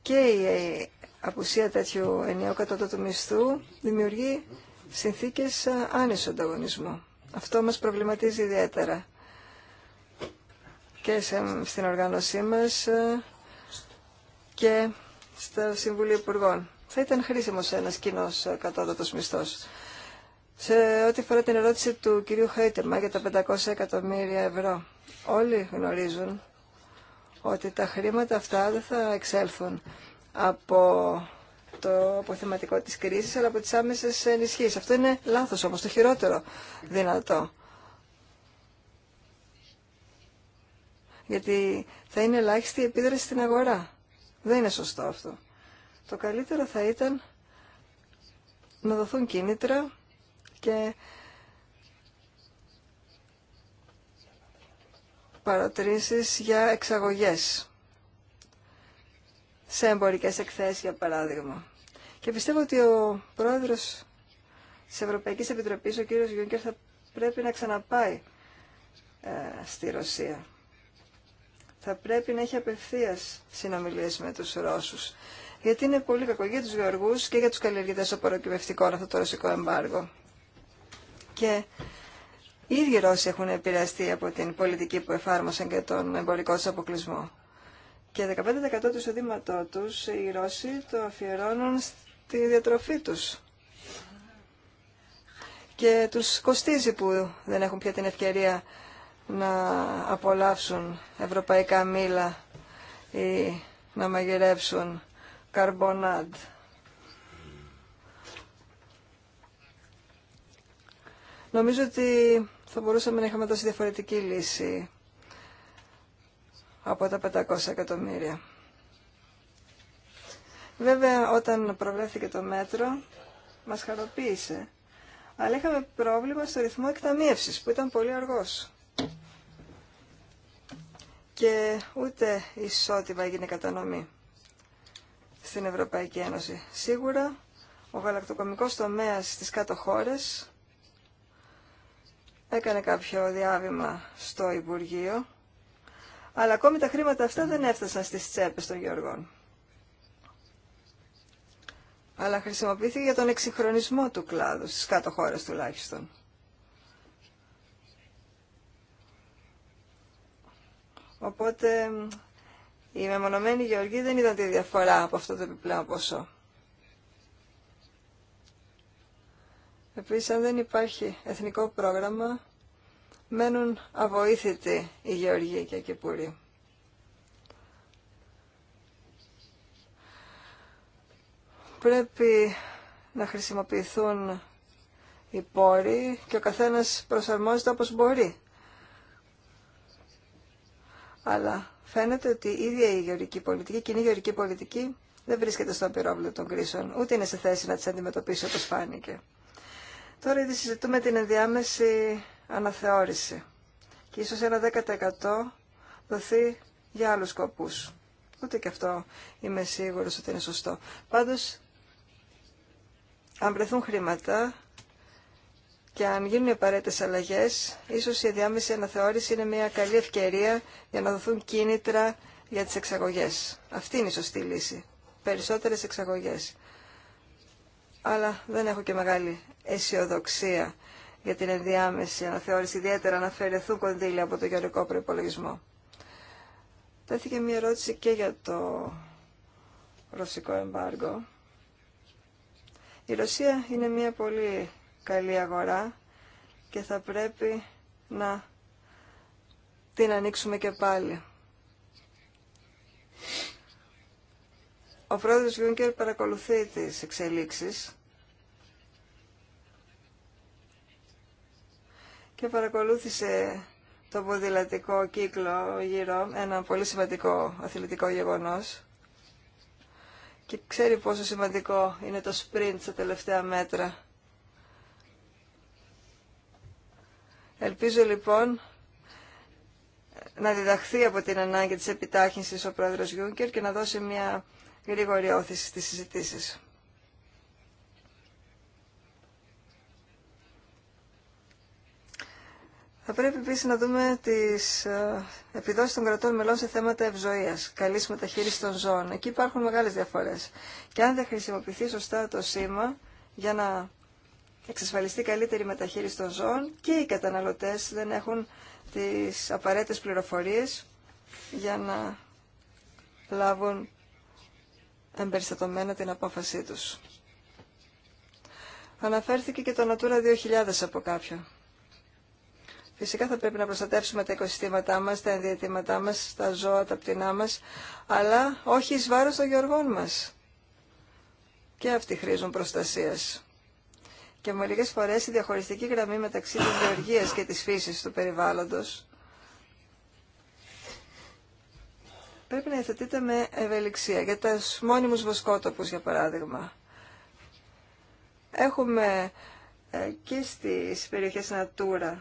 Και η απουσία τέτοιου ενιαίου κατώτατου μισθού δημιουργεί συνθήκες άνεσου ανταγωνισμού. Αυτό μας προβληματίζει ιδιαίτερα και στην οργάνωσή μας ε, και στο Συμβούλιο Υπουργών. Θα ήταν χρήσιμος ένας κοινό ε, κατώτατος μισθός. Σε ό,τι αφορά την ερώτηση του κυρίου Χέιτεμα για τα 500 εκατομμύρια ευρώ, όλοι γνωρίζουν ότι τα χρήματα αυτά δεν θα εξέλθουν από το αποθεματικό της κρίσης, αλλά από τις άμεσες ενισχύσεις. Αυτό είναι λάθος όμως, το χειρότερο δυνατό. Γιατί θα είναι ελάχιστη η επίδραση στην αγορά. Δεν είναι σωστό αυτό. Το καλύτερο θα ήταν να δοθούν κίνητρα και παρατρήσεις για εξαγωγές σε εμπορικές εκθέσεις, για παράδειγμα. Και πιστεύω ότι ο πρόεδρος της Ευρωπαϊκής Επιτροπής, ο κύριος Γιούνκερ, θα πρέπει να ξαναπάει ε, στη Ρωσία. Θα πρέπει να έχει απευθείας συνομιλίες με τους Ρώσους. Γιατί είναι πολύ κακό για τους γεωργούς και για τους καλλιεργητές οποροκυπευτικών αυτό το ρωσικό εμπάργο. Και οι ίδιοι Ρώσοι έχουν επηρεαστεί από την πολιτική που εφάρμοσαν και τον εμπορικό του αποκλεισμό. Και 15% του εισοδήματό του οι Ρώσοι το αφιερώνουν στη διατροφή τους. Και τους κοστίζει που δεν έχουν πια την ευκαιρία να απολαύσουν ευρωπαϊκά μήλα ή να μαγειρεύσουν καρμπονάντ. Νομίζω ότι θα μπορούσαμε να είχαμε δώσει διαφορετική λύση από τα 500 εκατομμύρια. Βέβαια, όταν προβλέφθηκε το μέτρο, μας χαροποίησε. Αλλά είχαμε πρόβλημα στο ρυθμό εκταμίευσης, που ήταν πολύ αργός. Και ούτε ισότιμα έγινε κατανομή στην Ευρωπαϊκή Ένωση. Σίγουρα, ο γαλακτοκομικός τομέας στις κάτω χώρες έκανε κάποιο διάβημα στο Υπουργείο, αλλά ακόμη τα χρήματα αυτά δεν έφτασαν στις τσέπες των Γεωργών. Αλλά χρησιμοποιήθηκε για τον εξυγχρονισμό του κλάδου, στις κάτω χώρες τουλάχιστον. Οπότε η μεμονωμένη γεωργοί δεν είδαν τη διαφορά από αυτό το επιπλέον ποσό. Επίσης, αν δεν υπάρχει εθνικό πρόγραμμα, μένουν αβοήθητοι οι γεωργοί και οι κυπουροί. Πρέπει να χρησιμοποιηθούν οι πόροι και ο καθένας προσαρμόζεται όπως μπορεί. Αλλά φαίνεται ότι η ίδια η γεωρική πολιτική, η κοινή γεωρική πολιτική δεν βρίσκεται στο πυρόβλητο των κρίσεων, ούτε είναι σε θέση να τις αντιμετωπίσει όπως φάνηκε. Τώρα ήδη συζητούμε την ενδιάμεση αναθεώρηση και ίσως ένα 10% δοθεί για άλλους σκοπούς. Ούτε και αυτό είμαι σίγουρος ότι είναι σωστό. Πάντως, αν βρεθούν χρήματα και αν γίνουν οι απαραίτητες αλλαγές, ίσως η διάμεση αναθεώρηση είναι μια καλή ευκαιρία για να δοθούν κίνητρα για τις εξαγωγές. Αυτή είναι η σωστή λύση. Περισσότερες εξαγωγές. Αλλά δεν έχω και μεγάλη αισιοδοξία για την ενδιάμεση αναθεώρηση, ιδιαίτερα να αφαιρεθούν κονδύλια από το γεωρικό προπολογισμό. Τέθηκε μια ερώτηση και για το ρωσικό εμπάργο. Η Ρωσία είναι μια πολύ καλή αγορά και θα πρέπει να την ανοίξουμε και πάλι. Ο πρόεδρος Γιούνκερ παρακολουθεί τις εξελίξεις και παρακολούθησε το ποδηλατικό κύκλο γύρω, ένα πολύ σημαντικό αθλητικό γεγονός και ξέρει πόσο σημαντικό είναι το sprint στα τελευταία μέτρα. Ελπίζω λοιπόν να διδαχθεί από την ανάγκη της επιτάχυνσης ο πρόεδρος Γιούγκερ και να δώσει μια γρήγορη όθηση στις συζητήσεις. Θα πρέπει επίση να δούμε τι ε, επιδόσει των κρατών μελών σε θέματα ευζοία, καλή μεταχείριση των ζώων. Εκεί υπάρχουν μεγάλε διαφορέ. Και αν δεν χρησιμοποιηθεί σωστά το σήμα για να εξασφαλιστεί καλύτερη μεταχείριση των ζώων και οι καταναλωτέ δεν έχουν τι απαραίτητε πληροφορίε για να λάβουν εμπεριστατωμένα την απόφασή τους. Αναφέρθηκε και το Natura 2000 από κάποιον. Φυσικά θα πρέπει να προστατεύσουμε τα οικοσυστήματά μας, τα ενδιατήματά μας, τα ζώα, τα πτηνά μας, αλλά όχι εις βάρος των γεωργών μας. Και αυτοί χρήζουν προστασίας. Και μερικές φορές η διαχωριστική γραμμή μεταξύ της γεωργίας και της φύσης του περιβάλλοντος πρέπει να εθετείται με ευελιξία. Για τα μόνιμους βοσκότοπους, για παράδειγμα. Έχουμε ε, και στις περιοχές Natura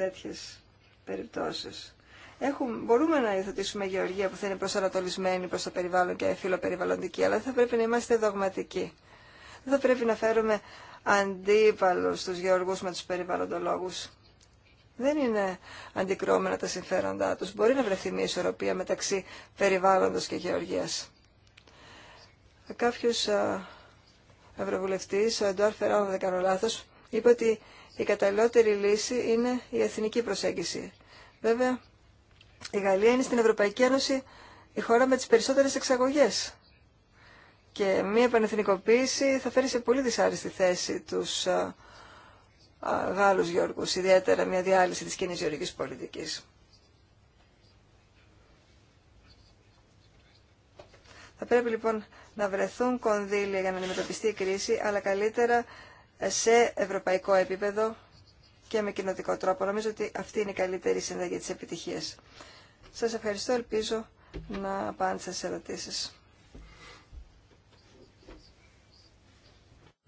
τέτοιες περιπτώσεις. Έχουμε, μπορούμε να υιοθετήσουμε γεωργία που θα είναι προσανατολισμένη προς το περιβάλλον και φιλοπεριβαλλοντική, αλλά θα πρέπει να είμαστε δογματικοί. Δεν θα πρέπει να φέρουμε αντίπαλους τους γεωργούς με τους περιβαλλοντολόγους. Δεν είναι αντικρώμενα τα συμφέροντά τους. Μπορεί να βρεθεί μια ισορροπία μεταξύ περιβάλλοντος και γεωργίας. Κάποιος ευρωβουλευτής, ο Εντουάρ Φεράου, δεν κάνω λάθος, είπε ότι η καταλληλότερη λύση είναι η εθνική προσέγγιση. Βέβαια, η Γαλλία είναι στην Ευρωπαϊκή Ένωση η χώρα με τις περισσότερες εξαγωγές. Και μία επανεθνικοποίηση θα φέρει σε πολύ δυσάρεστη θέση τους α, α, Γάλλους Γιώργους, ιδιαίτερα μια διάλυση της κοινή γεωργικής πολιτικής. Θα πρέπει λοιπόν να βρεθούν κονδύλια για να αντιμετωπιστεί η κρίση, αλλά καλύτερα σε ευρωπαϊκό επίπεδο και με κοινοτικό τρόπο. Νομίζω ότι αυτή είναι η καλύτερη για τις επιτυχίες. Σας ευχαριστώ, ελπίζω να απάντησα σε ερωτήσεις.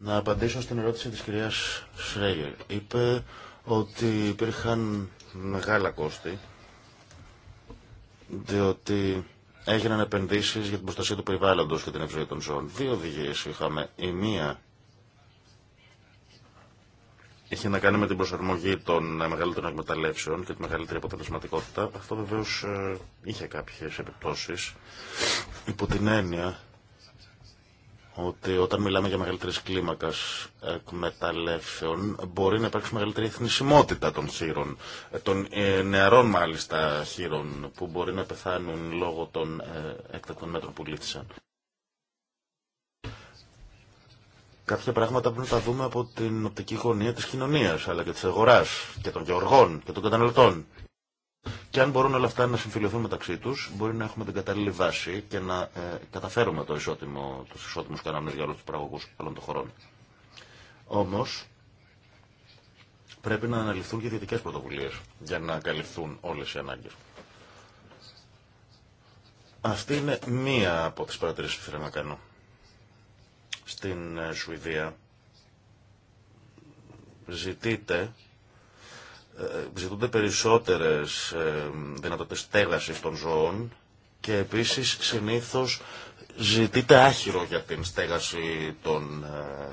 Να απαντήσω στην ερώτηση της κυρίας Σρέγερ. Είπε ότι υπήρχαν μεγάλα κόστη, διότι έγιναν επενδύσεις για την προστασία του περιβάλλοντος και την ευζοία των ζώων. Δύο οδηγίες είχαμε. Η μία είχε να κάνει με την προσαρμογή των ε, μεγαλύτερων εκμεταλλεύσεων και τη μεγαλύτερη αποτελεσματικότητα. Αυτό βεβαίω ε, είχε κάποιε επιπτώσει υπό την έννοια ότι όταν μιλάμε για μεγαλύτερη κλίμακα εκμεταλλεύσεων μπορεί να υπάρξει μεγαλύτερη εθνισμότητα των χείρων, ε, των νεαρών μάλιστα χείρων που μπορεί να πεθάνουν λόγω των έκτακτων μέτρων που κάποια πράγματα πρέπει να τα δούμε από την οπτική γωνία της κοινωνίας, αλλά και της αγοράς και των γεωργών και των καταναλωτών. Και αν μπορούν όλα αυτά να συμφιλειωθούν μεταξύ του, μπορεί να έχουμε την κατάλληλη βάση και να ε, καταφέρουμε το ισότιμο, του ισότιμου κανόνε για όλου του παραγωγού όλων των χωρών. Όμω, πρέπει να αναλυθούν και δυτικέ πρωτοβουλίε για να καλυφθούν όλε οι ανάγκε. Αυτή είναι μία από τι παρατηρήσει που θέλω να κάνω στην ε, Σουηδία ζητείτε, ε, ζητούνται περισσότερες ε, δυνατότητες στέγασης των ζώων και επίσης συνήθως ζητείται άχυρο για την στέγαση των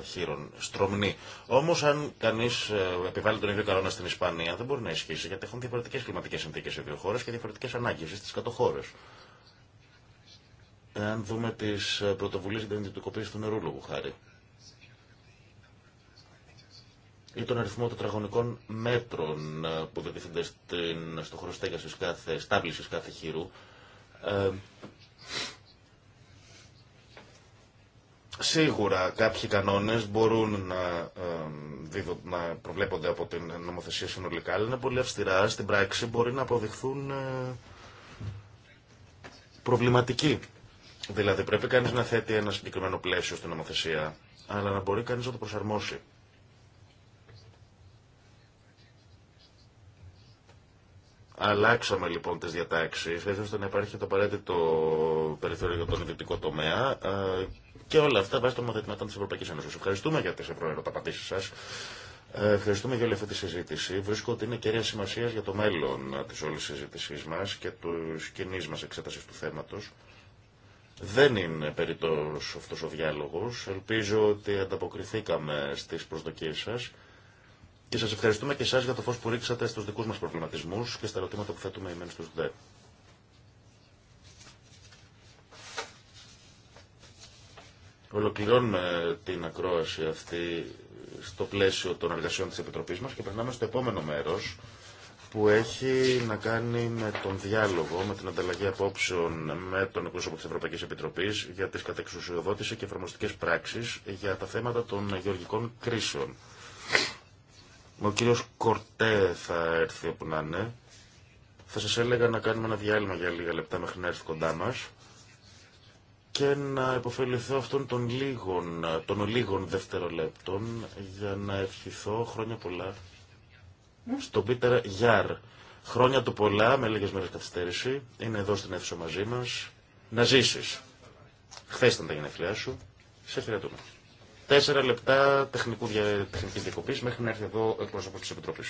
χείρων, στρομνή. Όμως αν κανείς επιβάλλει τον ίδιο καρόνα στην Ισπανία δεν μπορεί να ισχύσει γιατί έχουν διαφορετικές κλιματικές συνθήκες σε δύο χώρες και διαφορετικές ανάγκες στις κατοχώρες. Εάν δούμε τι ε, πρωτοβουλίε για την ιδιωτικοποίηση του νερού, λόγου χάρη, ή τον αριθμό τετραγωνικών μέτρων ε, που διατίθενται στο χώρο στέγασης κάθε, στάβλησης κάθε χείρου, ε, Σίγουρα κάποιοι κανόνες μπορούν να, να προβλέπονται από την νομοθεσία συνολικά, αλλά είναι πολύ αυστηρά. Στην πράξη μπορεί να αποδειχθούν προβληματικοί. Δηλαδή πρέπει κανείς να θέτει ένα συγκεκριμένο πλαίσιο στην νομοθεσία, αλλά να μπορεί κανείς να το προσαρμόσει. Αλλάξαμε λοιπόν τις διατάξεις, έτσι ώστε να υπάρχει το απαραίτητο περιθώριο για τον ιδιωτικό τομέα και όλα αυτά βάσει των νομοθετημάτων της Ευρωπαϊκής Ένωσης. Ευχαριστούμε για τις ευρωερωταπαντήσεις σας. Ε, ευχαριστούμε για όλη αυτή τη συζήτηση. Βρίσκω ότι είναι κέρια σημασία για το μέλλον τη όλη συζήτησή μα και του κοινή μα εξέταση του θέματο. Δεν είναι περιττός αυτός ο διάλογος. Ελπίζω ότι ανταποκριθήκαμε στις προσδοκίες σας. Και σας ευχαριστούμε και εσάς για το φως που ρίξατε στους δικούς μας προβληματισμούς και στα ερωτήματα που θέτουμε εμείς στους ΔΕ. Ολοκληρώνουμε την ακρόαση αυτή στο πλαίσιο των εργασιών της Επιτροπής μας και περνάμε στο επόμενο μέρος που έχει να κάνει με τον διάλογο, με την ανταλλαγή απόψεων με τον εκπρόσωπο τη Ευρωπαϊκή Επιτροπή για τι κατεξουσιοδότηση και εφαρμοστικέ πράξει για τα θέματα των γεωργικών κρίσεων. Ο κύριο Κορτέ θα έρθει όπου να είναι. Θα σα έλεγα να κάνουμε ένα διάλειμμα για λίγα λεπτά μέχρι να έρθει κοντά μα και να υποφεληθώ αυτών των λίγων, των λίγων δευτερολέπτων για να ευχηθώ χρόνια πολλά στον Πίτερ Γιάρ. Χρόνια του πολλά, με λίγες μέρε καθυστέρηση. Είναι εδώ στην αίθουσα μαζί μα Να ζήσει. Χθε ήταν τα γενέθλιά σου. Σε χαιρετούμε. Τέσσερα λεπτά τεχνική δια... μέχρι να έρθει εδώ ο εκπρόσωπο τη Επιτροπή.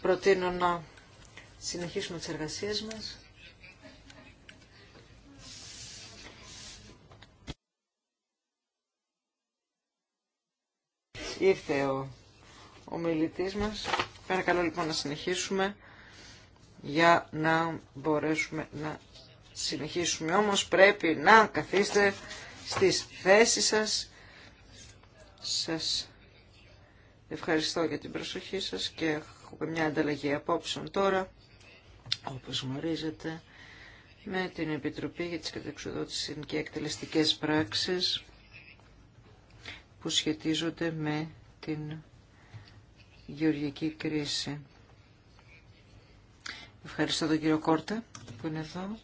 Προτείνω να συνεχίσουμε τις εργασίες μας. Ήρθε ο ομιλητής μας. Παρακαλώ λοιπόν να συνεχίσουμε για να μπορέσουμε να συνεχίσουμε. Όμως πρέπει να καθίστε στις θέσεις σας. Σας Ευχαριστώ για την προσοχή σας και έχουμε μια ανταλλαγή απόψεων τώρα, όπως γνωρίζετε, με την Επιτροπή για τις Κατεξοδότηση και Εκτελεστικές Πράξεις που σχετίζονται με την γεωργική κρίση. Ευχαριστώ τον κύριο Κόρτα που είναι εδώ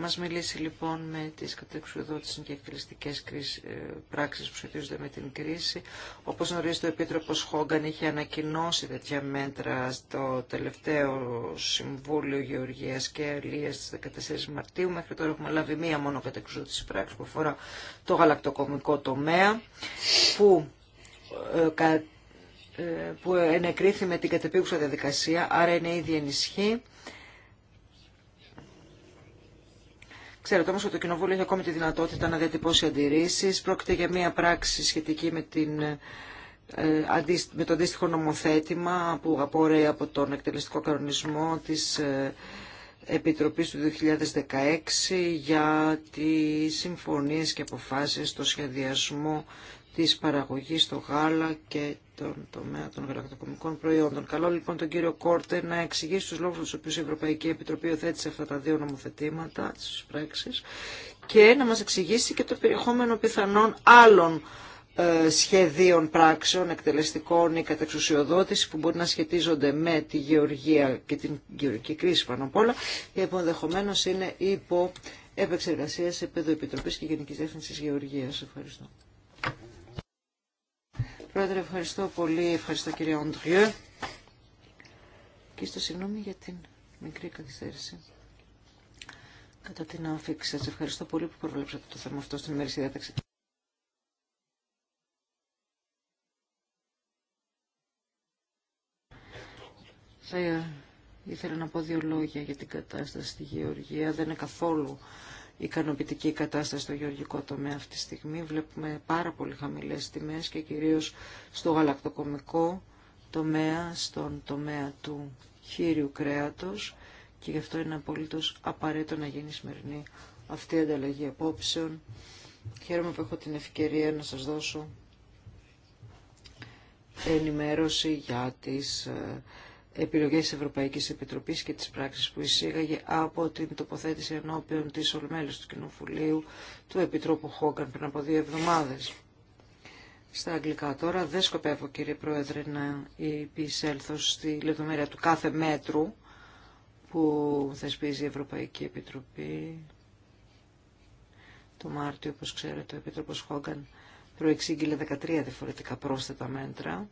θα μας μιλήσει λοιπόν με τις κατεξουδότησες και εκτελεστικές ε, πράξεις που σχετίζονται με την κρίση. Όπως γνωρίζετε, ο Επίτροπος Χόγκαν είχε ανακοινώσει τέτοια μέτρα στο τελευταίο Συμβούλιο Γεωργίας και Ελίας στις 14 Μαρτίου. Μέχρι τώρα έχουμε λάβει μία μόνο κατεξουδότηση πράξη που αφορά το γαλακτοκομικό τομέα, που ε, ε, που ενεκρίθη με την κατεπίγουσα διαδικασία, άρα είναι ήδη ενισχύ Ξέρετε όμω ότι το Κοινοβούλιο έχει ακόμη τη δυνατότητα να διατυπώσει αντιρρήσει. Πρόκειται για μία πράξη σχετική με, την, ε, με το αντίστοιχο νομοθέτημα που απορρέει από τον εκτελεστικό κανονισμό τη ε, Επιτροπής του 2016 για τι συμφωνίες και αποφάσεις στο σχεδιασμό της παραγωγής στο γάλα και τον τομέα των γαλακτοκομικών προϊόντων. Καλό λοιπόν τον κύριο Κόρτε να εξηγήσει τους λόγους τους οποίους η Ευρωπαϊκή Επιτροπή οθέτησε αυτά τα δύο νομοθετήματα, στις πράξεις, και να μας εξηγήσει και το περιεχόμενο πιθανών άλλων ε, σχεδίων πράξεων, εκτελεστικών ή κατεξουσιοδότηση που μπορεί να σχετίζονται με τη γεωργία και την γεωργική κρίση πάνω απ' όλα και ενδεχομένω είναι υπό επεξεργασία σε επίπεδο Επιτροπής και γενική διεύθυνση Γεωργία. Ευχαριστώ. Πρόεδρε, ευχαριστώ πολύ. Ευχαριστώ κύριε Οντριέ. Και στο συγγνώμη για την μικρή καθυστέρηση. Κατά την άφηξη, σας ευχαριστώ πολύ που προβλέψατε το θέμα αυτό στην ημερήσια διάταξη. Θα ήθελα να πω δύο λόγια για την κατάσταση στη Γεωργία. Δεν είναι καθόλου ικανοποιητική κατάσταση στο γεωργικό τομέα αυτή τη στιγμή. Βλέπουμε πάρα πολύ χαμηλές τιμές και κυρίως στο γαλακτοκομικό τομέα, στον τομέα του χείριου κρέατος και γι' αυτό είναι απολύτω απαραίτητο να γίνει σημερινή αυτή η ανταλλαγή απόψεων. Χαίρομαι που έχω την ευκαιρία να σας δώσω ενημέρωση για τις ε, επιλογές της Ευρωπαϊκής Επιτροπής και τις πράξεις που εισήγαγε από την τοποθέτηση ενώπιον της Ολμέλης του Κοινοβουλίου του Επιτρόπου Χόγκαν πριν από δύο εβδομάδες. Στα αγγλικά τώρα δεν σκοπεύω κύριε Πρόεδρε να επισέλθω στη λεπτομέρεια του κάθε μέτρου που θεσπίζει η Ευρωπαϊκή Επιτροπή. Το Μάρτιο, όπως ξέρετε, ο Επίτροπος Χόγκαν προεξήγηλε 13 διαφορετικά πρόσθετα μέτρα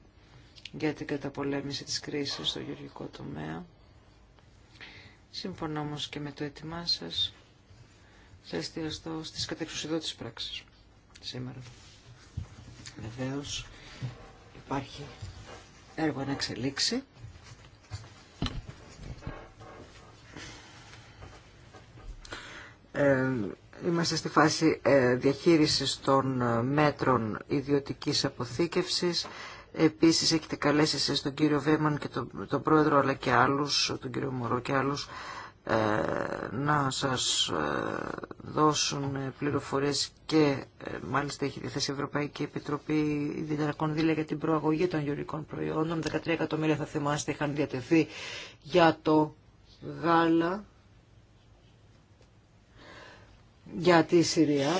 για την καταπολέμηση της κρίσης στο γεωργικό τομέα. Σύμφωνα όμως και με το έτοιμά σας, θα εστιαστώ στις κατεξουσιδότητες πράξεις σήμερα. Βεβαίω υπάρχει έργο να εξελίξει. Ε, είμαστε στη φάση ε, διαχείρισης των ε, μέτρων ιδιωτικής αποθήκευσης Επίσης έχετε καλέσει εσείς τον κύριο Βέμαν και τον, τον πρόεδρο αλλά και άλλους, τον κύριο Μωρό και άλλους, ε, να σας ε, δώσουν πληροφορίες και ε, μάλιστα έχει διαθέσει η Ευρωπαϊκή Επιτροπή ιδιαίτερα κονδύλια για την προαγωγή των γεωργικών προϊόντων. 13 εκατομμύρια θα θυμάστε είχαν διατεθεί για το γάλα, για τη Συρία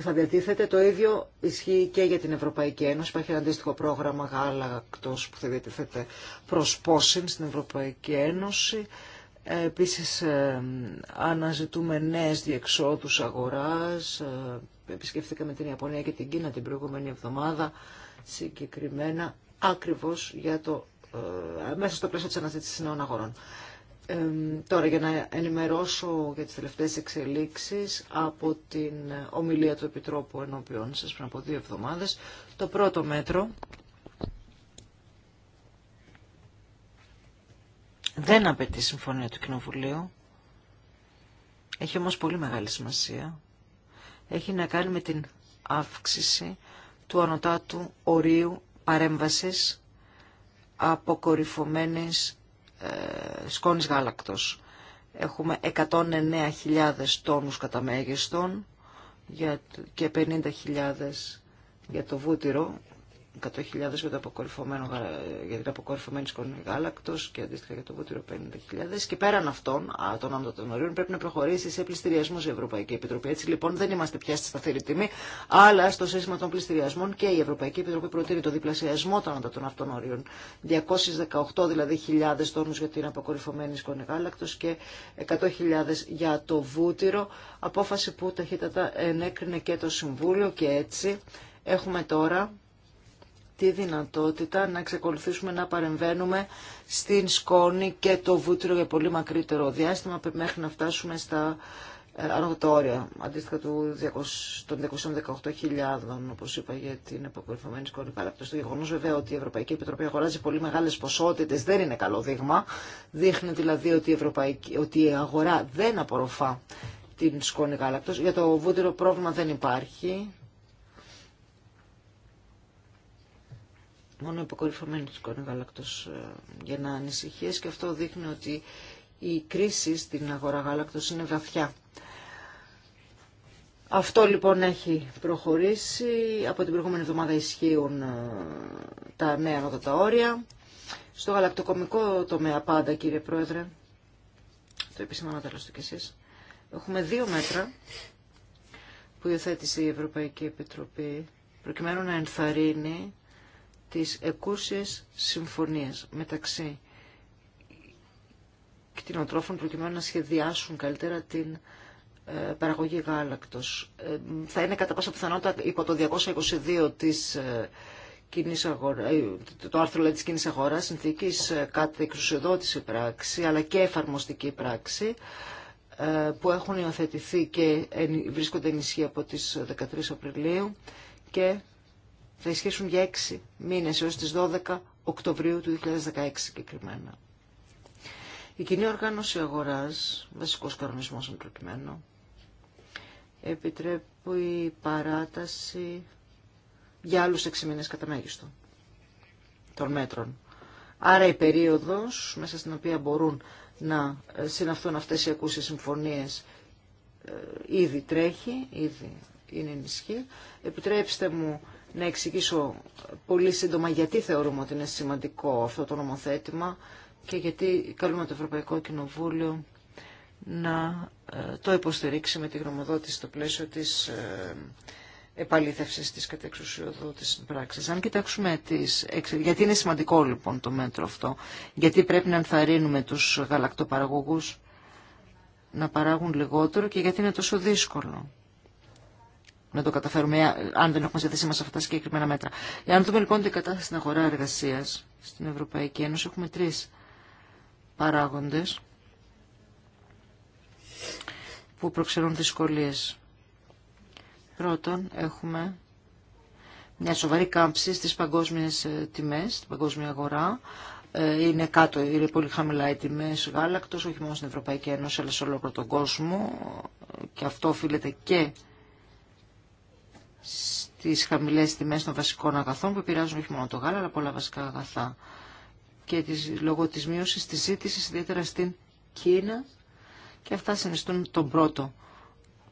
θα διατίθεται. Το ίδιο ισχύει και για την Ευρωπαϊκή Ένωση. Υπάρχει ένα αντίστοιχο πρόγραμμα γάλακτος που θα διατίθεται προς πόσιν στην Ευρωπαϊκή Ένωση. Ε, επίσης ε, αναζητούμε νέες διεξόδους αγοράς. Ε, Επισκεφθήκαμε την Ιαπωνία και την Κίνα την προηγούμενη εβδομάδα συγκεκριμένα ακριβώς για το, μέσα στο πλαίσιο της αναζήτησης νέων αγορών τώρα για να ενημερώσω για τις τελευταίες εξελίξεις από την ομιλία του Επιτρόπου ενώπιον σας πριν από δύο εβδομάδες. Το πρώτο μέτρο δεν απαιτεί συμφωνία του Κοινοβουλίου. Έχει όμως πολύ μεγάλη σημασία. Έχει να κάνει με την αύξηση του ανωτάτου ορίου παρέμβασης αποκορυφωμένης ε, σκόνης γάλακτος. Έχουμε 109.000 τόνους κατά μέγιστον και 50.000 για το βούτυρο 100.000 για, για την αποκορυφωμένη σκόνη γάλακτο και αντίστοιχα για το βούτυρο 50.000. Και πέραν αυτών, α, των αντατονορίων, πρέπει να προχωρήσει σε πληστηριασμό... η Ευρωπαϊκή Επιτροπή. Έτσι λοιπόν δεν είμαστε πια στη σταθερή τιμή, αλλά στο σύστημα των πληστηριασμών και η Ευρωπαϊκή Επιτροπή προτείνει το διπλασιασμό των άμετων αυτών 218 δηλαδή χιλιάδε τόνου για την αποκορυφωμένη σκόνη γάλακτο και 100.000 για το βούτυρο. Απόφαση που ταχύτατα ενέκρινε και το Συμβούλιο και έτσι έχουμε τώρα τη δυνατότητα να εξακολουθήσουμε να παρεμβαίνουμε στην σκόνη και το βούτυρο για πολύ μακρύτερο διάστημα μέχρι να φτάσουμε στα ε, αργοτόρια, αντίστοιχα του 200, των 218.000, όπως είπα, για την αποκορυφωμένη σκόνη παραπτώση. Το γεγονό βέβαια ότι η Ευρωπαϊκή Επιτροπή αγοράζει πολύ μεγάλες ποσότητες δεν είναι καλό δείγμα. Δείχνει δηλαδή ότι η, Ευρωπαϊκή, ότι η αγορά δεν απορροφά την σκόνη γάλακτος. Για το βούτυρο πρόβλημα δεν υπάρχει. μόνο υποκορυφωμένη του κόνη γάλακτος ε, για να ανησυχίε και αυτό δείχνει ότι η κρίση στην αγορά γάλακτος είναι βαθιά. Αυτό λοιπόν έχει προχωρήσει. Από την προηγούμενη εβδομάδα ισχύουν ε, τα νέα ανώτατα όρια. Στο γαλακτοκομικό τομέα πάντα, κύριε Πρόεδρε, το επισημάνω τέλος του κι εσείς, έχουμε δύο μέτρα που υιοθέτησε η Ευρωπαϊκή Επιτροπή προκειμένου να ενθαρρύνει της εκούσιες συμφωνίες μεταξύ κτηνοτρόφων προκειμένου να σχεδιάσουν καλύτερα την ε, παραγωγή γάλακτος. Ε, θα είναι κατά πάσα πιθανότητα υπό το 222 της ε, αγορά, το άρθρο λέει, της κοινής αγοράς, συνθήκης κατά εξουσιοδότηση πράξη, αλλά και εφαρμοστική πράξη, που έχουν υιοθετηθεί και βρίσκονται ενισχύ από τις 13 Απριλίου και θα ισχύσουν για 6 μήνες έως τις 12 Οκτωβρίου του 2016 συγκεκριμένα. Η κοινή οργάνωση αγοράς, βασικός κανονισμός εν προκειμένου, επιτρέπει παράταση για άλλους 6 μήνες κατά μέγιστο των μέτρων. Άρα η περίοδος μέσα στην οποία μπορούν να συναυθούν αυτές οι ακούσεις συμφωνίες ε, ήδη τρέχει, ήδη είναι ενισχύ. Επιτρέψτε μου να εξηγήσω πολύ σύντομα γιατί θεωρούμε ότι είναι σημαντικό αυτό το νομοθέτημα και γιατί καλούμε το Ευρωπαϊκό Κοινοβούλιο να ε, το υποστηρίξει με τη γνωμοδότηση στο πλαίσιο της ε, επαλήθευσης της κατεξουσιοδότησης πράξης. Αν κοιτάξουμε τις... Γιατί είναι σημαντικό λοιπόν το μέτρο αυτό. Γιατί πρέπει να ενθαρρύνουμε τους γαλακτοπαραγωγούς να παράγουν λιγότερο και γιατί είναι τόσο δύσκολο να το καταφέρουμε αν δεν έχουμε ζητήσει μα αυτά τα συγκεκριμένα μέτρα. Για να δούμε λοιπόν την κατάσταση στην αγορά εργασίας στην Ευρωπαϊκή Ένωση έχουμε τρεις παράγοντες που προξενούν δυσκολίες. Πρώτον, έχουμε μια σοβαρή κάμψη στις παγκόσμιες ε, τιμές, στην παγκόσμια αγορά. Ε, είναι κάτω, είναι πολύ χαμηλά οι τιμές γάλακτος, όχι μόνο στην Ευρωπαϊκή Ένωση, αλλά σε όλο τον κόσμο. Ε, και αυτό οφείλεται και στις χαμηλές τιμές των βασικών αγαθών που επηρεάζουν όχι μόνο το γάλα αλλά πολλά βασικά αγαθά και της, λόγω της μείωσης της ζήτησης ιδιαίτερα στην Κίνα και αυτά συνιστούν τον πρώτο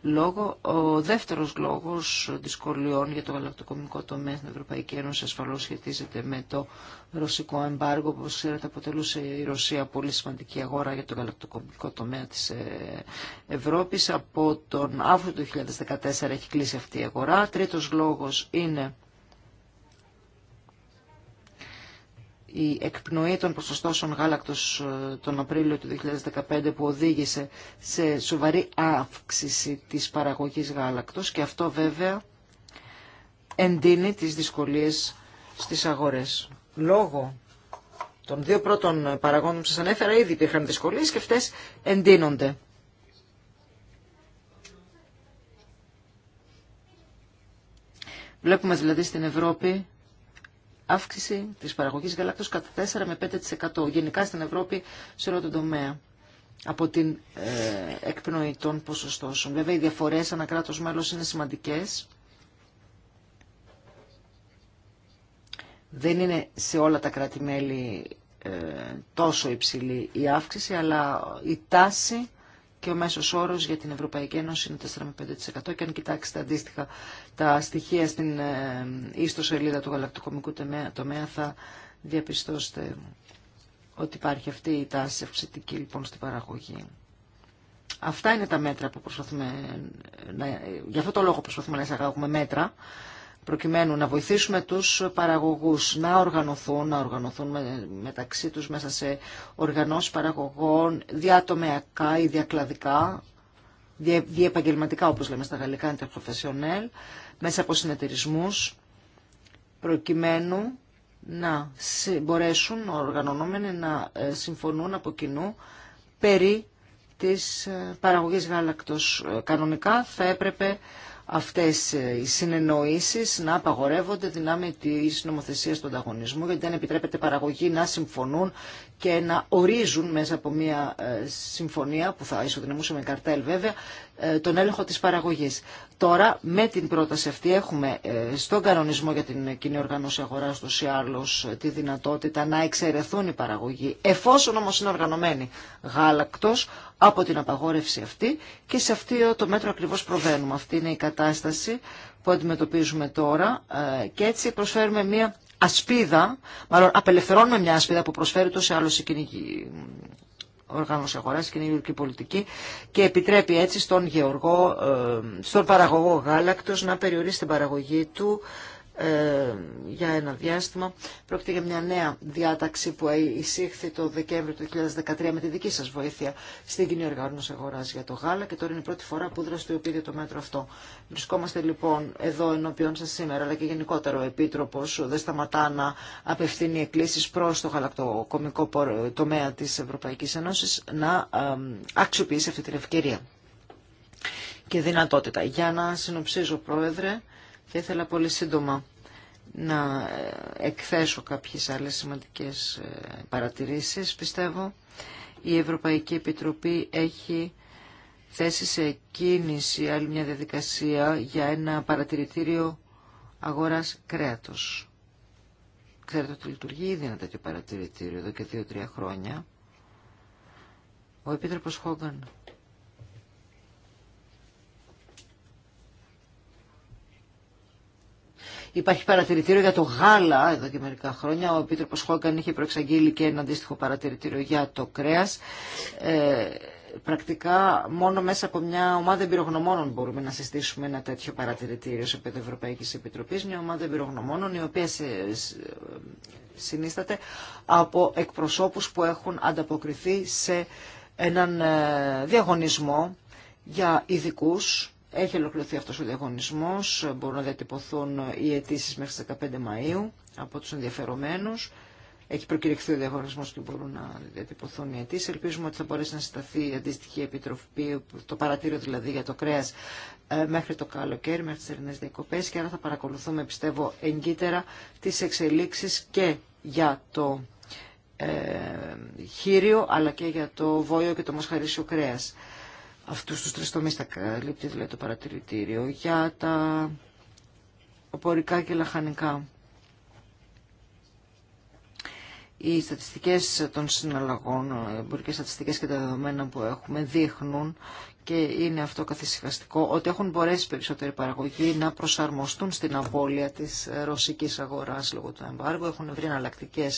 λόγο. Ο δεύτερος λόγος δυσκολιών για το γαλακτοκομικό τομέα στην Ευρωπαϊκή Ένωση ασφαλώς σχετίζεται με το ρωσικό εμπάργο. που ξέρετε αποτελούσε η Ρωσία πολύ σημαντική αγορά για το γαλακτοκομικό τομέα της ε, Ευρώπης. Από τον Αύγουστο του 2014 έχει κλείσει αυτή η αγορά. Τρίτος λόγος είναι η εκπνοή των ποσοστώσεων γάλακτος ε, τον Απρίλιο του 2015 που οδήγησε σε σοβαρή αύξηση της παραγωγής γάλακτος και αυτό βέβαια εντείνει τις δυσκολίες στις αγορές. Λόγω των δύο πρώτων παραγόντων που σας ανέφερα ήδη υπήρχαν δυσκολίες και αυτές εντείνονται. Βλέπουμε δηλαδή στην Ευρώπη αύξηση της παραγωγής γαλάκτος κατά 4 με 5% γενικά στην Ευρώπη σε όλο τον τομέα από την ε, εκπνοή των ποσοστώσεων. Βέβαια οι διαφορές ανά κράτος μέλος είναι σημαντικές. Δεν είναι σε όλα τα κράτη-μέλη ε, τόσο υψηλή η αύξηση, αλλά η τάση και ο μέσο όρο για την Ευρωπαϊκή Ένωση είναι 4 5%. Και αν κοιτάξετε αντίστοιχα τα στοιχεία στην ε, ιστοσελίδα του γαλακτοκομικού τομέα, θα διαπιστώσετε ότι υπάρχει αυτή η τάση αυξητική λοιπόν στην παραγωγή. Αυτά είναι τα μέτρα που προσπαθούμε, να, ε, Γι' αυτό το λόγο προσπαθούμε να εισαγάγουμε μέτρα προκειμένου να βοηθήσουμε τους παραγωγούς να οργανωθούν, να οργανωθούν μεταξύ τους μέσα σε οργανώσεις παραγωγών διατομεακά ή διακλαδικά, διεπαγγελματικά όπως λέμε στα γαλλικά, interprofessionnel, μέσα από συνεταιρισμούς, προκειμένου να μπορέσουν οργανωνόμενοι να ε, συμφωνούν από κοινού περί της ε, παραγωγής γάλακτος. Ε, κανονικά θα έπρεπε αυτές ε, οι συνεννοήσεις να απαγορεύονται δυνάμει της νομοθεσίας του ανταγωνισμού γιατί δεν επιτρέπεται παραγωγή να συμφωνούν και να ορίζουν μέσα από μια ε, συμφωνία που θα ισοδυναμούσε με καρτέλ βέβαια ε, τον έλεγχο της παραγωγής. Τώρα με την πρόταση αυτή έχουμε ε, στον κανονισμό για την κοινή οργάνωση αγοράς του ή άλλως τη δυνατότητα να εξαιρεθούν οι παραγωγοί εφόσον όμως είναι οργανωμένοι γάλακτος από την απαγόρευση αυτή και σε αυτό το μέτρο ακριβώς προβαίνουμε. Αυτή είναι η κατάσταση που αντιμετωπίζουμε τώρα και έτσι προσφέρουμε μια ασπίδα, μάλλον απελευθερώνουμε μια ασπίδα που προσφέρει τόσο άλλο η κυνηγή οργάνωση αγοράς, η πολιτική και επιτρέπει έτσι στον, γεωργό, ε, στον παραγωγό γάλακτος να περιορίσει την παραγωγή του ε, για ένα διάστημα. Πρόκειται για μια νέα διάταξη που εισήχθη το Δεκέμβριο του 2013 με τη δική σας βοήθεια στην κοινή οργάνωση αγοράς για το γάλα και τώρα είναι η πρώτη φορά που δραστηριοποιείται το μέτρο αυτό. Βρισκόμαστε λοιπόν εδώ ενώπιον σας σήμερα αλλά και γενικότερο ο Επίτροπος δεν σταματά να απευθύνει εκκλήσεις προς το γαλακτοκομικό τομέα της Ευρωπαϊκής Ένωσης να ε, αξιοποιήσει αυτή την ευκαιρία και δυνατότητα. Για να συνοψίζω, Πρόεδρε, και ήθελα πολύ σύντομα να εκθέσω κάποιες άλλες σημαντικές ε, παρατηρήσεις, πιστεύω. Η Ευρωπαϊκή Επιτροπή έχει θέσει σε κίνηση άλλη μια διαδικασία για ένα παρατηρητήριο αγοράς κρέατος. Ξέρετε ότι λειτουργεί ήδη ένα τέτοιο παρατηρητήριο εδώ και δύο-τρία χρόνια. Ο Επίτροπος Χόγκαν Υπάρχει παρατηρητήριο για το γάλα εδώ και μερικά χρόνια. Ο Επίτροπος Χόγκαν είχε προεξαγγείλει και ένα αντίστοιχο παρατηρητήριο για το κρέα, Ε, πρακτικά μόνο μέσα από μια ομάδα εμπειρογνωμόνων μπορούμε να συστήσουμε ένα τέτοιο παρατηρητήριο σε επίπεδο Ευρωπαϊκή Επιτροπή. Μια ομάδα εμπειρογνωμόνων η οποία συνίσταται από εκπροσώπους που έχουν ανταποκριθεί σε έναν ε, διαγωνισμό για ειδικού έχει ολοκληρωθεί αυτό ο διαγωνισμός, μπορούν να διατυπωθούν οι αιτήσει μέχρι τις 15 Μαΐου από τους ενδιαφερομένους. Έχει προκηρυχθεί ο διαγωνισμό και μπορούν να διατυπωθούν οι αιτήσει. Ελπίζουμε ότι θα μπορέσει να συσταθεί η αντίστοιχη επιτροπή, το παρατήριο δηλαδή για το κρέα, ε, μέχρι το καλοκαίρι, μέχρι τι ελληνέ διακοπέ. Και άρα θα παρακολουθούμε, πιστεύω, εγκύτερα τι εξελίξει και για το ε, χείριο, αλλά και για το βόλιο και το μοσχαρίσιο κρέα. Αυτούς τους τρεις τομείς τα καλύπτει δηλαδή, το παρατηρητήριο για τα οπορικά και λαχανικά. Οι στατιστικές των συναλλαγών, οι εμπορικές στατιστικές και τα δεδομένα που έχουμε δείχνουν και είναι αυτό καθησυχαστικό ότι έχουν μπορέσει περισσότεροι παραγωγοί να προσαρμοστούν στην απώλεια της ρωσικής αγοράς λόγω του εμπάργου. Έχουν βρει εναλλακτικέ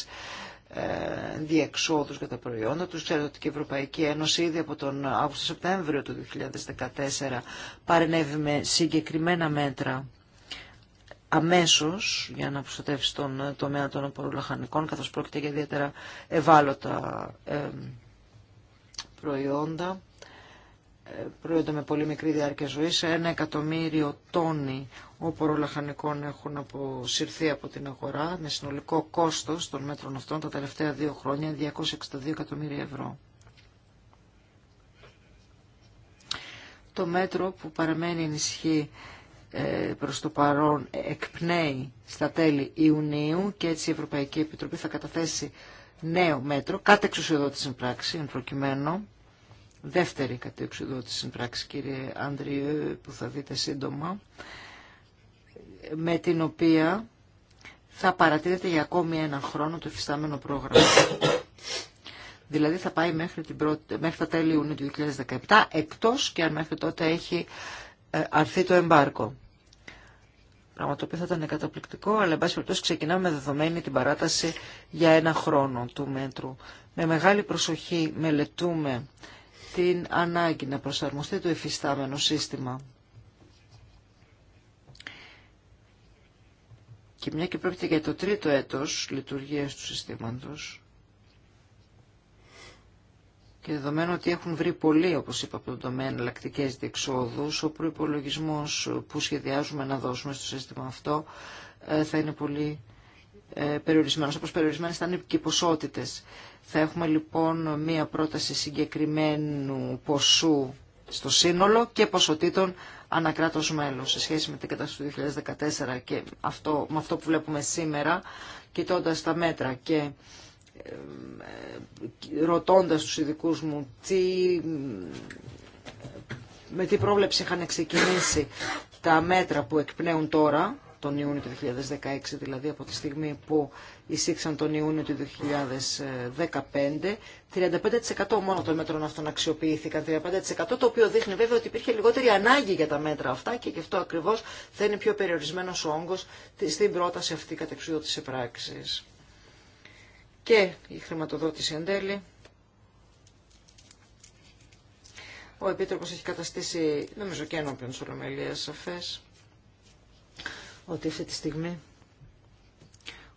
ε, διεξόδους για τα προϊόντα τους. Ξέρετε ότι και η Ευρωπαϊκή Ένωση ήδη από τον Αύγουστο-Σεπτέμβριο του 2014 παρενέβη με συγκεκριμένα μέτρα αμέσως για να προστατεύσει τον τομέα των απορρολαχανικών καθώς πρόκειται για ιδιαίτερα ευάλωτα ε, προϊόντα προϊόντα με πολύ μικρή διάρκεια ζωής, ένα εκατομμύριο τόνοι όπορο λαχανικών έχουν αποσυρθεί από την αγορά με συνολικό κόστος των μέτρων αυτών τα τελευταία δύο χρόνια 262 εκατομμύρια ευρώ. Το μέτρο που παραμένει ενισχύει προς το παρόν εκπνέει στα τέλη Ιουνίου και έτσι η Ευρωπαϊκή Επιτροπή θα καταθέσει νέο μέτρο, κάτω εξουσιοδότηση πράξη, εν προκειμένου, δεύτερη κατεξουδότηση πράξη κύριε Άντριε, που θα δείτε σύντομα, με την οποία θα παρατηρείται για ακόμη ένα χρόνο το εφιστάμενο πρόγραμμα. Δηλαδή θα πάει μέχρι, την πρώτη, μέχρι τα τέλη Ιουνίου του 2017, εκτός και αν μέχρι τότε έχει ε, αρθεί το εμπάρκο. Πράγμα το οποίο θα ήταν καταπληκτικό, αλλά εν πάση περιπτώσει ξεκινάμε με δεδομένη την παράταση για ένα χρόνο του μέτρου. Με μεγάλη προσοχή μελετούμε την ανάγκη να προσαρμοστεί το εφιστάμενο σύστημα. Και μια και πρόκειται για το τρίτο έτος λειτουργίας του συστήματος και δεδομένου ότι έχουν βρει πολλοί, όπως είπα από τον τομέα, εναλλακτικέ διεξόδους, ο προϋπολογισμός που σχεδιάζουμε να δώσουμε στο σύστημα αυτό ε, θα είναι πολύ ε, περιορισμένος, όπως περιορισμένες θα και οι ποσότητες. Θα έχουμε λοιπόν μία πρόταση συγκεκριμένου ποσού στο σύνολο και ποσοτήτων ανακράτος μέλος σε σχέση με την κατάσταση του 2014 και αυτό, με αυτό που βλέπουμε σήμερα, κοιτώντας τα μέτρα και ρωτώντα ε, του ρωτώντας τους ειδικού μου τι, με τι πρόβλεψη είχαν ξεκινήσει τα μέτρα που εκπνέουν τώρα, τον Ιούνιο του 2016, δηλαδή από τη στιγμή που εισήξαν τον Ιούνιο του 2015, 35% μόνο των μέτρων αυτών αξιοποιήθηκαν, 35% το οποίο δείχνει βέβαια ότι υπήρχε λιγότερη ανάγκη για τα μέτρα αυτά και γι' αυτό ακριβώς θα είναι πιο περιορισμένος ο όγκος στην πρόταση αυτή κατεξουδότηση πράξης. Και η χρηματοδότηση εν τέλει. Ο Επίτροπος έχει καταστήσει, νομίζω και ενώπιον της Ολομελίας, σαφές ότι αυτή τη στιγμή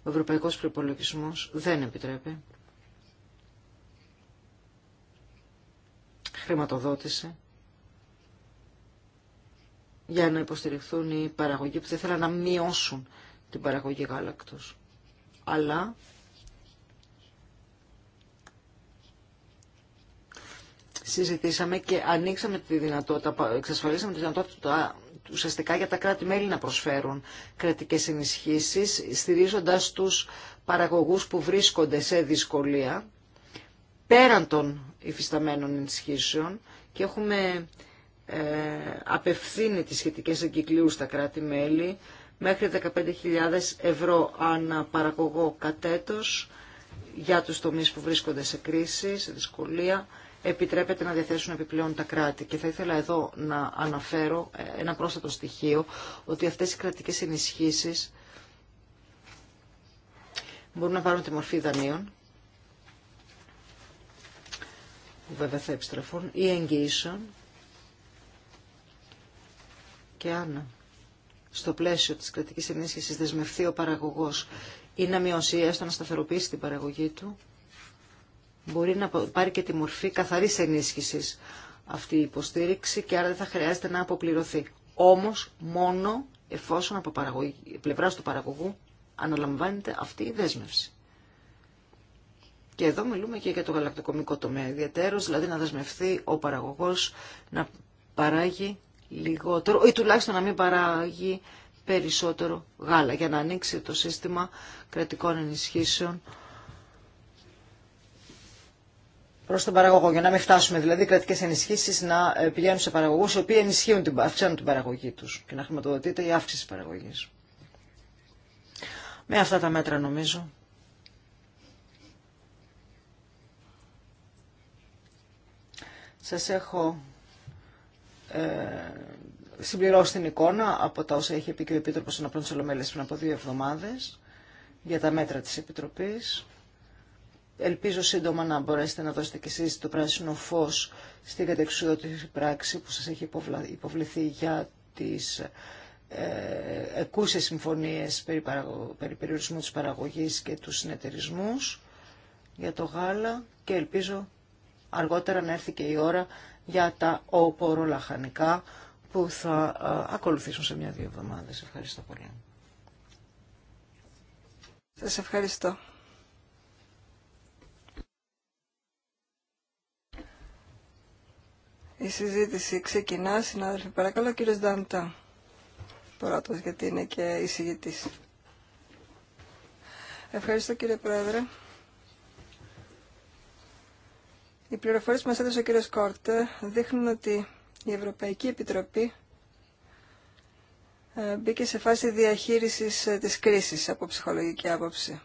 ο ευρωπαϊκός προπολογισμό δεν επιτρέπει χρηματοδότηση για να υποστηριχθούν οι παραγωγοί που θα ήθελαν να μειώσουν την παραγωγή γάλακτος. Αλλά συζητήσαμε και ανοίξαμε τη δυνατότητα, εξασφαλίσαμε τη δυνατότητα ουσιαστικά για τα κράτη-μέλη να προσφέρουν κρατικές ενισχύσεις, στηρίζοντας τους παραγωγούς που βρίσκονται σε δυσκολία, πέραν των υφισταμένων ενισχύσεων και έχουμε ε, απευθύνει τις σχετικές εγκυκλίου στα κράτη-μέλη μέχρι 15.000 ευρώ ανά παραγωγό κατέτος για τους τομείς που βρίσκονται σε κρίση, σε δυσκολία επιτρέπεται να διαθέσουν επιπλέον τα κράτη. Και θα ήθελα εδώ να αναφέρω ε, ένα πρόσθετο στοιχείο, ότι αυτές οι κρατικές ενισχύσεις μπορούν να πάρουν τη μορφή δανείων, που βέβαια θα επιστρέφουν ή εγγυήσεων και αν στο πλαίσιο της κρατικής ενίσχυσης δεσμευτεί ο παραγωγός ή να μειώσει έστω να σταθεροποιήσει την παραγωγή του, μπορεί να πάρει και τη μορφή καθαρής ενίσχυσης αυτή η υποστήριξη και άρα δεν θα χρειάζεται να αποπληρωθεί. Όμως μόνο εφόσον από πλευράς του παραγωγού αναλαμβάνεται αυτή η δέσμευση. Και εδώ μιλούμε και για το γαλακτοκομικό τομέα ιδιαίτερο, δηλαδή να δεσμευθεί ο παραγωγός να παράγει λιγότερο ή τουλάχιστον να μην παράγει περισσότερο γάλα για να ανοίξει το σύστημα κρατικών ενισχύσεων προ τον παραγωγό. Για να μην φτάσουμε δηλαδή κρατικέ ενισχύσει να ε, πηγαίνουν σε παραγωγού οι οποίοι ενισχύουν την, αυξάνουν την παραγωγή του και να χρηματοδοτείται η αύξηση τη παραγωγή. Με αυτά τα μέτρα νομίζω. Σας έχω ε, συμπληρώσει την εικόνα από τα όσα έχει πει και ο Επίτροπος Αναπλών Ολομέλειας πριν από δύο εβδομάδες για τα μέτρα της Επιτροπής. Ελπίζω σύντομα να μπορέσετε να δώσετε και εσείς το πράσινο φως στην κατεξουδότηση πράξη που σας έχει υποβληθεί για τις ε, εκούσες συμφωνίες περί, περιορισμού της παραγωγής και του συνεταιρισμού για το γάλα και ελπίζω αργότερα να έρθει και η ώρα για τα όπορο λαχανικά που θα ε, ακολουθήσουν σε μια-δύο εβδομάδες. Ευχαριστώ πολύ. Σας ευχαριστώ. Η συζήτηση ξεκινά, συνάδελφοι. Παρακαλώ, κύριος Δάντα, Πρώτος, γιατί είναι και εισηγητής. Ευχαριστώ, κύριε Πρόεδρε. Οι πληροφορίε που μας έδωσε ο κύριος Κόρτε δείχνουν ότι η Ευρωπαϊκή Επιτροπή ε, μπήκε σε φάση διαχείρισης ε, της κρίσης από ψυχολογική άποψη.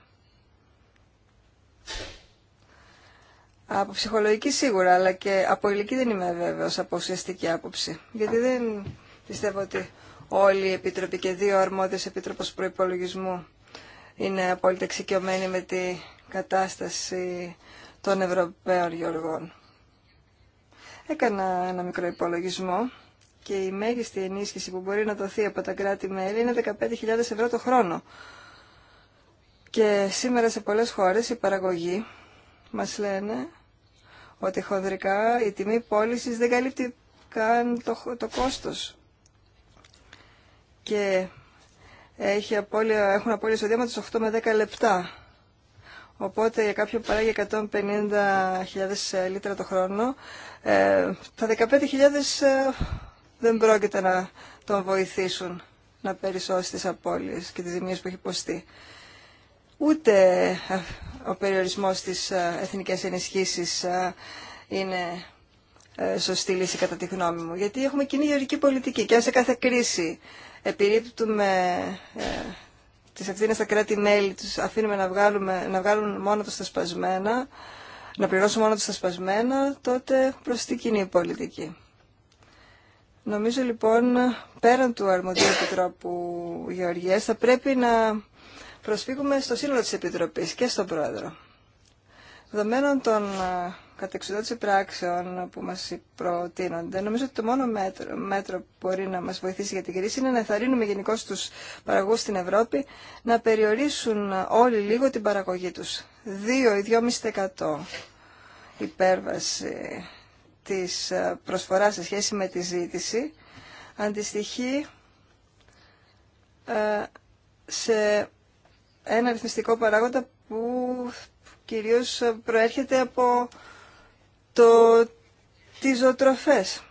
Από ψυχολογική σίγουρα, αλλά και από ηλική δεν είμαι βέβαιος από ουσιαστική άποψη. Γιατί δεν πιστεύω ότι όλοι οι επίτροποι και δύο αρμόδιες Επίτροπες προϋπολογισμού είναι απόλυτα εξοικειωμένοι με τη κατάσταση των Ευρωπαίων Γεωργών. Έκανα ένα μικρό υπολογισμό και η μέγιστη ενίσχυση που μπορεί να δοθεί από τα κράτη-μέλη είναι 15.000 ευρώ το χρόνο. Και σήμερα σε πολλές χώρες η παραγωγή μας λένε ότι χονδρικά η τιμή πώληση δεν καλύπτει καν το, το κόστος. Και έχει απώλεια, έχουν απώλεια τους 8 με 10 λεπτά. Οπότε για κάποιον παράγει 150.000 ε, λίτρα το χρόνο, ε, τα 15.000 ε, δεν πρόκειται να τον βοηθήσουν να περισσώσει τις απώλειες και τις ζημίες που έχει υποστεί ούτε ο περιορισμός της ε, εθνικές ενισχύσεις ε, είναι ε, σωστή λύση κατά τη γνώμη μου. Γιατί έχουμε κοινή γεωργική πολιτική και αν σε κάθε κρίση επιρρύπτουμε τις ευθύνες στα κράτη-μέλη, τους αφήνουμε να, βγάλουμε, να βγάλουν μόνο τους τα σπασμένα, να πληρώσουν μόνο τους τα σπασμένα, τότε προς τι κοινή πολιτική. Νομίζω λοιπόν πέραν του αρμοδίου επιτρόπου Γεωργίας θα πρέπει να προσφύγουμε στο σύνολο της Επιτροπής και στον Πρόεδρο. Δεδομένων των ε, κατεξουδότηση πράξεων που μας προτείνονται, νομίζω ότι το μόνο μέτρο, μέτρο που μπορεί να μας βοηθήσει για την κρίση είναι να εθαρρύνουμε γενικώ τους παραγωγούς στην Ευρώπη να περιορίσουν όλοι λίγο την παραγωγή τους. 2 ή 2,5% υπέρβαση της ε, προσφοράς σε σχέση με τη ζήτηση αντιστοιχεί ε, σε ένα ρυθμιστικό παράγοντα που κυρίως προέρχεται από το, τις ζωοτροφές.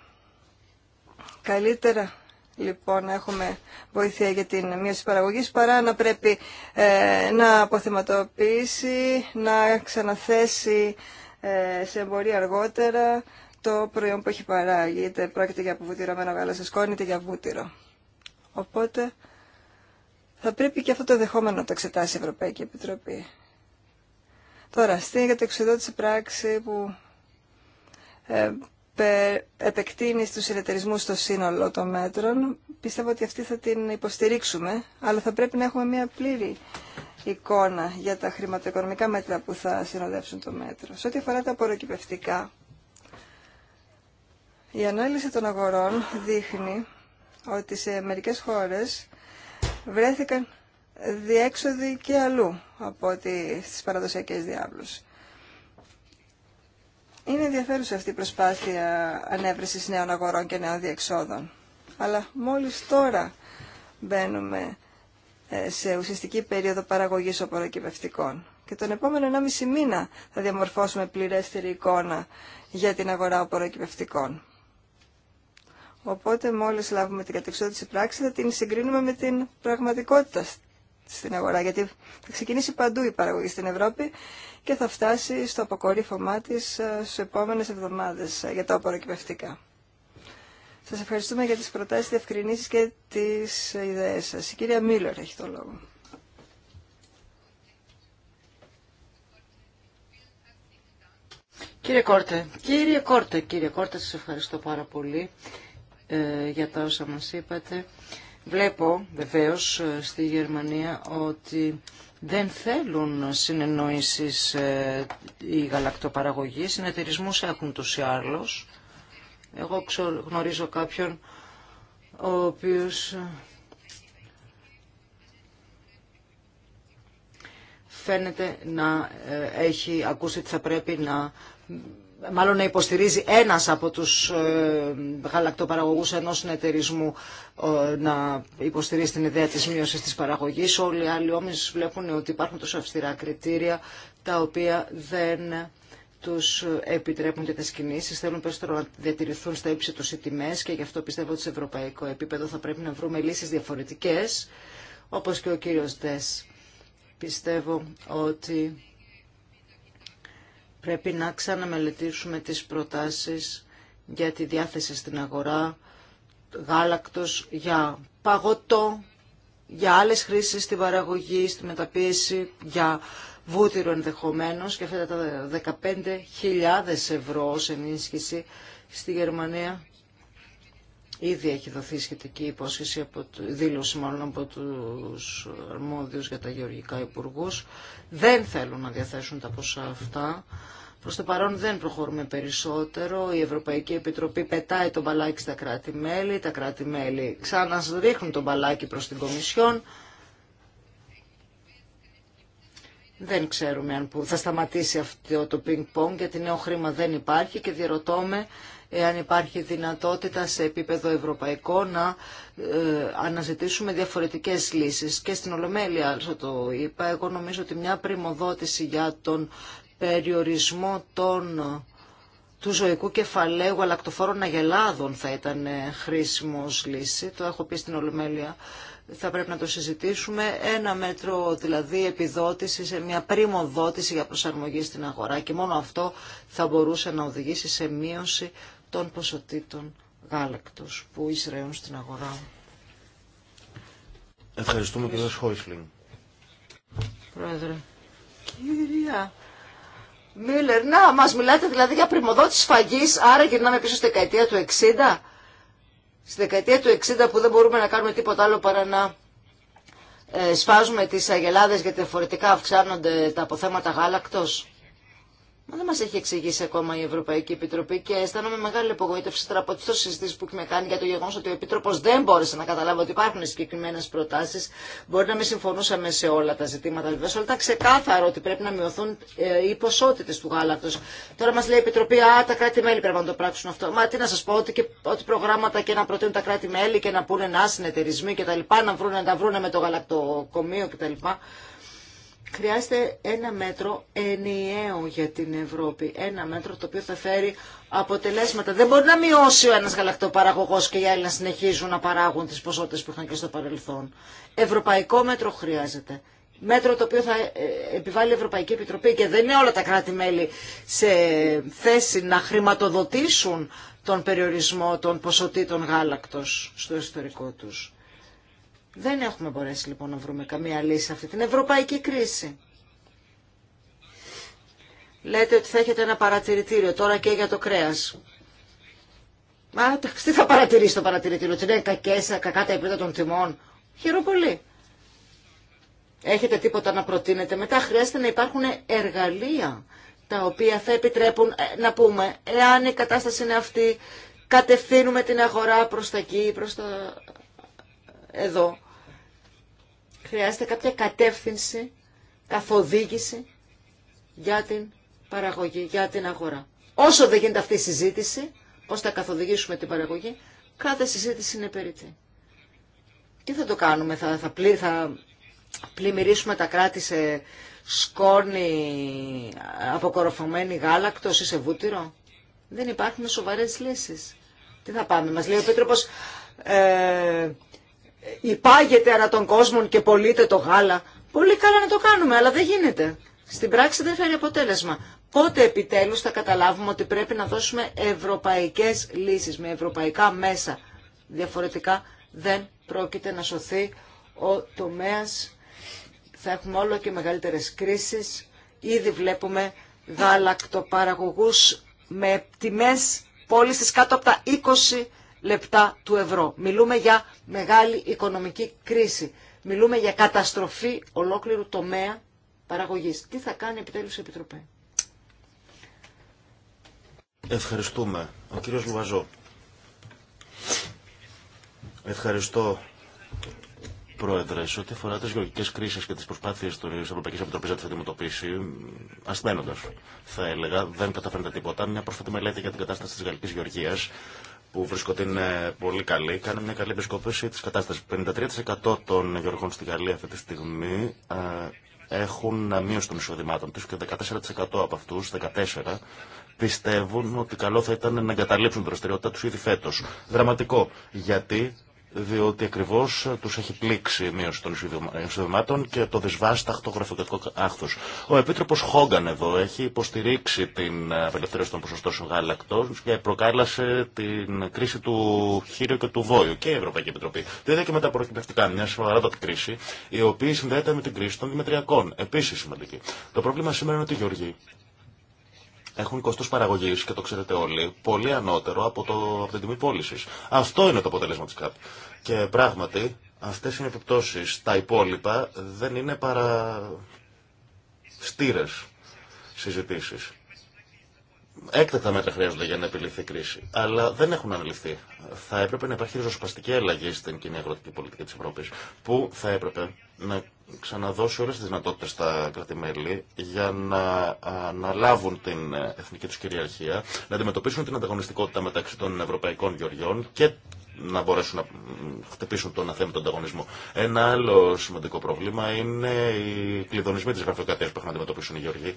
Καλύτερα λοιπόν να έχουμε βοήθεια για την μείωση παραγωγής παρά να πρέπει ε, να αποθεματοποιήσει, να ξαναθέσει ε, σε εμπορία αργότερα το προϊόν που έχει παράγει, είτε πρόκειται για ένα γάλα σε σκόνη, είτε για βούτυρο. Οπότε θα πρέπει και αυτό το δεχόμενο να το εξετάσει η Ευρωπαϊκή Επιτροπή. Τώρα, στην για το πράξη που ε, πε, επεκτείνει στους ελευθερισμούς στο σύνολο των μέτρων, πιστεύω ότι αυτή θα την υποστηρίξουμε, αλλά θα πρέπει να έχουμε μια πλήρη εικόνα για τα χρηματοοικονομικά μέτρα που θα συνοδεύσουν το μέτρο. Σε ό,τι αφορά τα απορροκυπευτικά, η ανάλυση των αγορών δείχνει ότι σε μερικές χώρες βρέθηκαν διέξοδοι και αλλού από ότι στις παραδοσιακές διάβλους. Είναι ενδιαφέρουσα αυτή η προσπάθεια ανέβρεσης νέων αγορών και νέων διεξόδων. Αλλά μόλις τώρα μπαίνουμε ε, σε ουσιαστική περίοδο παραγωγής οποροκυπευτικών. Και τον επόμενο 1,5 μήνα θα διαμορφώσουμε πληρέστερη εικόνα για την αγορά οποροκυπευτικών. Οπότε μόλις λάβουμε την κατεξότηση πράξη θα την συγκρίνουμε με την πραγματικότητα στην αγορά, γιατί θα ξεκινήσει παντού η παραγωγή στην Ευρώπη και θα φτάσει στο αποκορύφωμά της ε, στις επόμενες εβδομάδες ε, για τα απορροκυπευτικά. Σας ευχαριστούμε για τις προτάσεις, διευκρινήσεις και τις ε, ιδέες σας. Η κυρία Μίλλορ έχει το λόγο. Κύριε Κόρτε, κύριε Κόρτε, κύριε Κόρτε, σας ευχαριστώ πάρα πολύ. Ε, για τα όσα μας είπατε. Βλέπω βεβαίως ε, στη Γερμανία ότι δεν θέλουν συνεννοήσεις ε, οι γαλακτοπαραγωγοί, συνεταιρισμούς έχουν τους ή άλλους. Εγώ γνωρίζω κάποιον ο οποίος φαίνεται να έχει ακούσει ότι θα πρέπει να μάλλον να υποστηρίζει ένας από τους ε, γαλακτοπαραγωγούς ενός συνεταιρισμού ε, να υποστηρίζει την ιδέα της μείωσης της παραγωγής. Όλοι οι άλλοι όμως βλέπουν ότι υπάρχουν τόσο αυστηρά κριτήρια τα οποία δεν τους επιτρέπουν και τις κινήσεις. Θέλουν περισσότερο να διατηρηθούν στα ύψη τους οι τιμές και γι' αυτό πιστεύω ότι σε ευρωπαϊκό επίπεδο θα πρέπει να βρούμε λύσεις διαφορετικές όπως και ο κύριος Δες. Πιστεύω ότι Πρέπει να ξαναμελετήσουμε τις προτάσεις για τη διάθεση στην αγορά γάλακτος για παγωτό, για άλλες χρήσεις στην παραγωγή, στη μεταπίεση, για βούτυρο ενδεχομένως και αυτά τα 15.000 ευρώ σε ενίσχυση στη Γερμανία Ήδη έχει δοθεί σχετική υπόσχεση από το, δήλωση μάλλον από τους αρμόδιους για τα γεωργικά υπουργούς. Δεν θέλουν να διαθέσουν τα ποσά αυτά. Προς το παρόν δεν προχωρούμε περισσότερο. Η Ευρωπαϊκή Επιτροπή πετάει τον μπαλάκι στα κράτη-μέλη. Τα κράτη-μέλη ξανασδρίχνουν τον μπαλάκι προς την Κομισιόν. Δεν ξέρουμε αν θα σταματήσει αυτό το πινκ-πονγκ γιατί νέο χρήμα δεν υπάρχει και διαρωτώμε εάν υπάρχει δυνατότητα σε επίπεδο ευρωπαϊκό να ε, αναζητήσουμε διαφορετικές λύσεις. Και στην Ολομέλεια, όπως το είπα, εγώ νομίζω ότι μια πρημοδότηση για τον περιορισμό των του ζωικού κεφαλαίου αλακτοφόρων αγελάδων θα ήταν χρήσιμος λύση. Το έχω πει στην Ολομέλεια. Θα πρέπει να το συζητήσουμε. Ένα μέτρο δηλαδή επιδότηση σε μια πριμοδότηση για προσαρμογή στην αγορά και μόνο αυτό θα μπορούσε να οδηγήσει σε μείωση των ποσοτήτων γάλακτος που εισραίουν στην αγορά. Ευχαριστούμε κύριε Σχόισλινγκ. Πρόεδρε. Κυρία Μίλλερ, να, μας μιλάτε δηλαδή για πρημοδότηση φαγής, άρα γυρνάμε πίσω στη δεκαετία του 60. Στη δεκαετία του 60 που δεν μπορούμε να κάνουμε τίποτα άλλο παρά να ε, σφάζουμε τις αγελάδες γιατί φορετικά αυξάνονται τα αποθέματα γάλακτος. Μα δεν μα έχει εξηγήσει ακόμα η Ευρωπαϊκή Επιτροπή και αισθάνομαι μεγάλη απογοήτευση τώρα από τι συζητήσει που έχουμε κάνει για το γεγονό ότι ο Επίτροπο δεν μπόρεσε να καταλάβει ότι υπάρχουν συγκεκριμένε προτάσει. Μπορεί να μην συμφωνούσαμε σε όλα τα ζητήματα, βέβαια, αλλά ήταν ξεκάθαρο ότι πρέπει να μειωθούν ε, οι ποσότητε του γάλακτο. Τώρα μα λέει η Επιτροπή, Α, τα κράτη-μέλη πρέπει να το πράξουν αυτό. Μα τι να σα πω, ότι, και, ότι προγράμματα και να προτείνουν τα κράτη-μέλη και να πούνε να συνεταιρισμοί κτλ. Να, να τα βρούνε με το γαλακτοκομείο κτλ χρειάζεται ένα μέτρο ενιαίο για την Ευρώπη. Ένα μέτρο το οποίο θα φέρει αποτελέσματα. Δεν μπορεί να μειώσει ο ένας γαλακτοπαραγωγός και οι άλλοι να συνεχίζουν να παράγουν τις ποσότητες που είχαν και στο παρελθόν. Ευρωπαϊκό μέτρο χρειάζεται. Μέτρο το οποίο θα ε, επιβάλλει η Ευρωπαϊκή Επιτροπή και δεν είναι όλα τα κράτη-μέλη σε θέση να χρηματοδοτήσουν τον περιορισμό των ποσοτήτων γάλακτος στο εσωτερικό τους. Δεν έχουμε μπορέσει λοιπόν να βρούμε καμία λύση σε αυτή την ευρωπαϊκή κρίση. Λέτε ότι θα έχετε ένα παρατηρητήριο τώρα και για το κρέας. Μα τι θα παρατηρήσει το παρατηρητήριο, ότι είναι κακές, κακά τα επίπεδα των τιμών. Χαίρομαι πολύ. Έχετε τίποτα να προτείνετε. Μετά χρειάζεται να υπάρχουν εργαλεία τα οποία θα επιτρέπουν ε, να πούμε εάν η κατάσταση είναι αυτή, κατευθύνουμε την αγορά προς τα εκεί, προς τα ε, εδώ. Χρειάζεται κάποια κατεύθυνση, καθοδήγηση για την παραγωγή, για την αγορά. Όσο δεν γίνεται αυτή η συζήτηση, πώς θα καθοδηγήσουμε την παραγωγή, κάθε συζήτηση είναι περίτη. Τι θα το κάνουμε, θα, θα, πλη, θα πλημμυρίσουμε τα κράτη σε σκόνη αποκοροφωμένη γάλακτος ή σε βούτυρο. Δεν υπάρχουν σοβαρές λύσεις. Τι θα πάμε, μας λέει ο πίτροπος... Ε, υπάγεται ανά των κόσμων και πωλείται το γάλα. Πολύ καλά να το κάνουμε, αλλά δεν γίνεται. Στην πράξη δεν φέρει αποτέλεσμα. Πότε επιτέλους θα καταλάβουμε ότι πρέπει να δώσουμε ευρωπαϊκές λύσεις με ευρωπαϊκά μέσα. Διαφορετικά δεν πρόκειται να σωθεί ο τομέας. Θα έχουμε όλο και μεγαλύτερες κρίσεις. Ήδη βλέπουμε γάλακτοπαραγωγούς με τιμές πώλησης κάτω από τα 20 λεπτά του ευρώ. Μιλούμε για μεγάλη οικονομική κρίση. Μιλούμε για καταστροφή ολόκληρου τομέα παραγωγής. Τι θα κάνει επιτέλους η Επιτροπή. Ευχαριστούμε. Ο κύριος Λουβαζό. Ευχαριστώ. Πρόεδρε, σε ό,τι αφορά τι γεωργικέ κρίσει και τι προσπάθειε τη Ευρωπαϊκή Επιτροπή να τι αντιμετωπίσει, ασθένοντα θα έλεγα, δεν καταφέρνετε τίποτα. Μια πρόσφατη μελέτη για την κατάσταση τη γαλλική γεωργία που βρίσκω ότι είναι πολύ καλή, κάνει μια καλή επισκόπηση της κατάστασης. 53% των γεωργών στη Γαλλία αυτή τη στιγμή ε, έχουν μείωση των εισοδημάτων τους και 14% από αυτούς, 14%, πιστεύουν ότι καλό θα ήταν να εγκαταλείψουν την δραστηριότητά του ήδη φέτο. Δραματικό, γιατί διότι ακριβώ του έχει πλήξει η μείωση των εισοδημάτων και το δυσβάσταχτο γραφειοκρατικό άχθο. Ο Επίτροπο Χόγκαν εδώ έχει υποστηρίξει την απελευθέρωση των ποσοστών γάλακτο και προκάλεσε την κρίση του χείριου και του βόλου και η Ευρωπαϊκή Επιτροπή. Το είδα και με τα προκυπευτικά, μια σοβαρότατη κρίση, η οποία συνδέεται με την κρίση των δημετριακών. Επίση σημαντική. Το πρόβλημα σήμερα είναι ότι οι έχουν κοστό παραγωγής και το ξέρετε όλοι πολύ ανώτερο από, το, από την τιμή πώληση. Αυτό είναι το αποτέλεσμα της ΚΑΠ. Και πράγματι αυτέ είναι οι Τα υπόλοιπα δεν είναι παρά στήρε συζητήσει. Έκτακτα μέτρα χρειάζονται για να επιληθεί η κρίση, αλλά δεν έχουν αναλυθεί. Θα έπρεπε να υπάρχει ριζοσπαστική αλλαγή στην κοινή αγροτική πολιτική τη Ευρώπη, που θα έπρεπε να ξαναδώσει όλε τι δυνατότητε στα κράτη-μέλη για να αναλάβουν την εθνική του κυριαρχία, να αντιμετωπίσουν την ανταγωνιστικότητα μεταξύ των ευρωπαϊκών γεωργιών και να μπορέσουν να χτυπήσουν τον αθέμητο ανταγωνισμό. Ένα άλλο σημαντικό πρόβλημα είναι οι κλειδονισμοί τη γραφειοκρατία που έχουν να αντιμετωπίσουν οι γεωργοί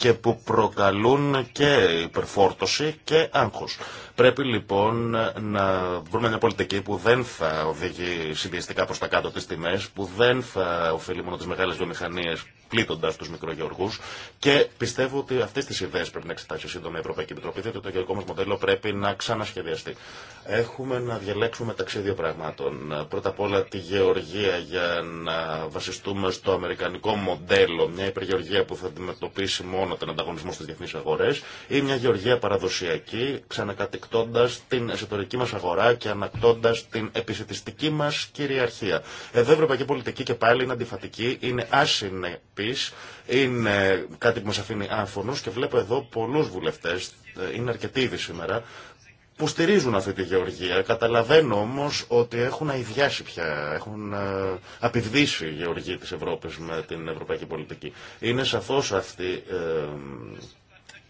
και που προκαλούν και υπερφόρτωση και άγχος. Πρέπει λοιπόν να βρούμε μια πολιτική που δεν θα οδηγεί συνδυαστικά προ τα κάτω τι τιμέ, που δεν θα ωφελεί μόνο τι μεγάλε βιομηχανίε πλήττοντα του μικρογεωργού. Και πιστεύω ότι αυτέ τι ιδέε πρέπει να εξετάσει σύντομα η Ευρωπαϊκή Επιτροπή, διότι το γεωργικό μα μοντέλο πρέπει να ξανασχεδιαστεί. Έχουμε να διαλέξουμε μεταξύ δύο πραγμάτων. Πρώτα απ' όλα τη γεωργία για να βασιστούμε στο αμερικανικό μοντέλο, μια υπεργεωργία που θα αντιμετωπίσει μόνο τον ανταγωνισμό στι διεθνεί αγορέ, ή μια γεωργία παραδοσιακή, ξανακατοικ ανακτώντας την εσωτερική μας αγορά και ανακτώντας την επισητιστική μας κυριαρχία. Εδώ η ευρωπαϊκή πολιτική και πάλι είναι αντιφατική, είναι άσυνεπής, είναι κάτι που μας αφήνει άφωνος και βλέπω εδώ πολλούς βουλευτές, ε, είναι αρκετοί ήδη σήμερα, που στηρίζουν αυτή τη γεωργία. Καταλαβαίνω όμω ότι έχουν αειδιάσει πια, έχουν ε, απειδήσει οι γεωργοί τη Ευρώπη με την ευρωπαϊκή πολιτική. Είναι σαφώ αυτή ε,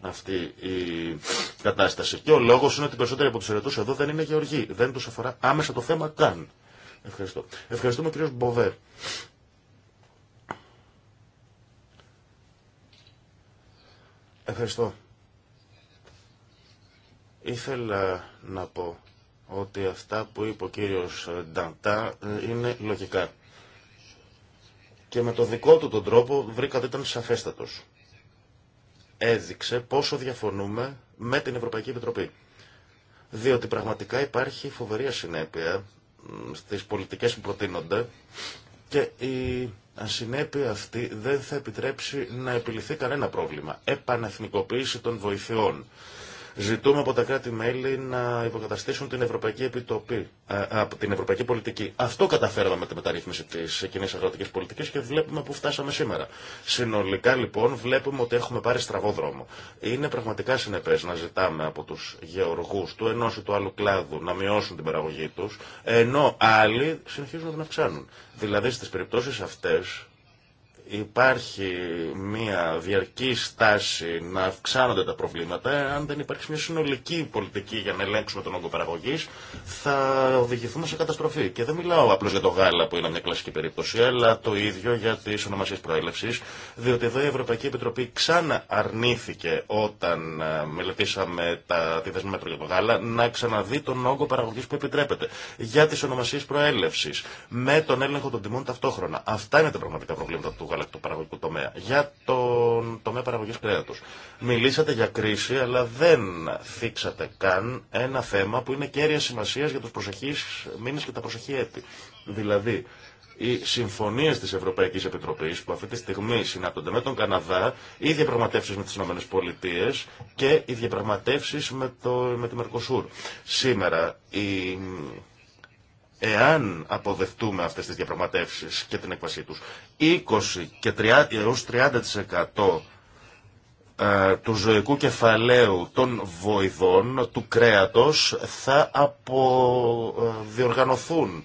αυτή η κατάσταση. Και ο λόγο είναι ότι περισσότεροι από του ερετούς εδώ δεν είναι γεωργοί. Δεν του αφορά άμεσα το θέμα καν. Ευχαριστώ. Ευχαριστούμε κύριο Μποβέ. Ευχαριστώ. Ήθελα να πω ότι αυτά που είπε ο κύριος Νταντά ε, είναι λογικά. Και με το δικό του τον τρόπο βρήκατε ήταν σαφέστατος έδειξε πόσο διαφωνούμε με την Ευρωπαϊκή Επιτροπή. Διότι πραγματικά υπάρχει φοβερή ασυνέπεια στις πολιτικές που προτείνονται και η ασυνέπεια αυτή δεν θα επιτρέψει να επιληθεί κανένα πρόβλημα. Επαναθνικοποίηση των βοηθειών. Ζητούμε από τα κράτη-μέλη να υποκαταστήσουν την ευρωπαϊκή, επιτοπή, ε, την ευρωπαϊκή πολιτική. Αυτό καταφέραμε με τη μεταρρύθμιση τη κοινή αγροτική πολιτική και βλέπουμε που φτάσαμε σήμερα. Συνολικά λοιπόν βλέπουμε ότι έχουμε πάρει στραβό δρόμο. Είναι πραγματικά συνεπέ να ζητάμε από του γεωργού του ενό ή του άλλου κλάδου να μειώσουν την παραγωγή του, ενώ άλλοι συνεχίζουν να την αυξάνουν. Δηλαδή στι περιπτώσει αυτέ υπάρχει μια διαρκή στάση να αυξάνονται τα προβλήματα, αν δεν υπάρχει μια συνολική πολιτική για να ελέγξουμε τον όγκο παραγωγή, θα οδηγηθούμε σε καταστροφή. Και δεν μιλάω απλώ για το γάλα που είναι μια κλασική περίπτωση, αλλά το ίδιο για τι ονομασίε προέλευση, διότι εδώ η Ευρωπαϊκή Επιτροπή ξανά αρνήθηκε όταν ε, μελετήσαμε τα, τη δεσμή για το γάλα να ξαναδεί τον όγκο παραγωγή που επιτρέπεται για τι ονομασίε προέλευση με τον έλεγχο των τιμών ταυτόχρονα. Αυτά είναι τα πραγματικά προβλήματα του γάλα παραγωγικό τομέα. Για τον τομέα παραγωγής κρέατος. Μιλήσατε για κρίση, αλλά δεν θίξατε καν ένα θέμα που είναι κέρια σημασία για τους προσεχείς μήνες και τα προσεχή έτη. Δηλαδή, οι συμφωνίε τη Ευρωπαϊκή Επιτροπή που αυτή τη στιγμή συνάπτονται με τον Καναδά, οι διαπραγματεύσει με τι ΗΠΑ και οι διαπραγματεύσει με, με τη Μερκοσούρ. Σήμερα η εάν αποδεχτούμε αυτές τις διαπραγματεύσεις και την έκβασή τους, 20 και 30, έως 30% ε, του ζωικού κεφαλαίου των βοηδών, του κρέατος, θα αποδιοργανωθούν. Ε,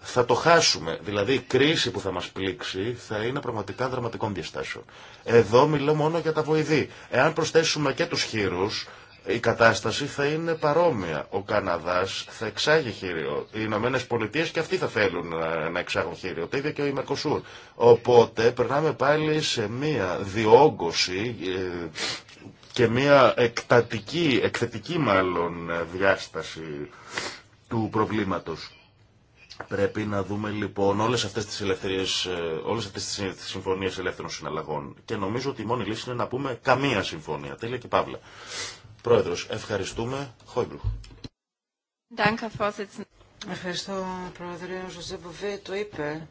θα το χάσουμε. Δηλαδή η κρίση που θα μας πλήξει θα είναι πραγματικά δραματικών διαστάσεων. Εδώ μιλώ μόνο για τα βοηδή. Εάν προσθέσουμε και τους χείρους, η κατάσταση θα είναι παρόμοια. Ο Καναδάς θα εξάγει χείριο. Οι Ηνωμένε Πολιτείε και αυτοί θα θέλουν ε, να εξάγουν χείριο. Το ίδιο και ο Μερκοσούρ. Οπότε περνάμε πάλι σε μία διόγκωση ε, και μία εκτατική, εκθετική μάλλον ε, διάσταση του προβλήματος. Πρέπει να δούμε λοιπόν όλες αυτές τις, ελευθερίες, όλες αυτές τις συμφωνίες ελεύθερων συναλλαγών. Και νομίζω ότι η μόνη λύση είναι να πούμε καμία συμφωνία. Τέλεια και παύλα. Πρόεδρος, ευχαριστούμε. Χόιμπλουχ. Ευχαριστώ, Πρόεδρε. Ο Μποβέ το είπε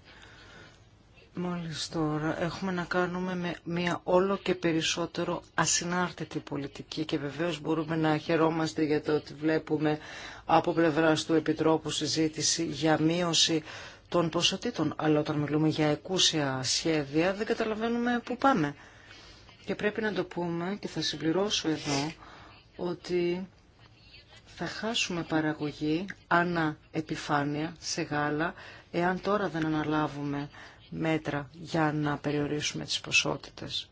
μόλις τώρα. Έχουμε να κάνουμε με μια όλο και περισσότερο ασυνάρτητη πολιτική και βεβαίως μπορούμε να χαιρόμαστε για το ότι βλέπουμε από πλευράς του Επιτρόπου συζήτηση για μείωση των ποσοτήτων. Αλλά όταν μιλούμε για εκούσια σχέδια δεν καταλαβαίνουμε πού πάμε. Και πρέπει να το πούμε και θα συμπληρώσω εδώ ότι θα χάσουμε παραγωγή ανά επιφάνεια σε γάλα εάν τώρα δεν αναλάβουμε μέτρα για να περιορίσουμε τις ποσότητες.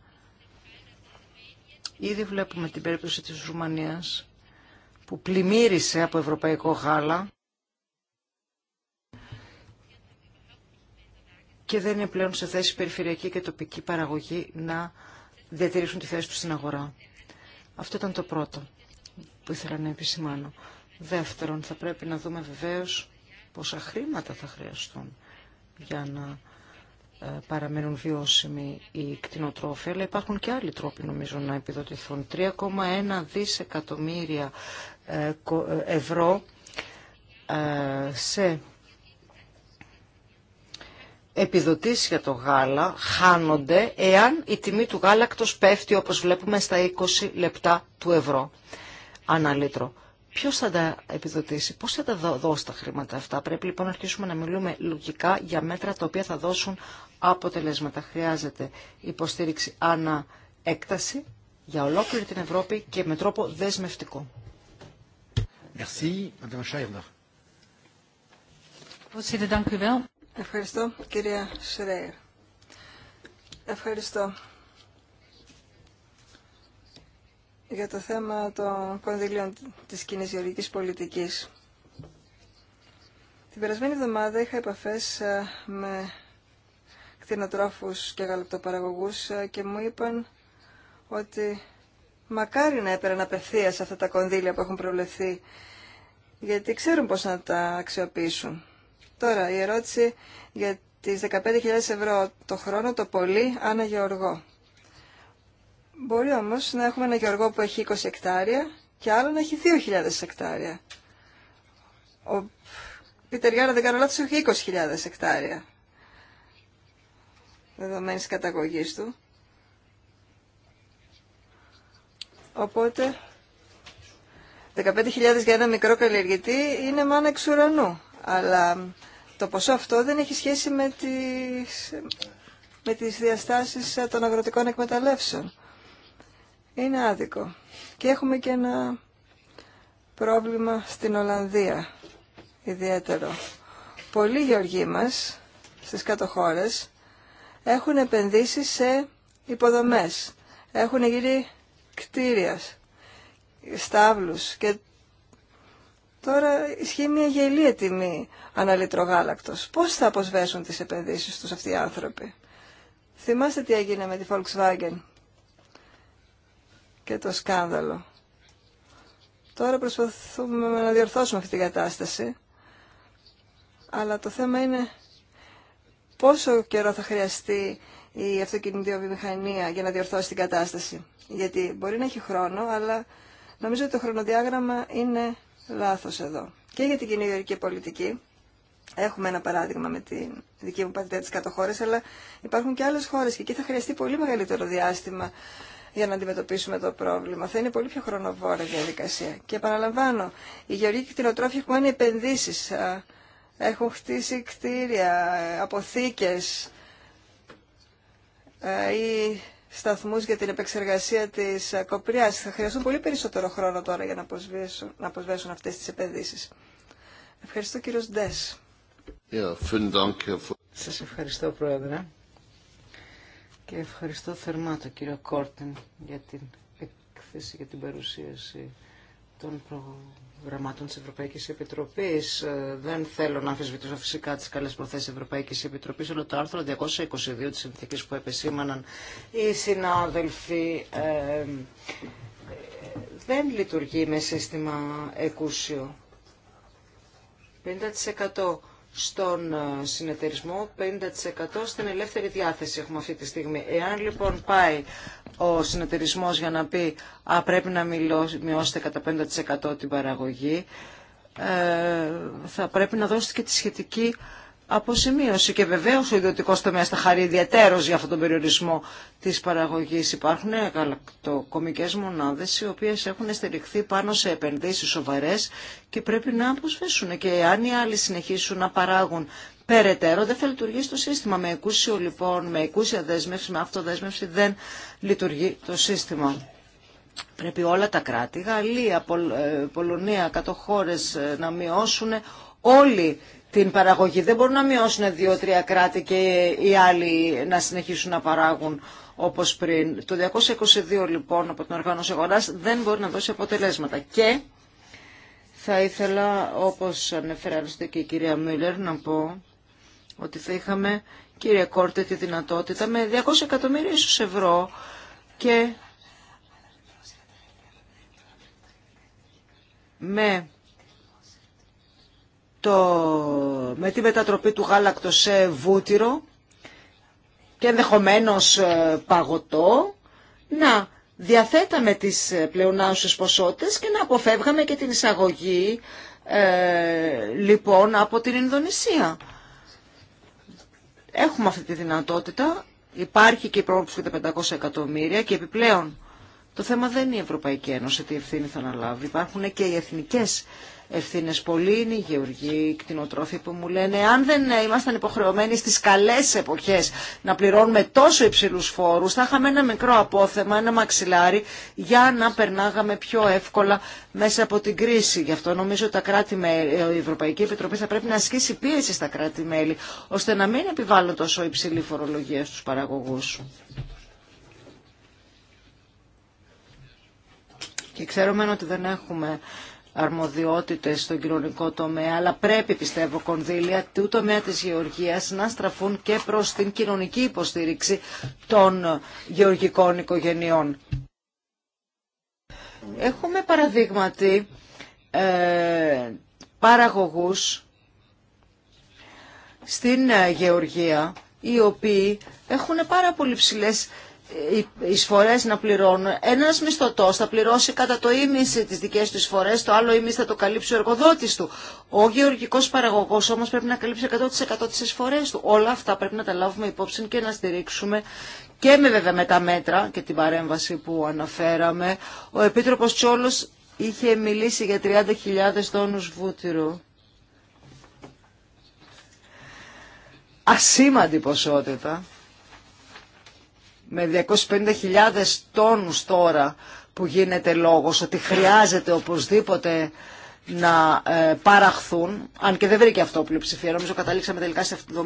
Ήδη βλέπουμε την περίπτωση της Ρουμανίας που πλημμύρισε από ευρωπαϊκό γάλα και δεν είναι πλέον σε θέση περιφερειακή και τοπική παραγωγή να διατηρήσουν τη θέση του στην αγορά. Αυτό ήταν το πρώτο που ήθελα να επισημάνω. Δεύτερον, θα πρέπει να δούμε βεβαίως πόσα χρήματα θα χρειαστούν για να ε, παραμένουν βιώσιμοι οι κτηνοτρόφοι, αλλά υπάρχουν και άλλοι τρόποι νομίζω να επιδοτηθούν. 3,1 δισεκατομμύρια ε, ε, ευρώ σε επιδοτήσεις για το γάλα χάνονται εάν η τιμή του γάλακτος πέφτει όπως βλέπουμε στα 20 λεπτά του ευρώ ανά Ποιο θα τα επιδοτήσει, πώ θα τα δώσει τα χρήματα αυτά. Πρέπει λοιπόν να αρχίσουμε να μιλούμε λογικά για μέτρα τα οποία θα δώσουν αποτελέσματα. Χρειάζεται υποστήριξη ανά έκταση για ολόκληρη την Ευρώπη και με τρόπο δεσμευτικό. Merci, Ευχαριστώ, κυρία Σρέιρ. Ευχαριστώ. για το θέμα των κονδυλίων της κοινή γεωργικής πολιτικής. Την περασμένη εβδομάδα είχα επαφές ε, με κτηνοτρόφους και γαλοπτοπαραγωγούς ε, και μου είπαν ότι μακάρι να έπαιρναν απευθεία αυτά τα κονδύλια που έχουν προβλεφθεί γιατί ξέρουν πώς να τα αξιοποιήσουν. Τώρα, η ερώτηση για τις 15.000 ευρώ το χρόνο το πολύ οργό. Μπορεί όμω να έχουμε ένα γεωργό που έχει 20 εκτάρια και άλλο να έχει 2.000 εκτάρια. Ο Πίτερ δεν κάνω λάθος, έχει 20.000 εκτάρια δεδομένης καταγωγή του. Οπότε 15.000 για ένα μικρό καλλιεργητή είναι μάνα εξ ουρανού. Αλλά το ποσό αυτό δεν έχει σχέση με τις, με τις διαστάσεις των αγροτικών εκμεταλλεύσεων είναι άδικο. Και έχουμε και ένα πρόβλημα στην Ολλανδία, ιδιαίτερο. Πολλοί γεωργοί μας στις κάτω έχουν επενδύσει σε υποδομές, έχουν γύρει κτίρια, στάβλους και τώρα ισχύει μια γελία τιμή αναλυτρογάλακτος. Πώς θα αποσβέσουν τις επενδύσεις τους αυτοί οι άνθρωποι. Θυμάστε τι έγινε με τη Volkswagen και το σκάνδαλο. Τώρα προσπαθούμε να διορθώσουμε αυτή την κατάσταση, αλλά το θέμα είναι πόσο καιρό θα χρειαστεί η βιομηχανία για να διορθώσει την κατάσταση. Γιατί μπορεί να έχει χρόνο, αλλά νομίζω ότι το χρονοδιάγραμμα είναι λάθος εδώ. Και για την κοινή πολιτική, Έχουμε ένα παράδειγμα με τη δική μου πατρίδα τη κάτω αλλά υπάρχουν και άλλε χώρε και εκεί θα χρειαστεί πολύ μεγαλύτερο διάστημα για να αντιμετωπίσουμε το πρόβλημα. Θα είναι πολύ πιο χρονοβόρα διαδικασία. Και επαναλαμβάνω, οι γεωργοί και κτηνοτρόφοι έχουν κάνει επενδύσεις, έχουν χτίσει κτίρια, αποθήκες ή σταθμούς για την επεξεργασία της κοπριάς. Θα χρειαστούν πολύ περισσότερο χρόνο τώρα για να αποσβέσουν, να τι αυτές τις επενδύσεις. Ευχαριστώ κύριος Ντές. Yeah, Σας ευχαριστώ Πρόεδρε. Και ευχαριστώ θερμά τον κύριο Κόρτεν για την έκθεση, για την παρουσίαση των προγραμμάτων της Ευρωπαϊκής Επιτροπής. Ε, δεν θέλω να αμφισβητήσω φυσικά τις καλές προθέσεις της Ευρωπαϊκής Επιτροπής, αλλά το άρθρο 222 της συνθήκης που επεσήμαναν οι συνάδελφοι ε, δεν λειτουργεί με σύστημα εκούσιο. 50% στον ε, συνεταιρισμό, 50% στην ελεύθερη διάθεση έχουμε αυτή τη στιγμή. Εάν λοιπόν πάει ο συνεταιρισμός για να πει «Α, πρέπει να μειώσετε κατά 50% την παραγωγή», ε, θα πρέπει να δώσετε και τη σχετική αποσημείωση. Και βεβαίω ο ιδιωτικό τομέα θα χαρεί ιδιαίτερο για αυτόν τον περιορισμό τη παραγωγή. Υπάρχουν γαλακτοκομικέ μονάδε οι οποίε έχουν στηριχθεί πάνω σε επενδύσει σοβαρέ και πρέπει να αποσβέσουν. Και αν οι άλλοι συνεχίσουν να παράγουν περαιτέρω, δεν θα λειτουργήσει το σύστημα. Με εκούσιο λοιπόν, με εκούσια δέσμευση, με αυτοδέσμευση δεν λειτουργεί το σύστημα. Πρέπει όλα τα κράτη, Γαλλία, Πολ, ε, Πολωνία, κατοχώρες ε, να μειώσουν όλοι την παραγωγή. Δεν μπορούν να μειώσουν δύο-τρία κράτη και οι άλλοι να συνεχίσουν να παράγουν όπως πριν. Το 222 λοιπόν από την οργάνωση αγοράς δεν μπορεί να δώσει αποτελέσματα. Και θα ήθελα όπως ανέφερε και η κυρία Μίλλερ να πω ότι θα είχαμε κύριε Κόρτε τη δυνατότητα με 200 εκατομμύρια ευρώ και με το, με τη μετατροπή του γάλακτο σε βούτυρο και ενδεχομένως ε, παγωτό να διαθέταμε τις ε, πλεονάσους ποσότητες και να αποφεύγαμε και την εισαγωγή ε, λοιπόν από την Ινδονησία. Έχουμε αυτή τη δυνατότητα, υπάρχει και η πρόβλεψη για τα 500 εκατομμύρια και επιπλέον το θέμα δεν είναι η Ευρωπαϊκή Ένωση τι ευθύνη θα αναλάβει. Υπάρχουν και οι εθνικές ευθύνε πολλοί είναι οι γεωργοί, οι κτηνοτρόφοι που μου λένε αν δεν ήμασταν υποχρεωμένοι στις καλές εποχές να πληρώνουμε τόσο υψηλού φόρους θα είχαμε ένα μικρό απόθεμα, ένα μαξιλάρι για να περνάγαμε πιο εύκολα μέσα από την κρίση. Γι' αυτό νομίζω τα κράτη ε, η Ευρωπαϊκή Επιτροπή θα πρέπει να ασκήσει πίεση στα κράτη-μέλη ώστε να μην επιβάλλουν τόσο υψηλή φορολογία στους παραγωγού. Και ξέρουμε ότι δεν έχουμε αρμοδιότητες στον κοινωνικό τομέα, αλλά πρέπει πιστεύω κονδύλια του τομέα της γεωργίας να στραφούν και προς την κοινωνική υποστήριξη των γεωργικών οικογενειών. Έχουμε παραδείγματι ε, παραγωγούς στην ε, Γεωργία οι οποίοι έχουν πάρα πολύ ψηλές ε, εισφορές να πληρώνουν. Ένας μισθωτός θα πληρώσει κατά το ίμιση τις δικές του εισφορές, το άλλο ίμιση θα το καλύψει ο εργοδότης του. Ο γεωργικός παραγωγός όμως πρέπει να καλύψει 100% τις εισφορές του. Όλα αυτά πρέπει να τα λάβουμε υπόψη και να στηρίξουμε και με βέβαια με τα μέτρα και την παρέμβαση που αναφέραμε. Ο Επίτροπος Τσόλος είχε μιλήσει για 30.000 τόνους βούτυρου Ασήμαντη ποσότητα με 250.000 τόνους τώρα που γίνεται λόγος ότι χρειάζεται οπωσδήποτε να ε, παραχθούν, αν και δεν βρήκε αυτό πλειοψηφία, νομίζω καταλήξαμε τελικά σε 70.000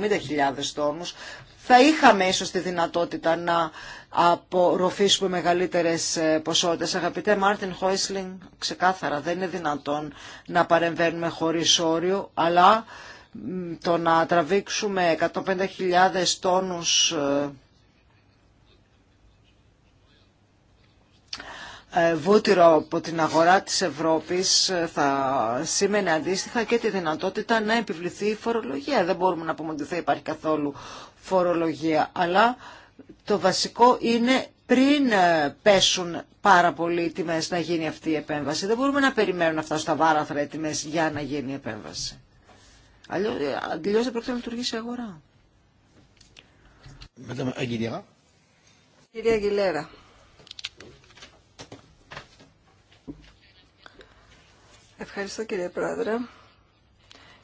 τόνους, θα είχαμε ίσως τη δυνατότητα να απορροφήσουμε μεγαλύτερες ε, ποσότητες. Αγαπητέ Μάρτιν Χόισλινγκ, ξεκάθαρα δεν είναι δυνατόν να παρεμβαίνουμε χωρίς όριο, αλλά το να τραβήξουμε 150.000 τόνους ε, Ε, βούτυρο από την αγορά της Ευρώπης ε, θα σήμαινε αντίστοιχα και τη δυνατότητα να επιβληθεί η φορολογία. Δεν μπορούμε να πούμε ότι θα υπάρχει καθόλου φορολογία, αλλά το βασικό είναι πριν ε, πέσουν πάρα πολλοί οι τιμές να γίνει αυτή η επέμβαση. Δεν μπορούμε να περιμένουν αυτά στα βάραθρα οι τιμές για να γίνει η επέμβαση. Αλλιώς, δεν πρόκειται να λειτουργήσει η αγορά. Αγγιλέρα. Ευχαριστώ κύριε Πρόεδρε.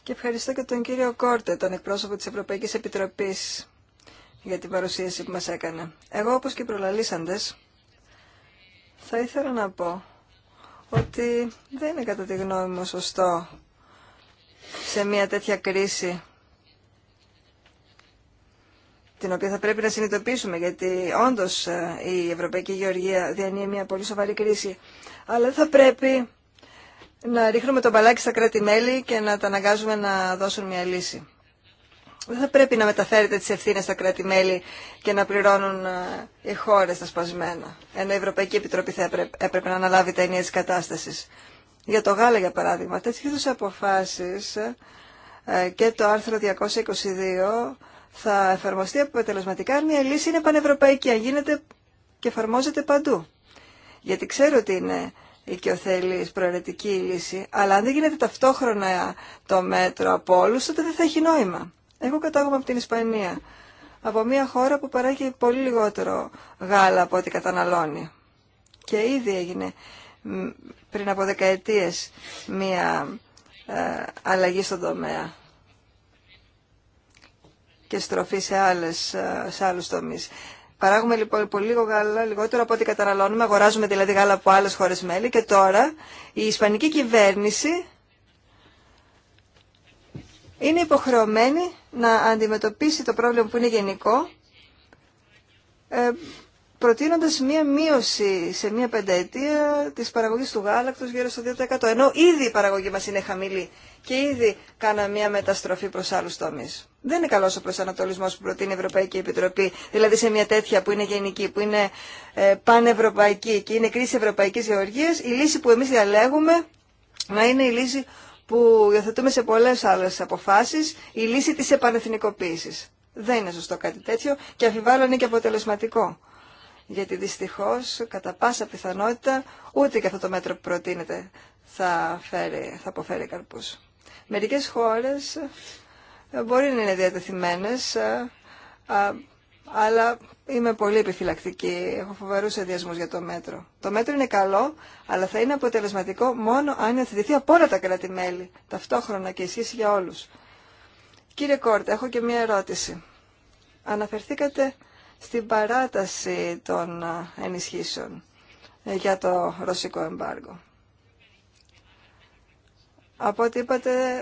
Και ευχαριστώ και τον κύριο Κόρτε, τον εκπρόσωπο της Ευρωπαϊκής Επιτροπής, για την παρουσίαση που μας έκανε. Εγώ, όπως και οι προλαλήσαντες, θα ήθελα να πω ότι δεν είναι κατά τη γνώμη μου σωστό σε μια τέτοια κρίση την οποία θα πρέπει να συνειδητοποιήσουμε, γιατί όντως ε, η Ευρωπαϊκή Γεωργία διανύει μια πολύ σοβαρή κρίση, αλλά θα πρέπει να ρίχνουμε το μπαλάκι στα κράτη-μέλη και να τα αναγκάζουμε να δώσουν μια λύση. Δεν θα πρέπει να μεταφέρετε τις ευθύνες στα κράτη-μέλη και να πληρώνουν ε, οι χώρες τα σπασμένα. Ενώ η Ευρωπαϊκή Επιτροπή θα έπρεπε, να αναλάβει τα ενία της κατάστασης. Για το Γάλα, για παράδειγμα, τέτοιες αποφάσεις ε, και το άρθρο 222 θα εφαρμοστεί αποτελεσματικά αν μια λύση είναι πανευρωπαϊκή, αν γίνεται και εφαρμόζεται παντού. Γιατί ξέρω ότι είναι οικειοθελής, προαιρετική λύση, αλλά αν δεν γίνεται ταυτόχρονα το μέτρο από όλου, τότε δεν θα έχει νόημα. Εγώ κατάγομαι από την Ισπανία, από μια χώρα που παράγει πολύ λιγότερο γάλα από ό,τι καταναλώνει. Και ήδη έγινε πριν από δεκαετίες μια ε, αλλαγή στον τομέα και στροφή σε, άλλες, ε, σε άλλους τομείς. Παράγουμε λοιπόν πολύ λίγο γάλα, λιγότερο από ό,τι καταναλώνουμε, αγοράζουμε δηλαδή γάλα από άλλε χώρε μέλη και τώρα η Ισπανική κυβέρνηση είναι υποχρεωμένη να αντιμετωπίσει το πρόβλημα που είναι γενικό ε, προτείνοντας μία μείωση σε μία πενταετία της παραγωγής του γάλακτος γύρω στο 2%. Ενώ ήδη η παραγωγή μας είναι χαμηλή και ήδη κάναμε μία μεταστροφή προς άλλους τομείς. Δεν είναι καλό ο προσανατολισμός που προτείνει η Ευρωπαϊκή Επιτροπή, δηλαδή σε μία τέτοια που είναι γενική, που είναι ε, πανευρωπαϊκή και είναι κρίση ευρωπαϊκής γεωργίας, η λύση που εμείς διαλέγουμε να είναι η λύση που υιοθετούμε σε πολλές άλλες αποφάσεις, η λύση της επανεθνικοποίησης. Δεν είναι σωστό κάτι τέτοιο και αφιβάλλω είναι και αποτελεσματικό γιατί δυστυχώς κατά πάσα πιθανότητα ούτε και αυτό το μέτρο που προτείνεται θα, φέρει, θα αποφέρει καρπούς. Μερικές χώρες ε, μπορεί να είναι διατεθειμένες, ε, αλλά είμαι πολύ επιφυλακτική, έχω φοβερούς ενδιασμούς για το μέτρο. Το μέτρο είναι καλό, αλλά θα είναι αποτελεσματικό μόνο αν υιοθετηθεί από όλα τα κράτη-μέλη, ταυτόχρονα και ισχύσει για όλους. Κύριε Κόρτα, έχω και μία ερώτηση. Αναφερθήκατε στην παράταση των ε, ενισχύσεων ε, για το ρωσικό εμπάργο. Από ό,τι είπατε,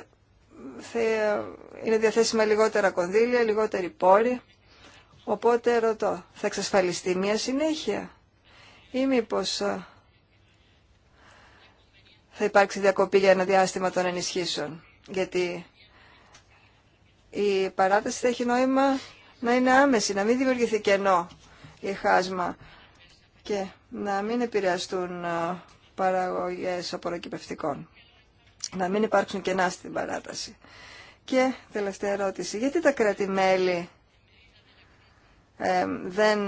ε, είναι διαθέσιμα λιγότερα κονδύλια, λιγότεροι πόροι. Οπότε ρωτώ, θα εξασφαλιστεί μια συνέχεια ή μήπω θα υπάρξει διακοπή για ένα διάστημα των ενισχύσεων. Γιατί η παράταση θα έχει νόημα να είναι άμεση, να μην δημιουργηθεί κενό ή χάσμα και να μην επηρεαστούν ε, παραγωγές απορροκυπευτικών. Να μην υπάρξουν κενά στην παράταση. Και τελευταία ερώτηση. Γιατί τα κράτη-μέλη ε, δεν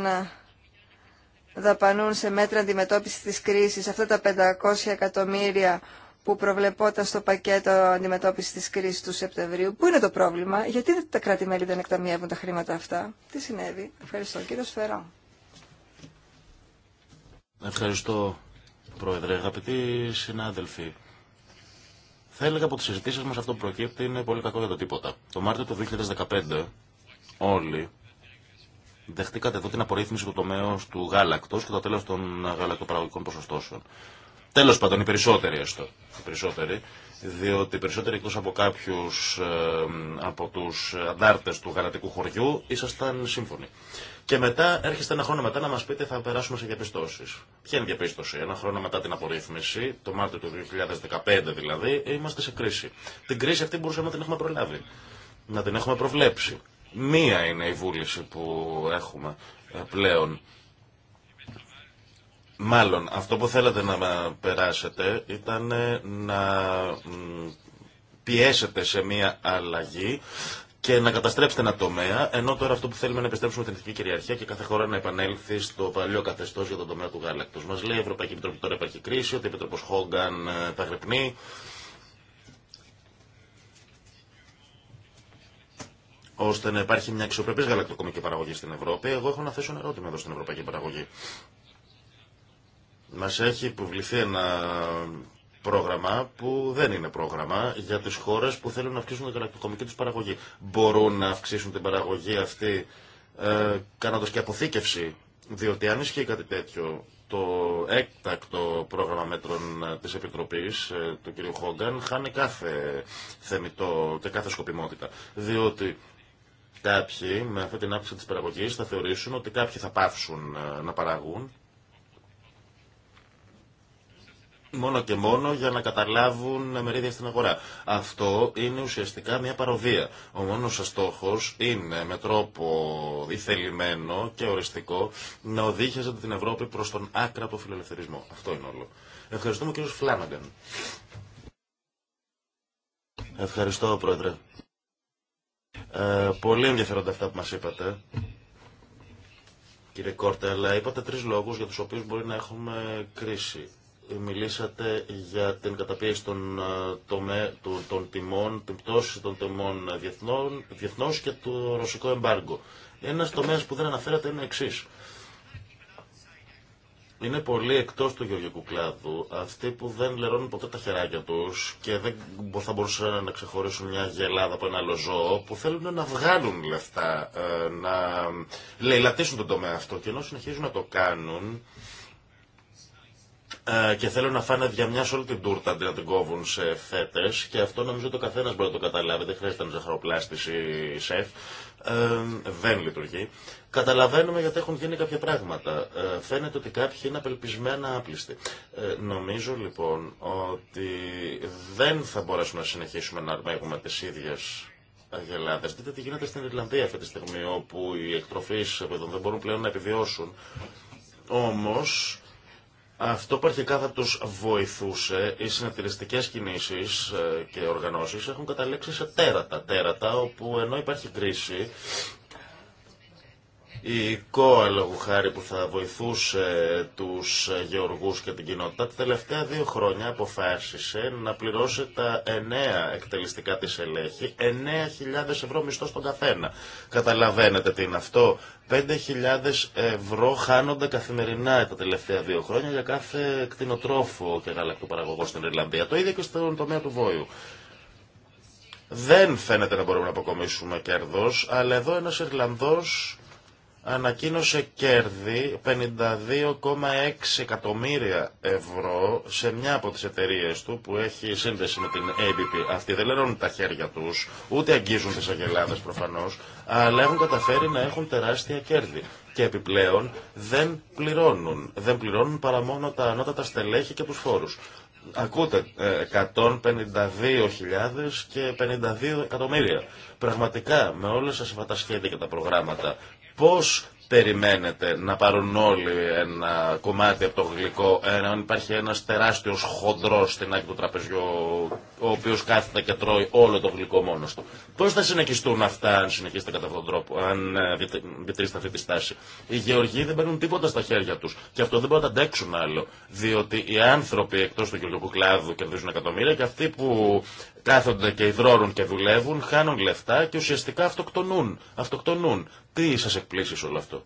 δαπανούν σε μέτρα αντιμετώπισης της κρίσης αυτά τα 500 εκατομμύρια που προβλεπόταν στο πακέτο αντιμετώπιση τη κρίση του Σεπτεμβρίου. Πού είναι το πρόβλημα, γιατί τα κράτη-μέλη δεν εκταμιεύουν τα χρήματα αυτά. Τι συνέβη. Ευχαριστώ. Κύριο Σφερό. Ευχαριστώ, Πρόεδρε. Αγαπητοί συνάδελφοι. Θα έλεγα από τι συζητήσει μα αυτό που προκύπτει είναι πολύ κακό για το τίποτα. Το Μάρτιο του 2015 όλοι δεχτήκατε εδώ την απορρίθμιση του τομέα του γάλακτο και το τέλο των γαλακτοπαραγωγικών ποσοστώσεων. Τέλο πάντων, οι περισσότεροι έστω. Οι περισσότεροι, διότι οι περισσότεροι εκτό από κάποιου ε, από του αντάρτε του γαλατικού χωριού ήσασταν σύμφωνοι. Και μετά έρχεστε ένα χρόνο μετά να μα πείτε θα περάσουμε σε διαπιστώσει. Ποια είναι η διαπίστωση. Ένα χρόνο μετά την απορρίθμιση, το Μάρτιο του 2015 δηλαδή, είμαστε σε κρίση. Την κρίση αυτή μπορούσαμε να την έχουμε προλάβει. Να την έχουμε προβλέψει. Μία είναι η βούληση που έχουμε ε, πλέον Μάλλον, αυτό που θέλατε να περάσετε ήταν ε, να πιέσετε σε μία αλλαγή και να καταστρέψετε ένα τομέα, ενώ τώρα αυτό που θέλουμε να επιστρέψουμε την εθνική κυριαρχία και κάθε χώρα να επανέλθει στο παλιό καθεστώ για τον τομέα του γάλακτο. Μα λέει η Ευρωπαϊκή Επιτροπή τώρα υπάρχει κρίση, ότι η επιτροπή Χόγκαν ε, τα γρυπνεί. ώστε να υπάρχει μια αξιοπρεπή γαλακτοκομική παραγωγή στην Ευρώπη. Εγώ έχω να θέσω ένα ερώτημα εδώ στην Ευρωπαϊκή Παραγωγή. Μας έχει υποβληθεί ένα πρόγραμμα που δεν είναι πρόγραμμα για τις χώρες που θέλουν να αυξήσουν την γαλακτοκομική τους παραγωγή. Μπορούν να αυξήσουν την παραγωγή αυτή ε, κάνοντας και αποθήκευση, διότι αν ισχύει κάτι τέτοιο, το έκτακτο πρόγραμμα μέτρων ε, της Επιτροπής ε, του κ. Χόγκαν χάνει κάθε θεμητό και κάθε σκοπιμότητα. Διότι κάποιοι με αυτή την άποψη της παραγωγής θα θεωρήσουν ότι κάποιοι θα πάψουν ε, να παράγουν μόνο και μόνο για να καταλάβουν μερίδια στην αγορά. Αυτό είναι ουσιαστικά μια παροδία. Ο μόνος σας στόχος είναι με τρόπο ηθελημένο και οριστικό να οδήγησετε την Ευρώπη προς τον άκρα του φιλελευθερισμό. Αυτό είναι όλο. Ευχαριστούμε κύριο Φλάναγκαν. Ευχαριστώ πρόεδρε. Ε, πολύ ενδιαφέροντα αυτά που μας είπατε. Κύριε Κόρτε, αλλά είπατε τρεις λόγους για τους οποίους μπορεί να έχουμε κρίση μιλήσατε για την καταπίεση των, ε, τομέ, των, των τιμών, την πτώση των τιμών διεθνώς και το ρωσικό εμπάργκο. Ένα τομέα που δεν αναφέρατε είναι εξή. Είναι πολύ εκτός του γεωργικού κλάδου αυτοί που δεν λερώνουν ποτέ τα χεράκια τους και δεν θα μπορούσαν να ξεχωρίσουν μια γελάδα από ένα άλλο ζώο που θέλουν να βγάλουν λεφτά, ε, να λαιλατίσουν τον τομέα αυτό και ενώ συνεχίζουν να το κάνουν ε, και θέλω να φάνε διαμιά σε όλη την τούρτα αντί να την κόβουν σε φέτε. Και αυτό νομίζω το καθένα μπορεί να το καταλάβει. Δεν χρειάζεται να ή σεφ. Ε, δεν λειτουργεί. Καταλαβαίνουμε γιατί έχουν γίνει κάποια πράγματα. Ε, φαίνεται ότι κάποιοι είναι απελπισμένα άπλιστοι. νομίζω λοιπόν ότι δεν θα μπορέσουμε να συνεχίσουμε να αρμέγουμε τι ίδιε αγελάδε. Δείτε τι γίνεται στην Ιρλανδία αυτή τη στιγμή, όπου οι εκτροφεί δεν μπορούν πλέον να επιβιώσουν. Όμως, αυτό που αρχικά θα τους βοηθούσε, οι συνεταιριστικέ κινήσεις ε, και οργανώσεις έχουν καταλήξει σε τέρατα. Τέρατα όπου ενώ υπάρχει κρίση η ΚΟΑ λόγου χάρη που θα βοηθούσε τους γεωργούς και την κοινότητα τα τελευταία δύο χρόνια αποφάσισε να πληρώσει τα εννέα εκτελεστικά της ελέγχη 9.000 ευρώ μισθό στον καθένα. Καταλαβαίνετε τι είναι αυτό. 5.000 ευρώ χάνονται καθημερινά τα τελευταία δύο χρόνια για κάθε κτηνοτρόφο και γαλακτοπαραγωγό στην Ιρλανδία. Το ίδιο και στον τομέα του Βόλου. Δεν φαίνεται να μπορούμε να αποκομίσουμε κερδό, αλλά εδώ ένα Ιρλανδό ανακοίνωσε κέρδη 52,6 εκατομμύρια ευρώ σε μια από τις εταιρείες του που έχει σύνδεση με την ABP. Αυτοί δεν λερώνουν τα χέρια τους, ούτε αγγίζουν τις αγελάδες προφανώς, αλλά έχουν καταφέρει να έχουν τεράστια κέρδη. Και επιπλέον δεν πληρώνουν. Δεν πληρώνουν παρά μόνο τα ανώτατα στελέχη και τους φόρους. Ακούτε, 152.000 ε, και 52 εκατομμύρια. Πραγματικά, με όλες τα σχέδια και τα προγράμματα, Πώς περιμένετε να πάρουν όλοι ένα κομμάτι από το γλυκό, ε, αν υπάρχει ένας τεράστιος χοντρός στην άκρη του τραπεζιού, ο οποίος κάθεται και τρώει όλο το γλυκό μόνος του. Πώς θα συνεχιστούν αυτά, αν συνεχίσετε κατά αυτόν τον τρόπο, αν βιτρίσετε ε, αυτή τη στάση. Οι γεωργοί δεν παίρνουν τίποτα στα χέρια τους και αυτό δεν μπορούν να αντέξουν άλλο, διότι οι άνθρωποι εκτός του γεωργικού κλάδου κερδίζουν εκατομμύρια και αυτοί που κάθονται και υδρώνουν και δουλεύουν, χάνουν λεφτά και ουσιαστικά αυτοκτονούν. αυτοκτονούν. Τι σα εκπλήσει όλο αυτό.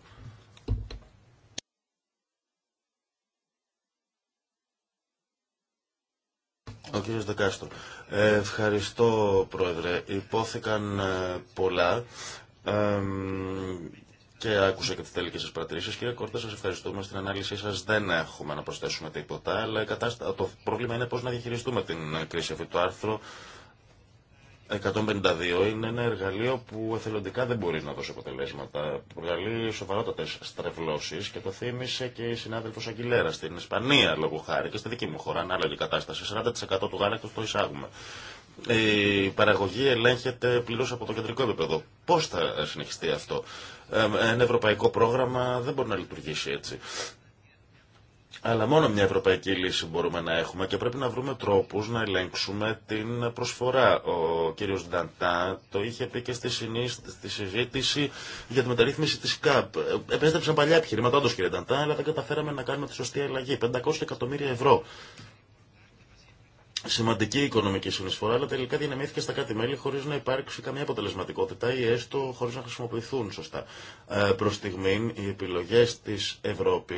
Ο κύριος Δεκάστρο. Ε, ευχαριστώ πρόεδρε. Υπόθηκαν ε, πολλά. και άκουσα και τι τελικές σας σα Κύριε Κόρτα, σα ευχαριστούμε. Στην ανάλυση σας δεν έχουμε να προσθέσουμε τίποτα, αλλά το πρόβλημα είναι πώ να διαχειριστούμε την κρίση αυτή. του άρθρου 152 είναι ένα εργαλείο που εθελοντικά δεν μπορεί να δώσει αποτελέσματα. Προκαλεί σοβαρότατε στρεβλώσει και το θύμισε και η συνάδελφο Αγγιλέρα στην Ισπανία λόγω χάρη και στη δική μου χώρα. Ανάλογη κατάσταση. 40% του γάλακτο το εισάγουμε. Η παραγωγή ελέγχεται πλήρω από το κεντρικό επίπεδο. Πώ θα συνεχιστεί αυτό. Ε, ένα ευρωπαϊκό πρόγραμμα δεν μπορεί να λειτουργήσει έτσι. Αλλά μόνο μια ευρωπαϊκή λύση μπορούμε να έχουμε και πρέπει να βρούμε τρόπους να ελέγξουμε την προσφορά. Ο κύριος Νταντά το είχε πει και στη, στη συζήτηση για τη μεταρρύθμιση της ΚΑΠ. Ε, επέστρεψαν παλιά επιχειρήματα, όντως κύριε Νταντά, αλλά δεν καταφέραμε να κάνουμε τη σωστή αλλαγή. 500 εκατομμύρια ευρώ. Σημαντική οικονομική συνεισφορά, αλλά τελικά διανεμήθηκε στα κάτι μέλη χωρί να υπάρξει καμία αποτελεσματικότητα ή έστω χωρί να χρησιμοποιηθούν σωστά. Ε, Προ στιγμή, οι επιλογέ τη Ευρώπη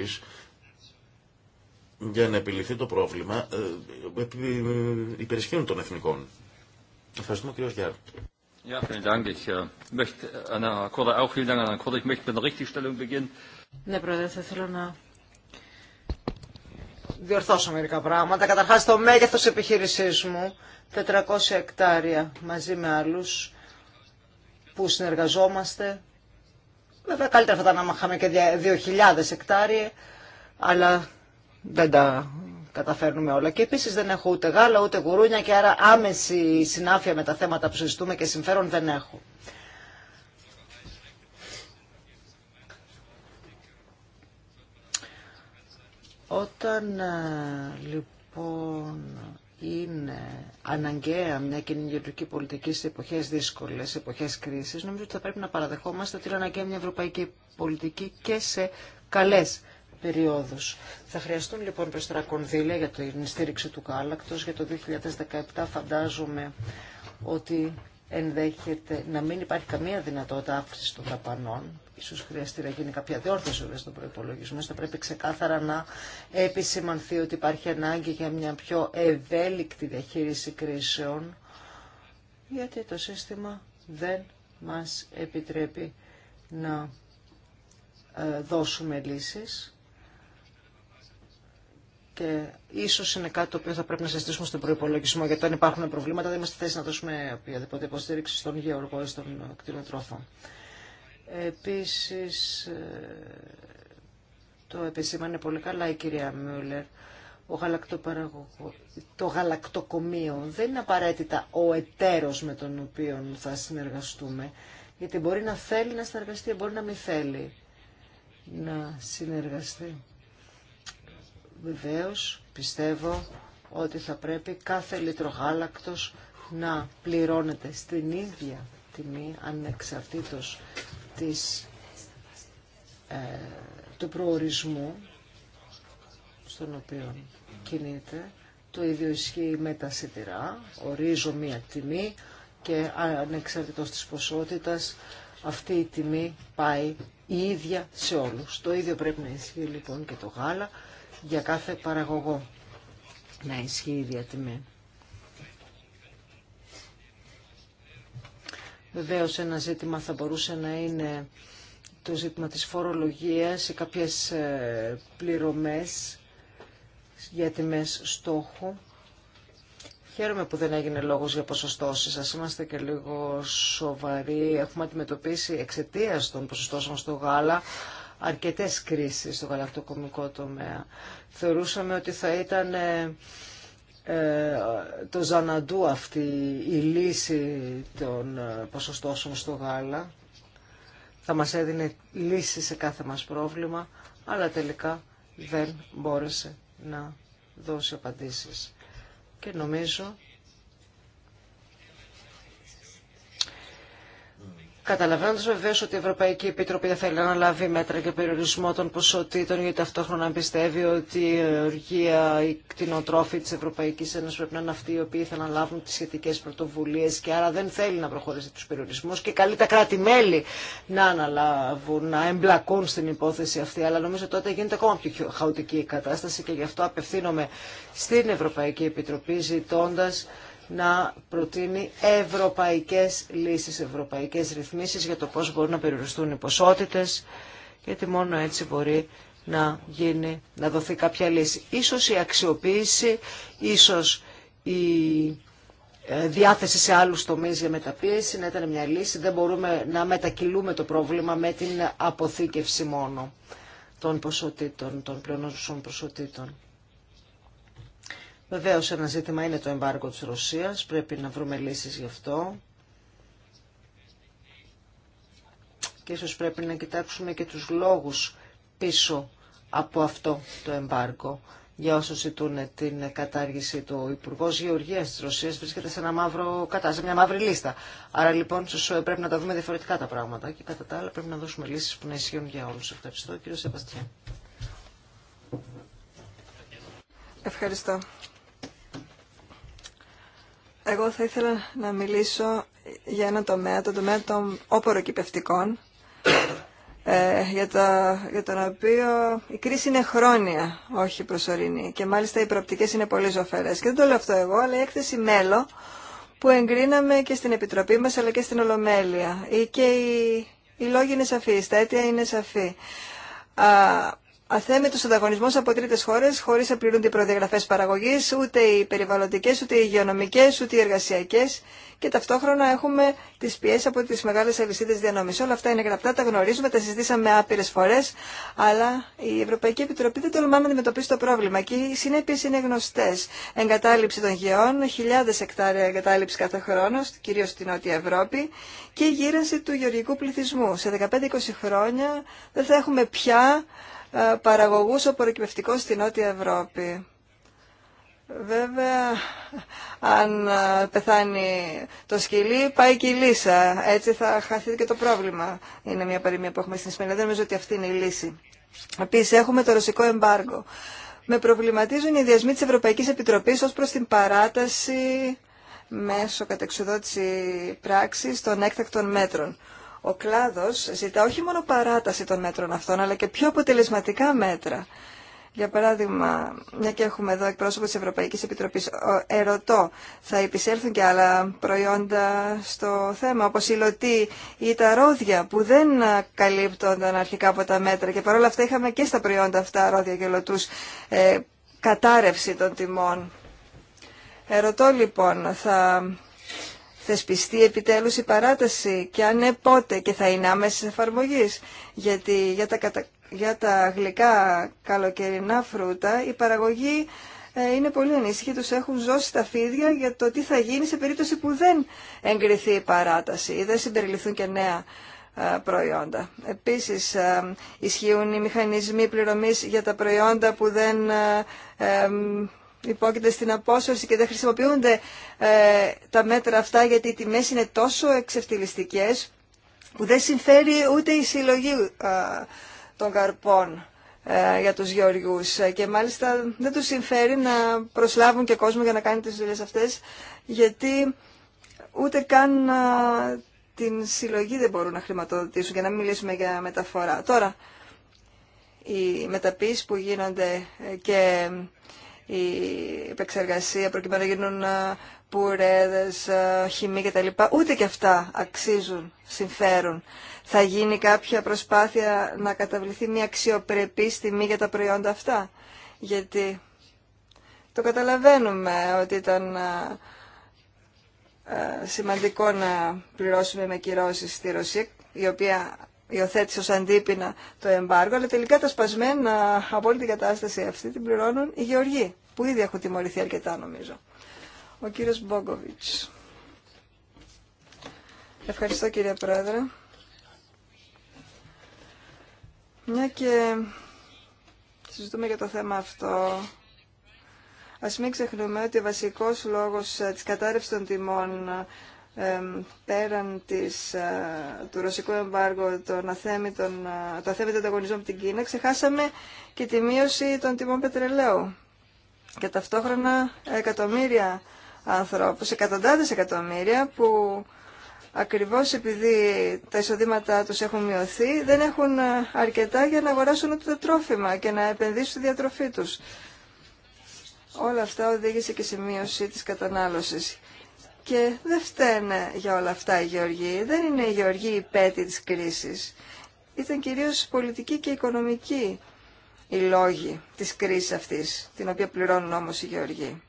για να επιληθεί το πρόβλημα ε, υπερισχύουν των εθνικών. Ευχαριστούμε κύριο Γιάρ. Ναι, Πρόεδρε, θα ήθελα να διορθώσω μερικά πράγματα. Καταρχάς, το μέγεθος επιχείρησή μου, 400 εκτάρια μαζί με άλλου που συνεργαζόμαστε. Βέβαια, καλύτερα θα ήταν να είχαμε και 2.000 εκτάρια, αλλά δεν τα καταφέρνουμε όλα. Και επίσης δεν έχω ούτε γάλα, ούτε γουρούνια και άρα άμεση συνάφεια με τα θέματα που συζητούμε και συμφέρον δεν έχω. Όταν ε, λοιπόν είναι αναγκαία μια κοινωνική πολιτική σε εποχές δύσκολες, σε εποχές κρίσης, νομίζω ότι θα πρέπει να παραδεχόμαστε ότι είναι αναγκαία μια ευρωπαϊκή πολιτική και σε καλές θα χρειαστούν λοιπόν περισσότερα κονδύλια για την στήριξη του κάλακτος. Για το 2017 φαντάζομαι ότι ενδέχεται να μην υπάρχει καμία δυνατότητα αύξηση των δαπανών. Ίσως χρειαστεί να γίνει κάποια διόρθωση βέβαια στον προπολογισμό. Θα πρέπει ξεκάθαρα να επισημανθεί ότι υπάρχει ανάγκη για μια πιο ευέλικτη διαχείριση κρίσεων, γιατί το σύστημα δεν μας επιτρέπει να ε, δώσουμε λύσεις και ίσω είναι κάτι το οποίο θα πρέπει να συζητήσουμε στον προπολογισμό γιατί αν υπάρχουν προβλήματα δεν είμαστε θέση να δώσουμε οποιαδήποτε υποστήριξη στον γεωργό ή στον κτηνοτρόφο. Επίσης, ε, το επισήμανε πολύ καλά η στον τροφο Επίση, το επισημανε Μιούλερ, το γαλακτοκομείο δεν είναι απαραίτητα ο εταίρος με τον οποίο θα συνεργαστούμε, γιατί μπορεί να θέλει να συνεργαστεί, μπορεί να μην θέλει να συνεργαστεί βεβαίως πιστεύω ότι θα πρέπει κάθε λίτρο γάλακτος να πληρώνεται στην ίδια τιμή ανεξαρτήτως της, ε, του προορισμού στον οποίο κινείται. Το ίδιο ισχύει με τα σιτηρά. Ορίζω μία τιμή και ανεξαρτήτως της ποσότητας αυτή η τιμή πάει η ίδια σε όλους. Το ίδιο πρέπει να ισχύει λοιπόν και το γάλα για κάθε παραγωγό να ισχύει η ίδια Βεβαίως ένα ζήτημα θα μπορούσε να είναι το ζήτημα της φορολογίας ή κάποιες ε, πληρωμές για τιμές στόχου. Χαίρομαι που δεν έγινε λόγος για ποσοστώσεις. Ας είμαστε και λίγο σοβαροί. Έχουμε αντιμετωπίσει εξαιτία των ποσοστώσεων στο γάλα αρκετές κρίσεις στο γαλακτοκομικό τομέα. Θεωρούσαμε ότι θα ήταν ε, ε, το Ζαναντού αυτή η λύση των ε, ποσοστώσεων στο γάλα. Θα μας έδινε λύση σε κάθε μας πρόβλημα, αλλά τελικά δεν μπόρεσε να δώσει απαντήσεις. Και νομίζω Καταλαβαίνοντα βεβαίω ότι η Ευρωπαϊκή Επίτροπη δεν θέλει να λάβει μέτρα για περιορισμό των ποσοτήτων, γιατί ταυτόχρονα πιστεύει ότι η οργία, οι κτηνοτρόφοι τη Ευρωπαϊκή Ένωση πρέπει να είναι αυτοί οι οποίοι θα αναλάβουν τι σχετικέ πρωτοβουλίε και άρα δεν θέλει να προχωρήσει του περιορισμού και καλεί τα κράτη-μέλη να αναλάβουν, να εμπλακούν στην υπόθεση αυτή. Αλλά νομίζω τότε γίνεται ακόμα πιο χαοτική η κατάσταση και γι' αυτό απευθύνομαι στην Ευρωπαϊκή Επιτροπή ζητώντα να προτείνει ευρωπαϊκές λύσεις, ευρωπαϊκές ρυθμίσεις για το πώς μπορούν να περιοριστούν οι ποσότητες, γιατί μόνο έτσι μπορεί να γίνει, να δοθεί κάποια λύση. Ίσως η αξιοποίηση, ίσως η ε, διάθεση σε άλλους τομείς για μεταπίεση να ήταν μια λύση. Δεν μπορούμε να μετακυλούμε το πρόβλημα με την αποθήκευση μόνο των ποσοτήτων, των ποσοτήτων. Βεβαίως ένα ζήτημα είναι το εμπάργκο της Ρωσίας, πρέπει να βρούμε λύσεις γι' αυτό. Και ίσως πρέπει να κοιτάξουμε και τους λόγους πίσω από αυτό το εμπάργκο. Για όσους ζητούν την κατάργηση του Υπουργό Γεωργίας της Ρωσίας βρίσκεται σε, ένα μαύρο, μια μαύρη λίστα. Άρα λοιπόν πρέπει να τα δούμε διαφορετικά τα πράγματα και κατά τα άλλα πρέπει να δώσουμε λύσεις που να ισχύουν για όλους. Ευχαριστώ κύριε Σεβαστιά. Ευχαριστώ. Εγώ θα ήθελα να μιλήσω για ένα τομέα, το τομέα των όποροκυπευτικών, ε, για, το, τον οποίο η κρίση είναι χρόνια, όχι προσωρινή. Και μάλιστα οι προοπτικές είναι πολύ ζωφερές. Και δεν το λέω αυτό εγώ, αλλά η έκθεση μέλο που εγκρίναμε και στην Επιτροπή μας, αλλά και στην Ολομέλεια. Και οι, οι λόγοι είναι σαφείς, τα αίτια είναι σαφή. Α, αθέμετους ανταγωνισμούς από τρίτε χώρε χωρί να πληρούνται οι προδιαγραφές παραγωγής, ούτε οι περιβαλλοντικές, ούτε οι υγειονομικέ, ούτε οι εργασιακέ και ταυτόχρονα έχουμε τι πιέσει από τι μεγάλε αλυσίδες διανομή. Όλα αυτά είναι γραπτά, τα γνωρίζουμε, τα συζητήσαμε άπειρε φορέ, αλλά η Ευρωπαϊκή Επιτροπή δεν τολμά να αντιμετωπίσει το πρόβλημα και οι συνέπειε είναι γνωστέ. Εγκατάλειψη των γεών, χιλιάδε εκτάρια εγκατάλειψη κάθε χρόνο, κυρίω στην Νότια Ευρώπη και η γύρανση του γεωργικού πληθυσμού. Σε 15-20 χρόνια δεν θα έχουμε πια ε, παραγωγούς οποροκυπευτικών στην Νότια Ευρώπη. Βέβαια, αν ε, πεθάνει το σκυλί, πάει και η λύσα. Έτσι θα χαθεί και το πρόβλημα. Είναι μια παροιμία που έχουμε στην Ισπανία. Δεν νομίζω ότι αυτή είναι η λύση. Επίση, έχουμε το ρωσικό εμπάργκο. Με προβληματίζουν οι διασμοί τη Ευρωπαϊκή Επιτροπή ω προ την παράταση μέσω κατεξοδότηση πράξη των έκτακτων μέτρων. Ο κλάδος ζητά όχι μόνο παράταση των μέτρων αυτών, αλλά και πιο αποτελεσματικά μέτρα. Για παράδειγμα, μια και έχουμε εδώ εκπρόσωπο της Ευρωπαϊκής Επιτροπής, ερωτώ, θα επισέλθουν και άλλα προϊόντα στο θέμα, όπως η λωτή ή τα ρόδια που δεν καλύπτονταν αρχικά από τα μέτρα και παρόλα αυτά είχαμε και στα προϊόντα αυτά ρόδια και λωτούς ε, κατάρρευση των τιμών. Ερωτώ λοιπόν, θα θεσπιστεί επιτέλους η παράταση και αν ναι πότε και θα είναι άμεση εφαρμογή. Γιατί για τα, για τα γλυκά καλοκαιρινά φρούτα η παραγωγή ε, είναι πολύ ανήσυχοι, τους έχουν ζώσει τα φίδια για το τι θα γίνει σε περίπτωση που δεν εγκριθεί η παράταση ή δεν συμπεριληφθούν και νέα ε, προϊόντα. Επίσης, ε, ισχύουν οι μηχανισμοί πληρωμής για τα προϊόντα που δεν υπόκειται στην απόσυρση και δεν χρησιμοποιούνται ε, τα μέτρα αυτά γιατί οι τιμές είναι τόσο εξευτελιστικές που δεν συμφέρει ούτε η συλλογή ε, των καρπών ε, για τους γεωργιούς και μάλιστα δεν τους συμφέρει να προσλάβουν και κόσμο για να κάνει τις δουλειές αυτές γιατί ούτε καν ε, την συλλογή δεν μπορούν να χρηματοδοτήσουν για να μην μιλήσουμε για μεταφορά. Τώρα, οι μεταποίησεις που γίνονται και η επεξεργασία προκειμένου να γίνουν ε, πουρέδες, ε, χυμή κτλ. Ούτε και αυτά αξίζουν, συμφέρουν. Θα γίνει κάποια προσπάθεια να καταβληθεί μια αξιοπρεπή τιμή για τα προϊόντα αυτά. Γιατί το καταλαβαίνουμε ότι ήταν ε, σημαντικό να πληρώσουμε με κυρώσεις στη Ρωσία, η οποία υιοθέτησε ως αντίπεινα το εμπάργο, αλλά τελικά τα σπασμένα από όλη την κατάσταση αυτή την πληρώνουν οι γεωργοί που ήδη έχουν τιμωρηθεί αρκετά νομίζω. Ο κύριος Μπόγκοβιτς. Ευχαριστώ κύριε Πρόεδρε. Μια και συζητούμε για το θέμα αυτό, ας μην ξεχνούμε ότι ο βασικός λόγος ε, της κατάρρευσης των τιμών ε, ε, πέραν της, του ρωσικού εμπάργου των αθέμητων, των ανταγωνισμών από την Κίνα, ξεχάσαμε και τη μείωση των τιμών πετρελαίου και ταυτόχρονα εκατομμύρια ανθρώπους, εκατοντάδες εκατομμύρια που ακριβώς επειδή τα εισοδήματά τους έχουν μειωθεί δεν έχουν αρκετά για να αγοράσουν το τρόφιμα και να επενδύσουν στη διατροφή τους. Όλα αυτά οδήγησε και σε μείωση της κατανάλωσης. Και δεν φταίνε για όλα αυτά οι γεωργοί. Δεν είναι οι γεωργοί οι πέτοι της κρίσης. Ήταν κυρίως πολιτική και οικονομική οι λόγοι της κρίσης αυτής, την οποία πληρώνουν όμως οι γεωργοί.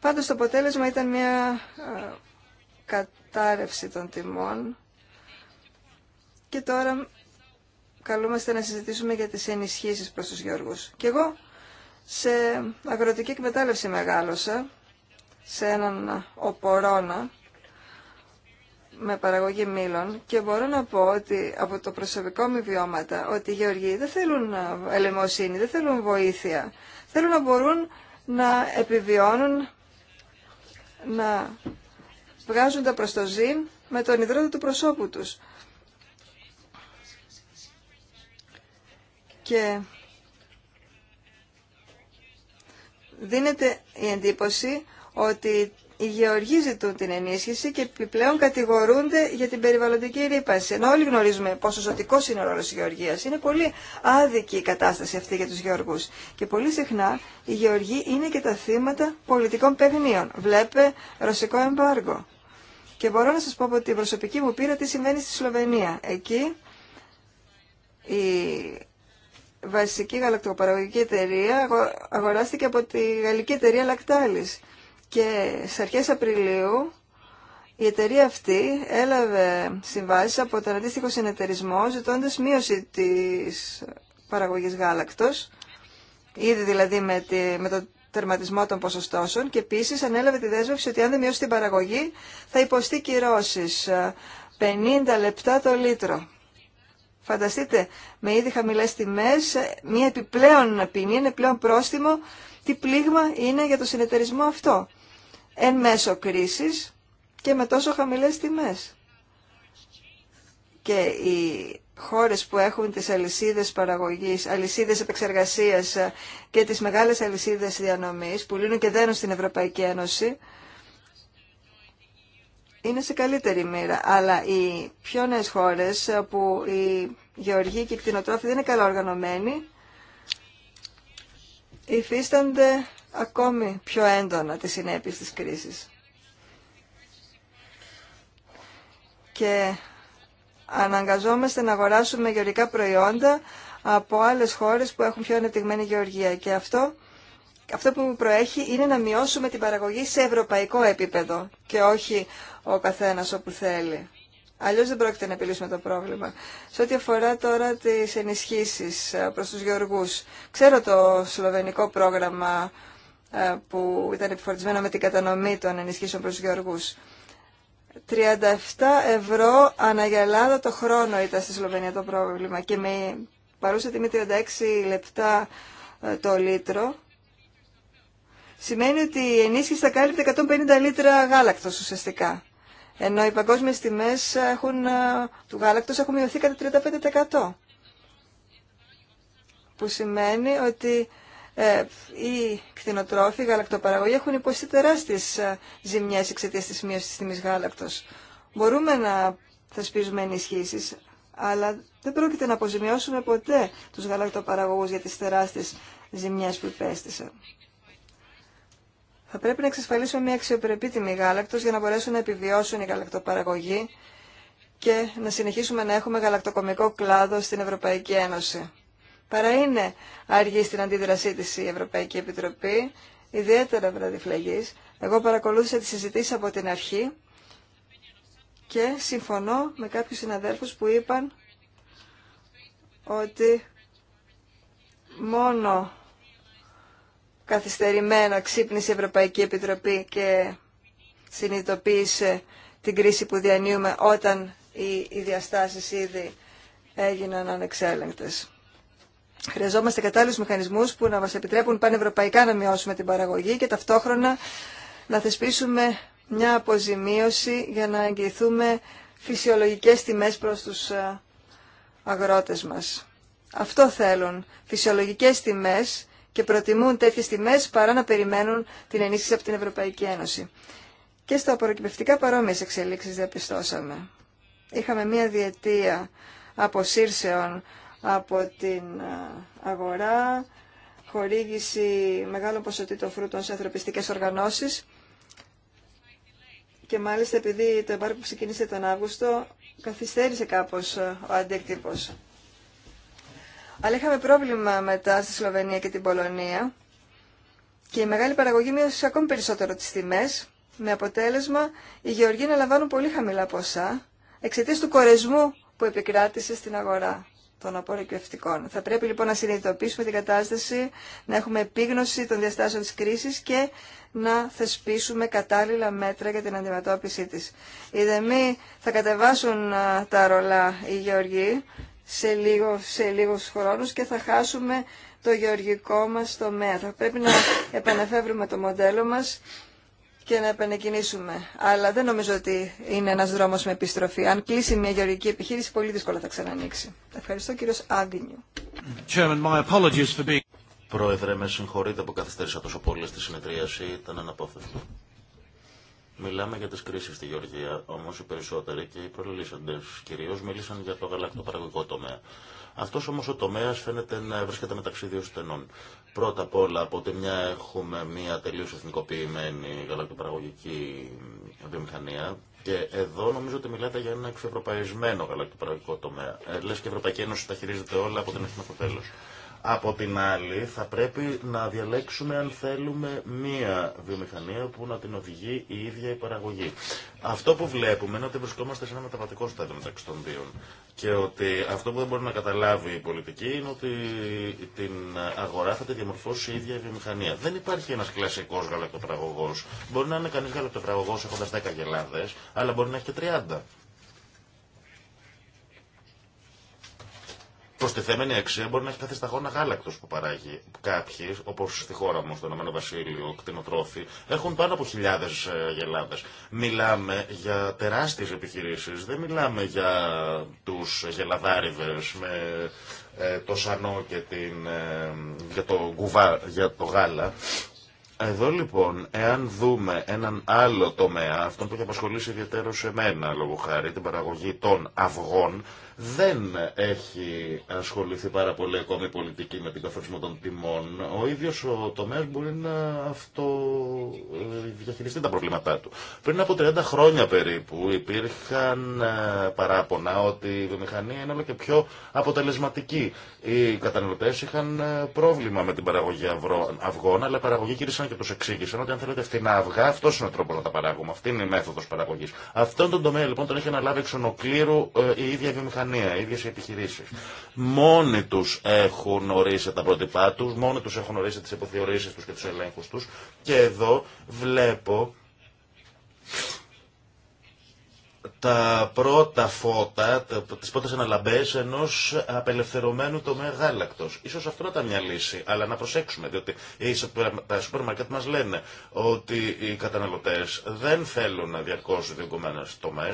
Πάντως το αποτέλεσμα ήταν μια ε, κατάρρευση των τιμών και τώρα καλούμαστε να συζητήσουμε για τις ενισχύσεις προς τους γεωργούς. Και εγώ σε αγροτική εκμετάλλευση μεγάλωσα, σε έναν οπορώνα με παραγωγή μήλων και μπορώ να πω ότι από το προσωπικό μου βιώματα ότι οι γεωργοί δεν θέλουν ε, ελεημοσύνη, δεν θέλουν βοήθεια. Θέλουν να μπορούν να επιβιώνουν, να βγάζουν τα ζήν με τον υδρότο του προσώπου τους. Και δίνεται η εντύπωση ότι οι γεωργοί ζητούν την ενίσχυση και επιπλέον κατηγορούνται για την περιβαλλοντική ρήπαση. Ενώ όλοι γνωρίζουμε πόσο ζωτικό είναι ο ρόλο τη γεωργία. Είναι πολύ άδικη η κατάσταση αυτή για του γεωργού. Και πολύ συχνά οι γεωργοί είναι και τα θύματα πολιτικών παιχνίων. Βλέπε ρωσικό εμπάργο. Και μπορώ να σα πω από την προσωπική μου πείρα τι συμβαίνει στη Σλοβενία. Εκεί η βασική γαλακτοπαραγωγική εταιρεία αγοράστηκε από τη γαλλική εταιρεία Λακτάλης και σε αρχές Απριλίου η εταιρεία αυτή έλαβε συμβάσεις από τον αντίστοιχο συνεταιρισμό ζητώντας μείωση της παραγωγής γάλακτος, ήδη δηλαδή με, με το τερματισμό των ποσοστώσεων και επίση ανέλαβε τη δέσμευση ότι αν δεν μειώσει την παραγωγή θα υποστεί κυρώσει 50 λεπτά το λίτρο. Φανταστείτε, με ήδη χαμηλέ τιμέ, μια επιπλέον ποινή, ένα επιπλέον πρόστιμο, τι πλήγμα είναι για το συνεταιρισμό αυτό εν μέσω κρίσης και με τόσο χαμηλές τιμές. Και οι χώρες που έχουν τις αλυσίδες παραγωγής, αλυσίδες επεξεργασίας και τις μεγάλες αλυσίδες διανομής που λύνουν και δένουν στην Ευρωπαϊκή Ένωση, είναι σε καλύτερη μοίρα. Αλλά οι πιο νέες χώρες που η γεωργοί και οι κτηνοτρόφοι δεν είναι καλά οργανωμένοι, υφίστανται ακόμη πιο έντονα τις συνέπειες της κρίσης. Και αναγκαζόμαστε να αγοράσουμε γεωργικά προϊόντα από άλλες χώρες που έχουν πιο ανεπτυγμένη γεωργία. Και αυτό, αυτό που μου προέχει είναι να μειώσουμε την παραγωγή σε ευρωπαϊκό επίπεδο και όχι ο καθένας όπου θέλει. Αλλιώς δεν πρόκειται να επιλύσουμε το πρόβλημα. Σε ό,τι αφορά τώρα τις ενισχύσεις ε, προς τους γεωργούς. Ξέρω το σλοβενικό πρόγραμμα ε, που ήταν επιφορτισμένο με την κατανομή των ενισχύσεων προς γεωργούς. 37 ευρώ αναγελάδα το χρόνο ήταν στη Σλοβενία το πρόβλημα και με παρούσα τιμή 36 λεπτά ε, το λίτρο σημαίνει ότι η ενίσχυση θα κάλυπτε 150 λίτρα γάλακτος ουσιαστικά. Ενώ οι παγκόσμιες τιμές έχουν, ε, του γάλακτος έχουν μειωθεί κατά 35% που σημαίνει ότι ε, οι κτηνοτρόφοι, οι γαλακτοπαραγωγοί έχουν υποστεί τεράστιε ε, ζημιέ εξαιτία τη μείωση τη τιμή γάλακτος. Μπορούμε να θεσπίζουμε ενισχύσει, αλλά δεν πρόκειται να αποζημιώσουμε ποτέ του γαλακτοπαραγωγού για τι τεράστιε ζημιέ που υπέστησαν. Θα πρέπει να εξασφαλίσουμε μια αξιοπρεπή τιμή γάλακτο για να μπορέσουν να επιβιώσουν οι γαλακτοπαραγωγοί και να συνεχίσουμε να έχουμε γαλακτοκομικό κλάδο στην Ευρωπαϊκή Ένωση παρά είναι αργή στην αντίδρασή της η Ευρωπαϊκή Επιτροπή, ιδιαίτερα φλεγής, Εγώ παρακολούθησα τις συζητήσεις από την αρχή και συμφωνώ με κάποιους συναδέλφους που είπαν ότι μόνο καθυστερημένα ξύπνησε η Ευρωπαϊκή Επιτροπή και συνειδητοποίησε την κρίση που διανύουμε όταν οι, οι διαστάσεις ήδη έγιναν ανεξέλεγκτες. Χρειαζόμαστε κατάλληλου μηχανισμού που να μας επιτρέπουν πανευρωπαϊκά να μειώσουμε την παραγωγή και ταυτόχρονα να θεσπίσουμε μια αποζημίωση για να εγγυηθούμε φυσιολογικέ τιμέ προς τους ε, αγρότε μας. Αυτό θέλουν, φυσιολογικέ τιμέ και προτιμούν τέτοιες τιμέ παρά να περιμένουν την ενίσχυση από την Ευρωπαϊκή Ένωση. Και στα απορροκυπευτικά παρόμοιες εξελίξεις διαπιστώσαμε. Είχαμε μία διετία αποσύρσεων από την αγορά, χορήγηση μεγάλων ποσοτήτων φρούτων σε ανθρωπιστικές οργανώσεις και μάλιστα επειδή το εμπάρκο που ξεκίνησε τον Αύγουστο καθυστέρησε κάπως ο αντίκτυπος. Αλλά είχαμε πρόβλημα μετά στη Σλοβενία και την Πολωνία και η μεγάλη παραγωγή μείωσε ακόμη περισσότερο τις τιμές με αποτέλεσμα οι γεωργοί να λαμβάνουν πολύ χαμηλά ποσά εξαιτία του κορεσμού που επικράτησε στην αγορά των απορροκευτικών. Θα πρέπει λοιπόν να συνειδητοποιήσουμε την κατάσταση, να έχουμε επίγνωση των διαστάσεων της κρίσης και να θεσπίσουμε κατάλληλα μέτρα για την αντιμετώπιση της. Οι ΔΕΜΗ θα κατεβάσουν τα ρολά οι γεωργοί σε, λίγο, σε λίγους χρόνους και θα χάσουμε το γεωργικό μας τομέα. Θα πρέπει να επανεφεύρουμε το μοντέλο μας και να επενεκκινήσουμε. Αλλά δεν νομίζω ότι είναι ένας δρόμος με επιστροφή. Αν κλείσει μια γεωργική επιχείρηση, πολύ δύσκολα θα ξανανοίξει. Ευχαριστώ κύριο Άγγινιου. Πρόεδρε, με συγχωρείτε που καθυστέρησα τόσο πολύ στη συνεδρίαση, ήταν αναπόφευκτο. Μιλάμε για τι κρίσει στη Γεωργία, όμω οι περισσότεροι και οι προλύσαντες Κυρίω μίλησαν για το γαλακτοπαραγωγικό τομέα. Αυτό όμω ο τομέα φαίνεται να βρίσκεται μεταξύ δύο στενών. Πρώτα απ' όλα, από τη μια έχουμε μια τελείως εθνικοποιημένη γαλακτοπαραγωγική βιομηχανία και εδώ νομίζω ότι μιλάτε για ένα εξευρωπαϊσμένο γαλακτοπαραγωγικό τομέα. Ε, λες και η Ευρωπαϊκή Ένωση τα χειρίζεται όλα από την εθνική από την άλλη, θα πρέπει να διαλέξουμε αν θέλουμε μία βιομηχανία που να την οδηγεί η ίδια η παραγωγή. Αυτό που βλέπουμε είναι ότι βρισκόμαστε σε ένα μεταβατικό στάδιο μεταξύ των δύο. Και ότι αυτό που δεν μπορεί να καταλάβει η πολιτική είναι ότι την αγορά θα τη διαμορφώσει η ίδια η βιομηχανία. Δεν υπάρχει ένα κλασικό γαλακτοπραγωγό. Μπορεί να είναι κανεί γαλακτοπραγωγό έχοντα 10 γελάδε, αλλά μπορεί να έχει και 30. προστιθέμενη αξία μπορεί να έχει κάθε σταγόνα γάλακτο που παράγει. Κάποιοι, όπω στη χώρα μου, στο Ηνωμένο Βασίλειο, κτηνοτρόφοι, έχουν πάνω από χιλιάδε γελάδε. Μιλάμε για τεράστιε επιχειρήσει, δεν μιλάμε για του γελαδάριδε με ε, το σανό και την, ε, για το γκουβά, για το γάλα. Εδώ λοιπόν, εάν δούμε έναν άλλο τομέα, αυτόν που έχει απασχολήσει ιδιαίτερο σε μένα λόγω χάρη, την παραγωγή των αυγών, δεν έχει ασχοληθεί πάρα πολύ ακόμη η πολιτική με την καθορισμό των τιμών. Ο ίδιος ο τομέας μπορεί να ε, διαχειριστεί τα προβλήματά του. Πριν από 30 χρόνια περίπου υπήρχαν ε, παράπονα ότι η βιομηχανία είναι όλο και πιο αποτελεσματική. Οι καταναλωτές είχαν ε, πρόβλημα με την παραγωγή αυγών, αλλά οι παραγωγοί κυρίσαν και του εξήγησαν ότι αν θέλετε φθηνά αυγά, αυτό είναι ο τρόπος να τα παράγουμε. Αυτή είναι η μέθοδος παραγωγής. Αυτόν τον τομέα λοιπόν τον έχει αναλάβει εξ ολοκλήρου η ίδια η βιομηχανία βιομηχανία, οι ίδιε οι επιχειρήσει. Μόνοι του έχουν ορίσει τα πρότυπά του, μόνοι του έχουν ορίσει τι υποθεωρήσει του και του ελέγχου του. Και εδώ βλέπω τα πρώτα φώτα, τι πρώτε αναλαμπέ ενό απελευθερωμένου τομέα γάλακτο. σω αυτό να ήταν μια λύση, αλλά να προσέξουμε, διότι τα σούπερ μάρκετ μα λένε ότι οι καταναλωτέ δεν θέλουν να διαρκώ διοικημένε τομέ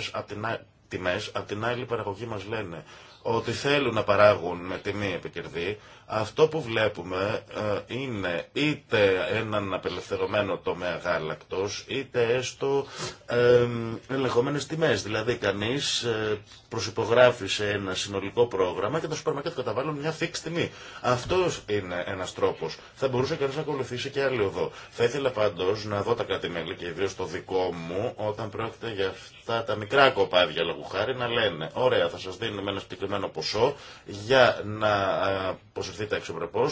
τιμές, απ' την άλλη η παραγωγή μας λένε ότι θέλουν να παράγουν με τιμή επικερδή, αυτό που βλέπουμε ε, είναι είτε έναν απελευθερωμένο τομέα γάλακτος, είτε έστω ε, ελεγχόμενες τιμές. Δηλαδή κανείς ε, προσυπογράφει σε ένα συνολικό πρόγραμμα και τα σούπερ καταβάλουν μια φίξ τιμή. Αυτός είναι ένας τρόπος. Θα μπορούσε κανείς να ακολουθήσει και άλλο εδώ. Θα ήθελα πάντως να δω τα κάτι μελη και ιδίως το δικό μου όταν πρόκειται για αυτά τα μικρά κοπάδια λόγου χάρη να λένε ωραία θα σας δίνουμε ένα συγκεκριμένο ποσό για να ε, προσεχθείτε εξωπρεπώ.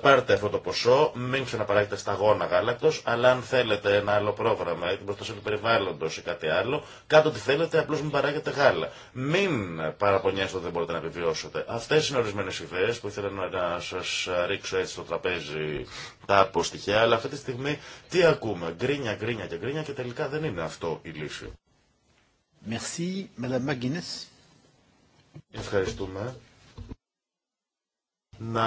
Πάρτε αυτό το ποσό, μην ξαναπαράγετε σταγόνα γάλακτο, αλλά αν θέλετε ένα άλλο πρόγραμμα ή την προστασία του περιβάλλοντο ή κάτι άλλο, κάτω τι θέλετε, απλώ μην παράγετε γάλα. Μην παραπονιέστε ότι δεν μπορείτε να επιβιώσετε. Αυτέ είναι ορισμένε ιδέε που ήθελα να σα ρίξω έτσι στο τραπέζι τα αποστοιχεία, αλλά αυτή τη στιγμή τι ακούμε, γκρίνια, γκρίνια και γκρίνια και τελικά δεν είναι αυτό η λύση. Merci, Madame Maguinness. Ευχαριστούμε. Να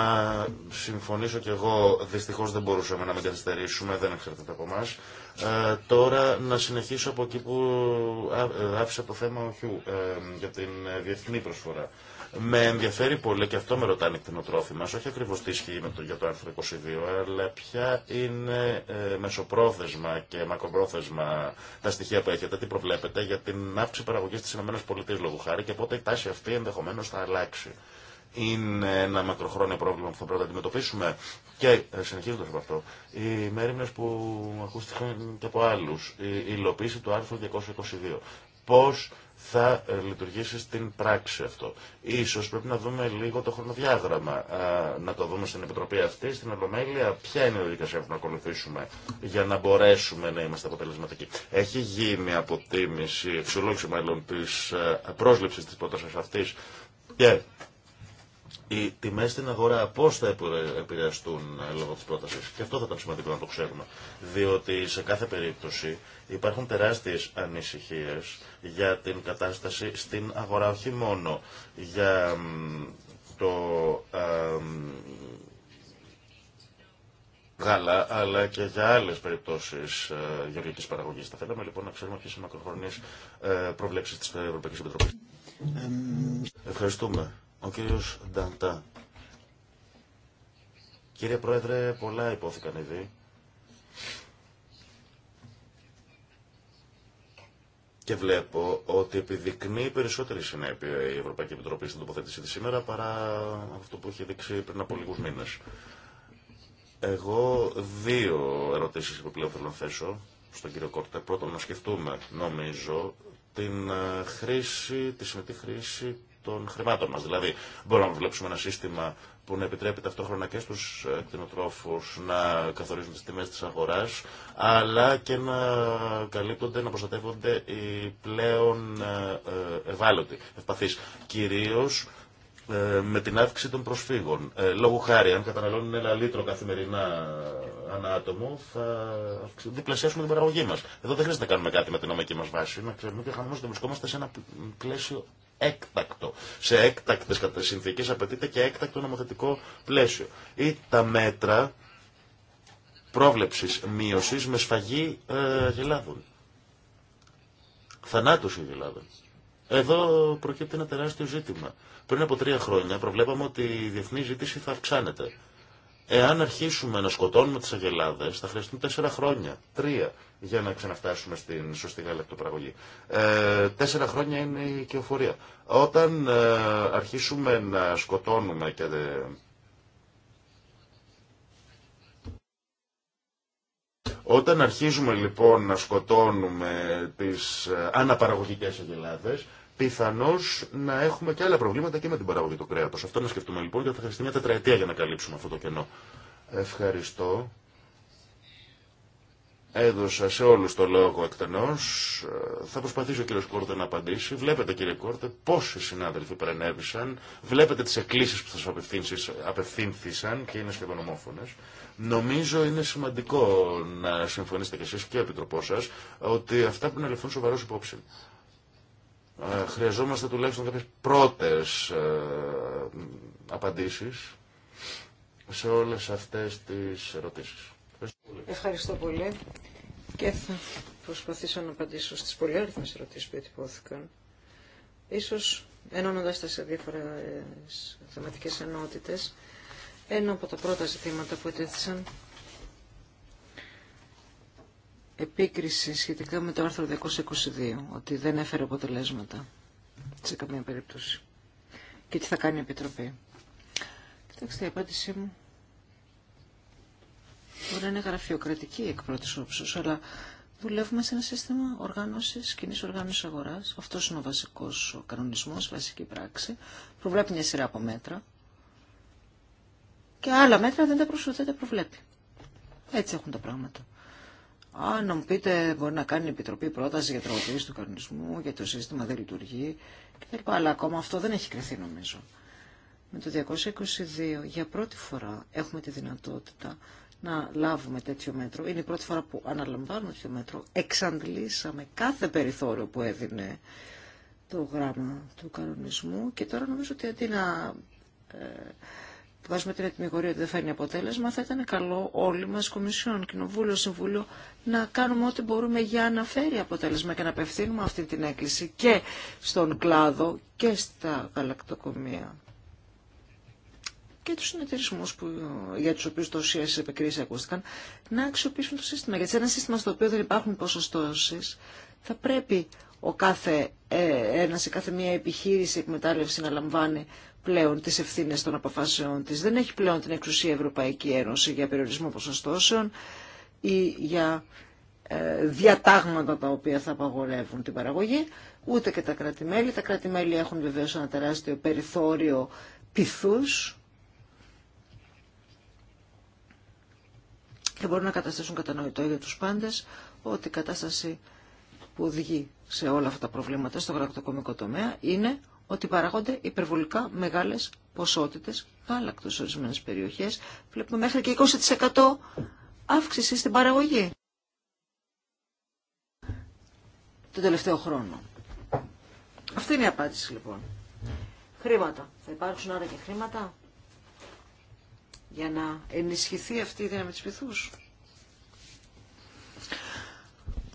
συμφωνήσω κι εγώ, δυστυχώς δεν μπορούσαμε να με καθυστερήσουμε, δεν εξαρτάται από εμά. Ε, τώρα να συνεχίσω από εκεί που ε, άφησα το θέμα ο ε, για την διεθνή προσφορά. Με ενδιαφέρει πολύ και αυτό με ρωτάνε οι κτηνοτρόφοι μας, όχι ακριβώς τι ισχύει το, για το άρθρο 22, αλλά ποια είναι ε, μεσοπρόθεσμα και μακροπρόθεσμα τα στοιχεία που έχετε, τι προβλέπετε για την αύξηση παραγωγής της ΗΠΑ λόγω χάρη και πότε η τάση αυτή ενδεχομένως θα αλλάξει. Είναι ένα μακροχρόνιο πρόβλημα που θα πρέπει να αντιμετωπίσουμε και ε, συνεχίζοντας από αυτό, οι μέρημνες που ακούστηκαν και από άλλους, η υλοποίηση του άρθρου 222. Πώς θα ε, λειτουργήσει στην πράξη αυτό. Ίσως πρέπει να δούμε λίγο το χρονοδιάγραμμα, να το δούμε στην Επιτροπή αυτή, στην Ολομέλεια, ποια είναι η διαδικασία που να ακολουθήσουμε για να μπορέσουμε να είμαστε αποτελεσματικοί. Έχει γίνει αποτίμηση, εξολόγηση μάλλον της ε, πρόσληψης της πρότασης αυτής και οι τιμέ στην αγορά πώ θα επηρεαστούν ε, λόγω τη πρόταση. Και αυτό θα ήταν σημαντικό να το ξέρουμε. Διότι σε κάθε περίπτωση Υπάρχουν τεράστιε ανησυχίες για την κατάσταση στην αγορά, όχι μόνο για το γάλα, αλλά και για άλλε περιπτώσει ε, γεωργική παραγωγή. Θα θέλαμε λοιπόν να ξέρουμε ποιε είναι οι μακροχρόνιε ε, προβλέψει τη Ευρωπαϊκή Επιτροπή. Ευχαριστούμε. Ο κύριο Νταντά. Κύριε Πρόεδρε, πολλά υπόθηκαν ήδη. Και βλέπω ότι επιδεικνύει περισσότερη συνέπεια η Ευρωπαϊκή Επιτροπή στην τοποθέτησή τη σήμερα παρά αυτό που είχε δείξει πριν από λίγου μήνε. Εγώ δύο ερωτήσει επιπλέον θέλω να θέσω στον κύριο Κόρτα. Πρώτον, να σκεφτούμε, νομίζω, την ε, χρήση, τη συνετή χρήση των χρημάτων μας. Δηλαδή, μπορούμε να βλέψουμε ένα σύστημα που να επιτρέπει ταυτόχρονα και στους ε, κτηνοτρόφους να καθορίζουν τις τιμές της αγοράς, αλλά και να καλύπτονται, να προστατεύονται οι πλέον ε, ε, ευάλωτοι, ευπαθείς. Κυρίως με την αύξηση των προσφύγων. λόγω χάρη, αν καταναλώνουν ένα λίτρο καθημερινά ανά άτομο, θα διπλασιάσουμε την παραγωγή μα. Εδώ δεν χρειάζεται να κάνουμε κάτι με την νομική μα βάση. Να ξέρουμε ότι βρισκόμαστε σε ένα πλαίσιο έκτακτο. Σε έκτακτες συνθήκες απαιτείται και έκτακτο νομοθετικό πλαίσιο. Ή τα μέτρα πρόβλεψης μείωσης με σφαγή ε, γελάδων. Θανάτωση γελάδων. Εδώ προκύπτει ένα τεράστιο ζήτημα. Πριν από τρία χρόνια προβλέπαμε ότι η διεθνή ζήτηση θα αυξάνεται. Εάν αρχίσουμε να σκοτώνουμε τις αγελάδες θα χρειαστούν τέσσερα χρόνια, τρία, για να ξαναφτάσουμε στην σωστή γαλακτοπραγωγή. Ε, τέσσερα χρόνια είναι η οικειοφορία. Όταν ε, αρχίσουμε να σκοτώνουμε και Όταν αρχίζουμε λοιπόν να σκοτώνουμε τις ε, αναπαραγωγικές αγελάδες, πιθανώς να έχουμε και άλλα προβλήματα και με την παραγωγή του κρέατος. Αυτό να σκεφτούμε λοιπόν γιατί θα χρειαστεί μια τετραετία για να καλύψουμε αυτό το κενό. Ευχαριστώ. Έδωσα σε όλους το λόγο εκτενώς. Ε, θα προσπαθήσω ο κύριος Κόρτε να απαντήσει. Βλέπετε κύριε Κόρτε πόσοι συνάδελφοι παρενέβησαν. Βλέπετε τις εκκλήσεις που σας απευθύνθησαν και είναι σχεδόν ομόφωνες. Νομίζω είναι σημαντικό να συμφωνήσετε κι εσείς και ο Επιτροπός σας ότι αυτά πρέπει να λεφθούν σοβαρός υπόψη. Ε, χρειαζόμαστε τουλάχιστον κάποιες πρώτες ε, απαντήσεις σε όλες αυτές τις ερωτήσεις. Ευχαριστώ πολύ και θα προσπαθήσω να απαντήσω στις πολυάριθμες ερωτήσεις που ετυπώθηκαν. Ίσως ενώνοντας τα σε διάφορα θεματικές ενότητες, ένα από τα πρώτα ζητήματα που ετέθησαν επίκριση σχετικά με το άρθρο 222, ότι δεν έφερε αποτελέσματα σε καμία περίπτωση και τι θα κάνει η Επιτροπή. Κοιτάξτε, η απάντησή μου Μπορεί να είναι γραφειοκρατική εκ πρώτη όψου, αλλά δουλεύουμε σε ένα σύστημα οργάνωση, κοινή οργάνωση αγορά. Αυτό είναι ο βασικό κανονισμό, βασική πράξη. Προβλέπει μια σειρά από μέτρα. Και άλλα μέτρα δεν τα, προσφέρει, δεν τα προβλέπει. Έτσι έχουν τα πράγματα. Αν μου πείτε, μπορεί να κάνει η Επιτροπή πρόταση για τροποποίηση του κανονισμού, γιατί το σύστημα δεν λειτουργεί κτλ. Αλλά ακόμα αυτό δεν έχει κρυθεί νομίζω. Με το 222 για πρώτη φορά έχουμε τη δυνατότητα να λάβουμε τέτοιο μέτρο. Είναι η πρώτη φορά που αναλαμβάνουμε τέτοιο μέτρο. Εξαντλήσαμε κάθε περιθώριο που έδινε το γράμμα του κανονισμού και τώρα νομίζω ότι αντί να ε, βάζουμε την ετοιμιγωρία ότι δεν φέρνει αποτέλεσμα, θα ήταν καλό όλοι μας, Κομισιόν, Κοινοβούλιο, Συμβούλιο, να κάνουμε ό,τι μπορούμε για να φέρει αποτέλεσμα και να απευθύνουμε αυτή την έκκληση και στον κλάδο και στα γαλακτοκομεία και τους συνεταιρισμού για τους οποίους τόσες επικρίσει ακούστηκαν να αξιοποιήσουν το σύστημα. Γιατί σε ένα σύστημα στο οποίο δεν υπάρχουν ποσοστώσει, θα πρέπει ο κάθε ε, ένας ή κάθε μία επιχείρηση εκμετάλλευση να λαμβάνει πλέον τι ευθύνε των αποφάσεών τη. Δεν έχει πλέον την εξουσία Ευρωπαϊκή Ένωση για περιορισμό ποσοστώσεων ή για ε, διατάγματα τα οποία θα απαγορεύουν την παραγωγή, ούτε και τα κράτη-μέλη. Τα κράτη-μέλη έχουν βεβαίω ένα τεράστιο περιθώριο πυθού. και μπορούν να καταστήσουν κατανοητό για τους πάντες ότι η κατάσταση που οδηγεί σε όλα αυτά τα προβλήματα στο γαλακτοκομικό τομέα είναι ότι παράγονται υπερβολικά μεγάλες ποσότητες γάλακτος σε ορισμένες περιοχές. Βλέπουμε μέχρι και 20% αύξηση στην παραγωγή τον τελευταίο χρόνο. Αυτή είναι η απάντηση λοιπόν. Χρήματα. Θα υπάρξουν άρα και χρήματα για να ενισχυθεί αυτή η δύναμη της πυθούς.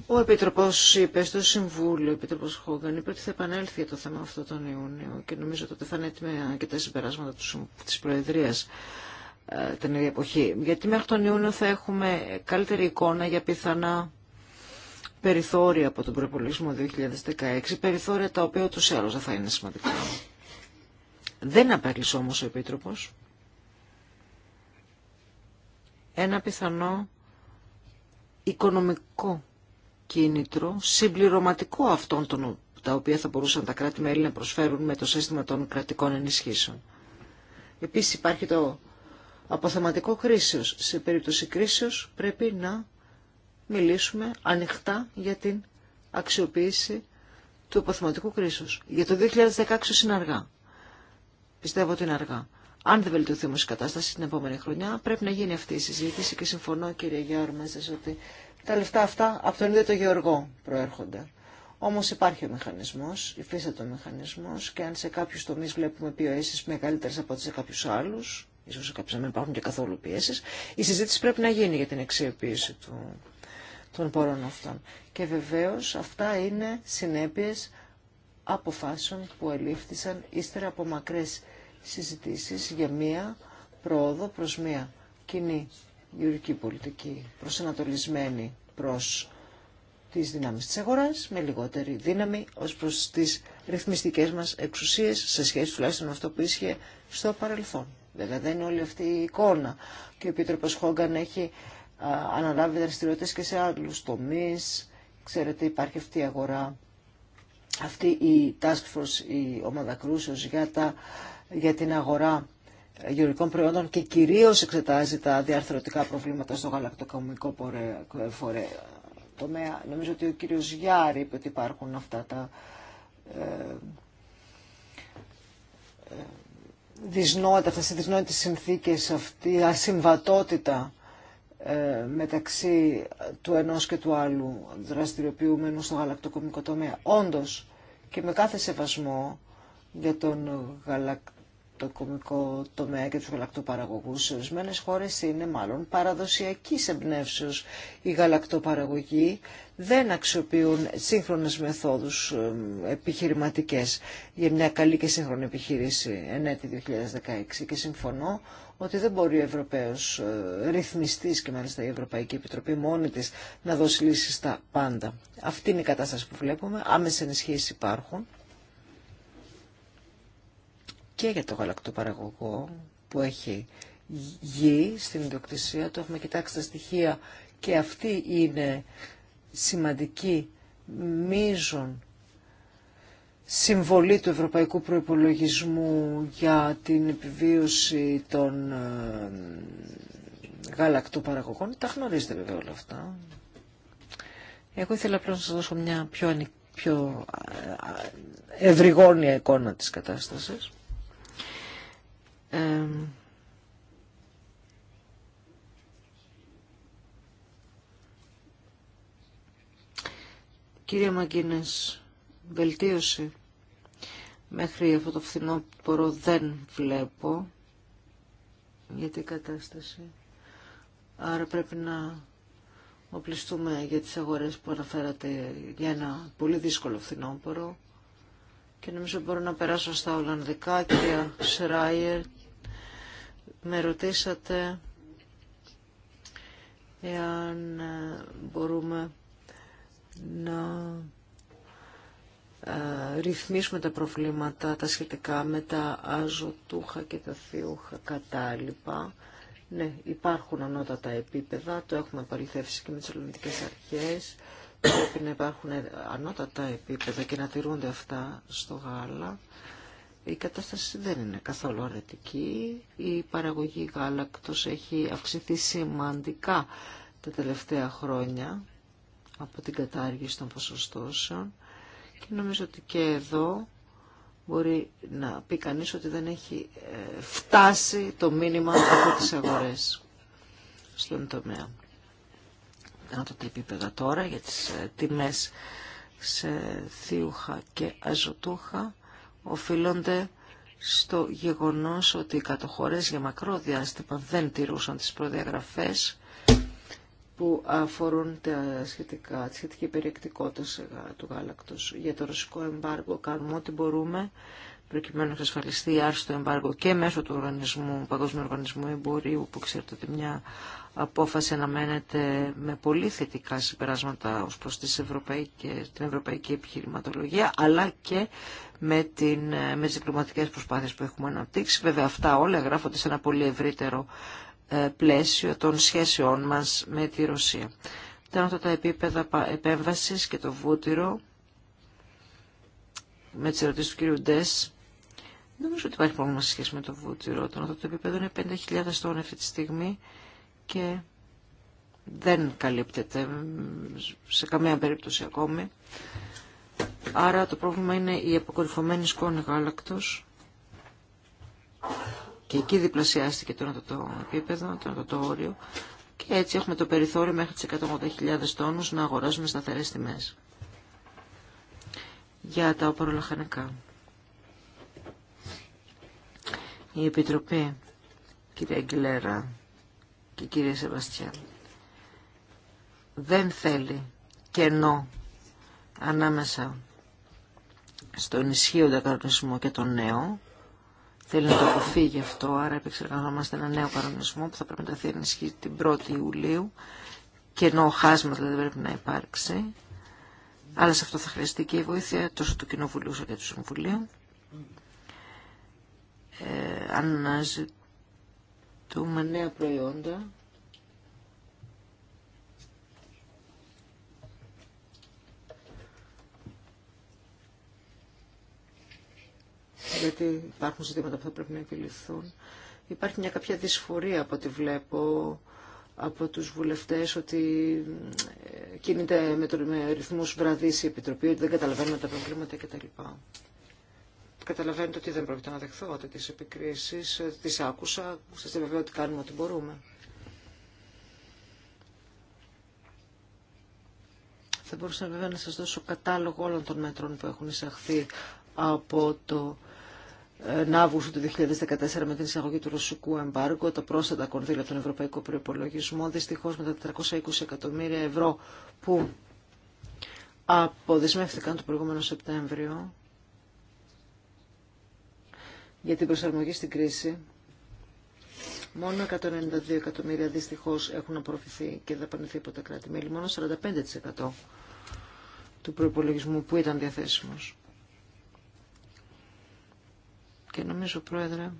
Ο Επιτροπός είπε στο Συμβούλιο, ο Επιτροπός Χόγκαν, είπε ότι θα επανέλθει για το θέμα αυτό τον Ιούνιο και νομίζω ότι θα είναι έτοιμα και τα συμπεράσματα της Προεδρίας ε, την ίδια εποχή. Γιατί μέχρι τον Ιούνιο θα έχουμε καλύτερη εικόνα για πιθανά περιθώρια από τον προπολογισμό 2016, περιθώρια τα οποία ούτως ή θα είναι σημαντικά. Δεν απέκλεισε όμως ο επίτροπο ένα πιθανό οικονομικό κίνητρο, συμπληρωματικό αυτών των τα οποία θα μπορούσαν τα κράτη-μέλη να προσφέρουν με το σύστημα των κρατικών ενισχύσεων. Επίσης υπάρχει το αποθεματικό κρίσεως. Σε περίπτωση κρίσεως πρέπει να μιλήσουμε ανοιχτά για την αξιοποίηση του αποθεματικού κρίσεως. Για το 2016 είναι αργά. Πιστεύω ότι είναι αργά αν δεν βελτιωθεί όμω η κατάσταση την επόμενη χρονιά, πρέπει να γίνει αυτή η συζήτηση και συμφωνώ κύριε Γιώργο σα, ότι τα λεφτά αυτά από τον ίδιο το Γεωργό προέρχονται. Όμω υπάρχει ο μηχανισμό, υφίσταται ο μηχανισμός και αν σε κάποιου τομεί βλέπουμε πιέσει μεγαλύτερε από ό,τι σε κάποιου άλλου, ίσω σε κάποιου να μην υπάρχουν και καθόλου πιέσει, η συζήτηση πρέπει να γίνει για την αξιοποίηση του, των πόρων αυτών. Και βεβαίω αυτά είναι συνέπειε αποφάσεων που ελήφθησαν ύστερα από μακρές συζητήσεις για μία πρόοδο προς μία κοινή γεωργική πολιτική προσανατολισμένη προς τις δυνάμεις της αγοράς με λιγότερη δύναμη ως προς τις ρυθμιστικές μας εξουσίες σε σχέση τουλάχιστον με αυτό που ίσχυε στο παρελθόν. Βέβαια δεν είναι όλη αυτή η εικόνα και ο Επίτροπος Χόγκαν έχει αναλάβει δραστηριότητε και σε άλλους τομείς. Ξέρετε υπάρχει αυτή η αγορά, αυτή η task force, η ομάδα κρούσεως για τα για την αγορά γεωργικών προϊόντων και κυρίως εξετάζει τα διαρθρωτικά προβλήματα στο γαλακτοκομικό φορέ. Τομέα. Νομίζω ότι ο κύριος Γιάρη είπε ότι υπάρχουν αυτά τα ε, ε δυσνόητα, αυτές οι δυσνόητες συνθήκες, αυτή η ασυμβατότητα ε, μεταξύ του ενός και του άλλου δραστηριοποιούμενου στο γαλακτοκομικό τομέα. Όντως και με κάθε σεβασμό για τον γαλακ το κομικό τομέα και τους γαλακτοπαραγωγούς σε ορισμένε χώρες είναι μάλλον παραδοσιακή εμπνεύσεως. Οι γαλακτοπαραγωγοί δεν αξιοποιούν σύγχρονες μεθόδους επιχειρηματικές για μια καλή και σύγχρονη επιχείρηση εν έτη 2016 και συμφωνώ ότι δεν μπορεί ο Ευρωπαίος ε, ρυθμιστής και μάλιστα η Ευρωπαϊκή Επιτροπή μόνη της να δώσει λύσεις στα πάντα. Αυτή είναι η κατάσταση που βλέπουμε, Άμεσες ενισχύσεις υπάρχουν και για το γαλακτοπαραγωγό που έχει γη στην ιδιοκτησία το έχουμε κοιτάξει τα στοιχεία και αυτή είναι σημαντική μίζων συμβολή του ευρωπαϊκού προϋπολογισμού για την επιβίωση των ε, γαλακτοπαραγωγών. Τα γνωρίζετε βέβαια όλα αυτά. Εγώ ήθελα απλώς να σας δώσω μια πιο, πιο ε, ε, ευρυγόνια εικόνα της κατάστασης. Κύριε Μαγκίνες, βελτίωση μέχρι αυτό το φθινόπωρο δεν βλέπω για την κατάσταση. Άρα πρέπει να οπλιστούμε για τις αγορές που αναφέρατε για ένα πολύ δύσκολο φθινόπωρο. Και νομίζω μπορώ να περάσω στα Ολλανδικά, κυρία Σράιερ. Με ρωτήσατε εάν ε, μπορούμε να ε, ρυθμίσουμε τα προβλήματα τα σχετικά με τα αζωτούχα και τα θείουχα κατάλοιπα. Ναι, υπάρχουν ανώτατα επίπεδα, το έχουμε παληθεύσει και με τις ελληνικές αρχές. Πρέπει να υπάρχουν ανώτατα επίπεδα και να τηρούνται αυτά στο γάλα. Η κατάσταση δεν είναι καθόλου αρνητική. Η παραγωγή γάλακτος έχει αυξηθεί σημαντικά τα τελευταία χρόνια από την κατάργηση των ποσοστώσεων και νομίζω ότι και εδώ μπορεί να πει κανείς ότι δεν έχει ε, φτάσει το μήνυμα από τις αγορές στον τομέα. Να το επίπεδα τώρα για τις ε, τιμές σε θείουχα και αζωτούχα οφείλονται στο γεγονός ότι οι κατοχωρές για μακρό διάστημα δεν τηρούσαν τις προδιαγραφές που αφορούν τα σχετικά, τη σχετική περιεκτικότητα του γάλακτος. Για το ρωσικό εμπάργο κάνουμε ό,τι μπορούμε προκειμένου να εξασφαλιστεί η άρση του εμπάργου και μέσω του οργανισμού, Παγκόσμιου Οργανισμού Εμπορίου, που ξέρετε ότι μια απόφαση αναμένεται με πολύ θετικά συμπεράσματα ως προς τις την ευρωπαϊκή επιχειρηματολογία, αλλά και με, την, με τις διπλωματικές προσπάθειες που έχουμε αναπτύξει. Βέβαια αυτά όλα γράφονται σε ένα πολύ ευρύτερο ε, πλαίσιο των σχέσεών μας με τη Ρωσία. Ήταν τα επίπεδα επέμβασης και το βούτυρο με τις ερωτήσεις του κ. Ντες. Δεν νομίζω ότι υπάρχει πρόβλημα σε σχέση με το βούτυρο. Το επίπεδο είναι 5.000 στον αυτή τη στιγμή και δεν καλύπτεται σε καμία περίπτωση ακόμη. Άρα το πρόβλημα είναι η αποκορυφωμένη σκόνη γάλακτος και εκεί διπλασιάστηκε το, το επίπεδο, το, το όριο. Και έτσι έχουμε το περιθώριο μέχρι τις 180.000 τόνους να αγοράζουμε σταθερές τιμές. Για τα οπαρολαχανικά, Η Επιτροπή, κυρία Αγγιλέρα και κύριε Σεβαστιά, δεν θέλει κενό ανάμεσα στον ισχύοντα κανονισμό και τον νέο θέλει να το αποφύγει αυτό, άρα επεξεργαζόμαστε ένα νέο κανονισμό που θα πρέπει να τεθεί ενισχύ την 1η Ιουλίου και ενώ ο χάσμα δηλαδή πρέπει να υπάρξει. Αλλά σε αυτό θα χρειαστεί και η βοήθεια τόσο του Κοινοβουλίου όσο και του Συμβουλίου. Ε, αναζητούμε νέα προϊόντα γιατί υπάρχουν ζητήματα που θα πρέπει να επιληθούν. Υπάρχει μια κάποια δυσφορία από ό,τι βλέπω από τους βουλευτές ότι ε, κινείται με, το, με ρυθμούς βραδύς η Επιτροπή, ότι δεν καταλαβαίνουμε τα προβλήματα κτλ. Καταλαβαίνετε ότι δεν πρόκειται να δεχθώ τέτοιες επικρίσεις, ε, τις άκουσα, σας βέβαια ότι κάνουμε ό,τι μπορούμε. Θα μπορούσα βέβαια να σας δώσω κατάλογο όλων των μέτρων που έχουν εισαχθεί από το Αύγουστο του 2014 με την εισαγωγή του ρωσικού εμπάργου, τα πρόσθετα κονδύλια από τον Ευρωπαϊκό Προπολογισμό, δυστυχώ με τα 420 εκατομμύρια ευρώ που αποδεσμεύτηκαν το προηγούμενο Σεπτέμβριο για την προσαρμογή στην κρίση. Μόνο 192 εκατομμύρια δυστυχώ έχουν απορροφηθεί και δαπανηθεί από τα κράτη-μέλη, μόνο 45% του προπολογισμού που ήταν διαθέσιμος και νομίζω, Πρόεδρε,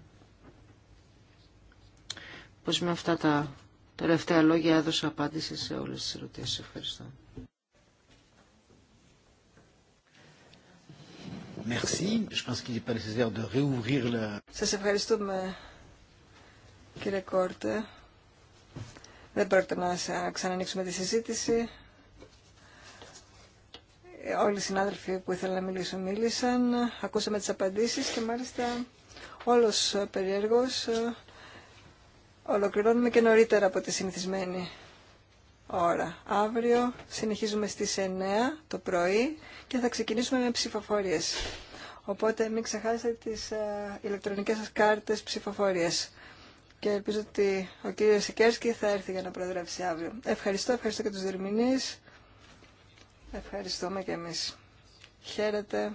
πως με αυτά τα τελευταία λόγια έδωσα απάντηση σε όλες τις ερωτήσεις. Ευχαριστώ. Merci. Σας ευχαριστούμε, κύριε Κόρτε. Δεν πρόκειται να ξανανοίξουμε τη συζήτηση όλοι οι συνάδελφοι που ήθελαν να μιλήσουν μίλησαν, ακούσαμε τις απαντήσεις και μάλιστα όλος περίεργος ε, ολοκληρώνουμε και νωρίτερα από τη συνηθισμένη ώρα. Αύριο συνεχίζουμε στις 9 το πρωί και θα ξεκινήσουμε με ψηφοφορίες. Οπότε μην ξεχάσετε τις ε, ηλεκτρονικές σας κάρτες ψηφοφορίες. Και ελπίζω ότι ο κύριος Σικέρσκι θα έρθει για να προεδρεύσει αύριο. Ευχαριστώ, ευχαριστώ και τους δερμηνείς. Ευχαριστούμε και εμείς. Χαίρετε.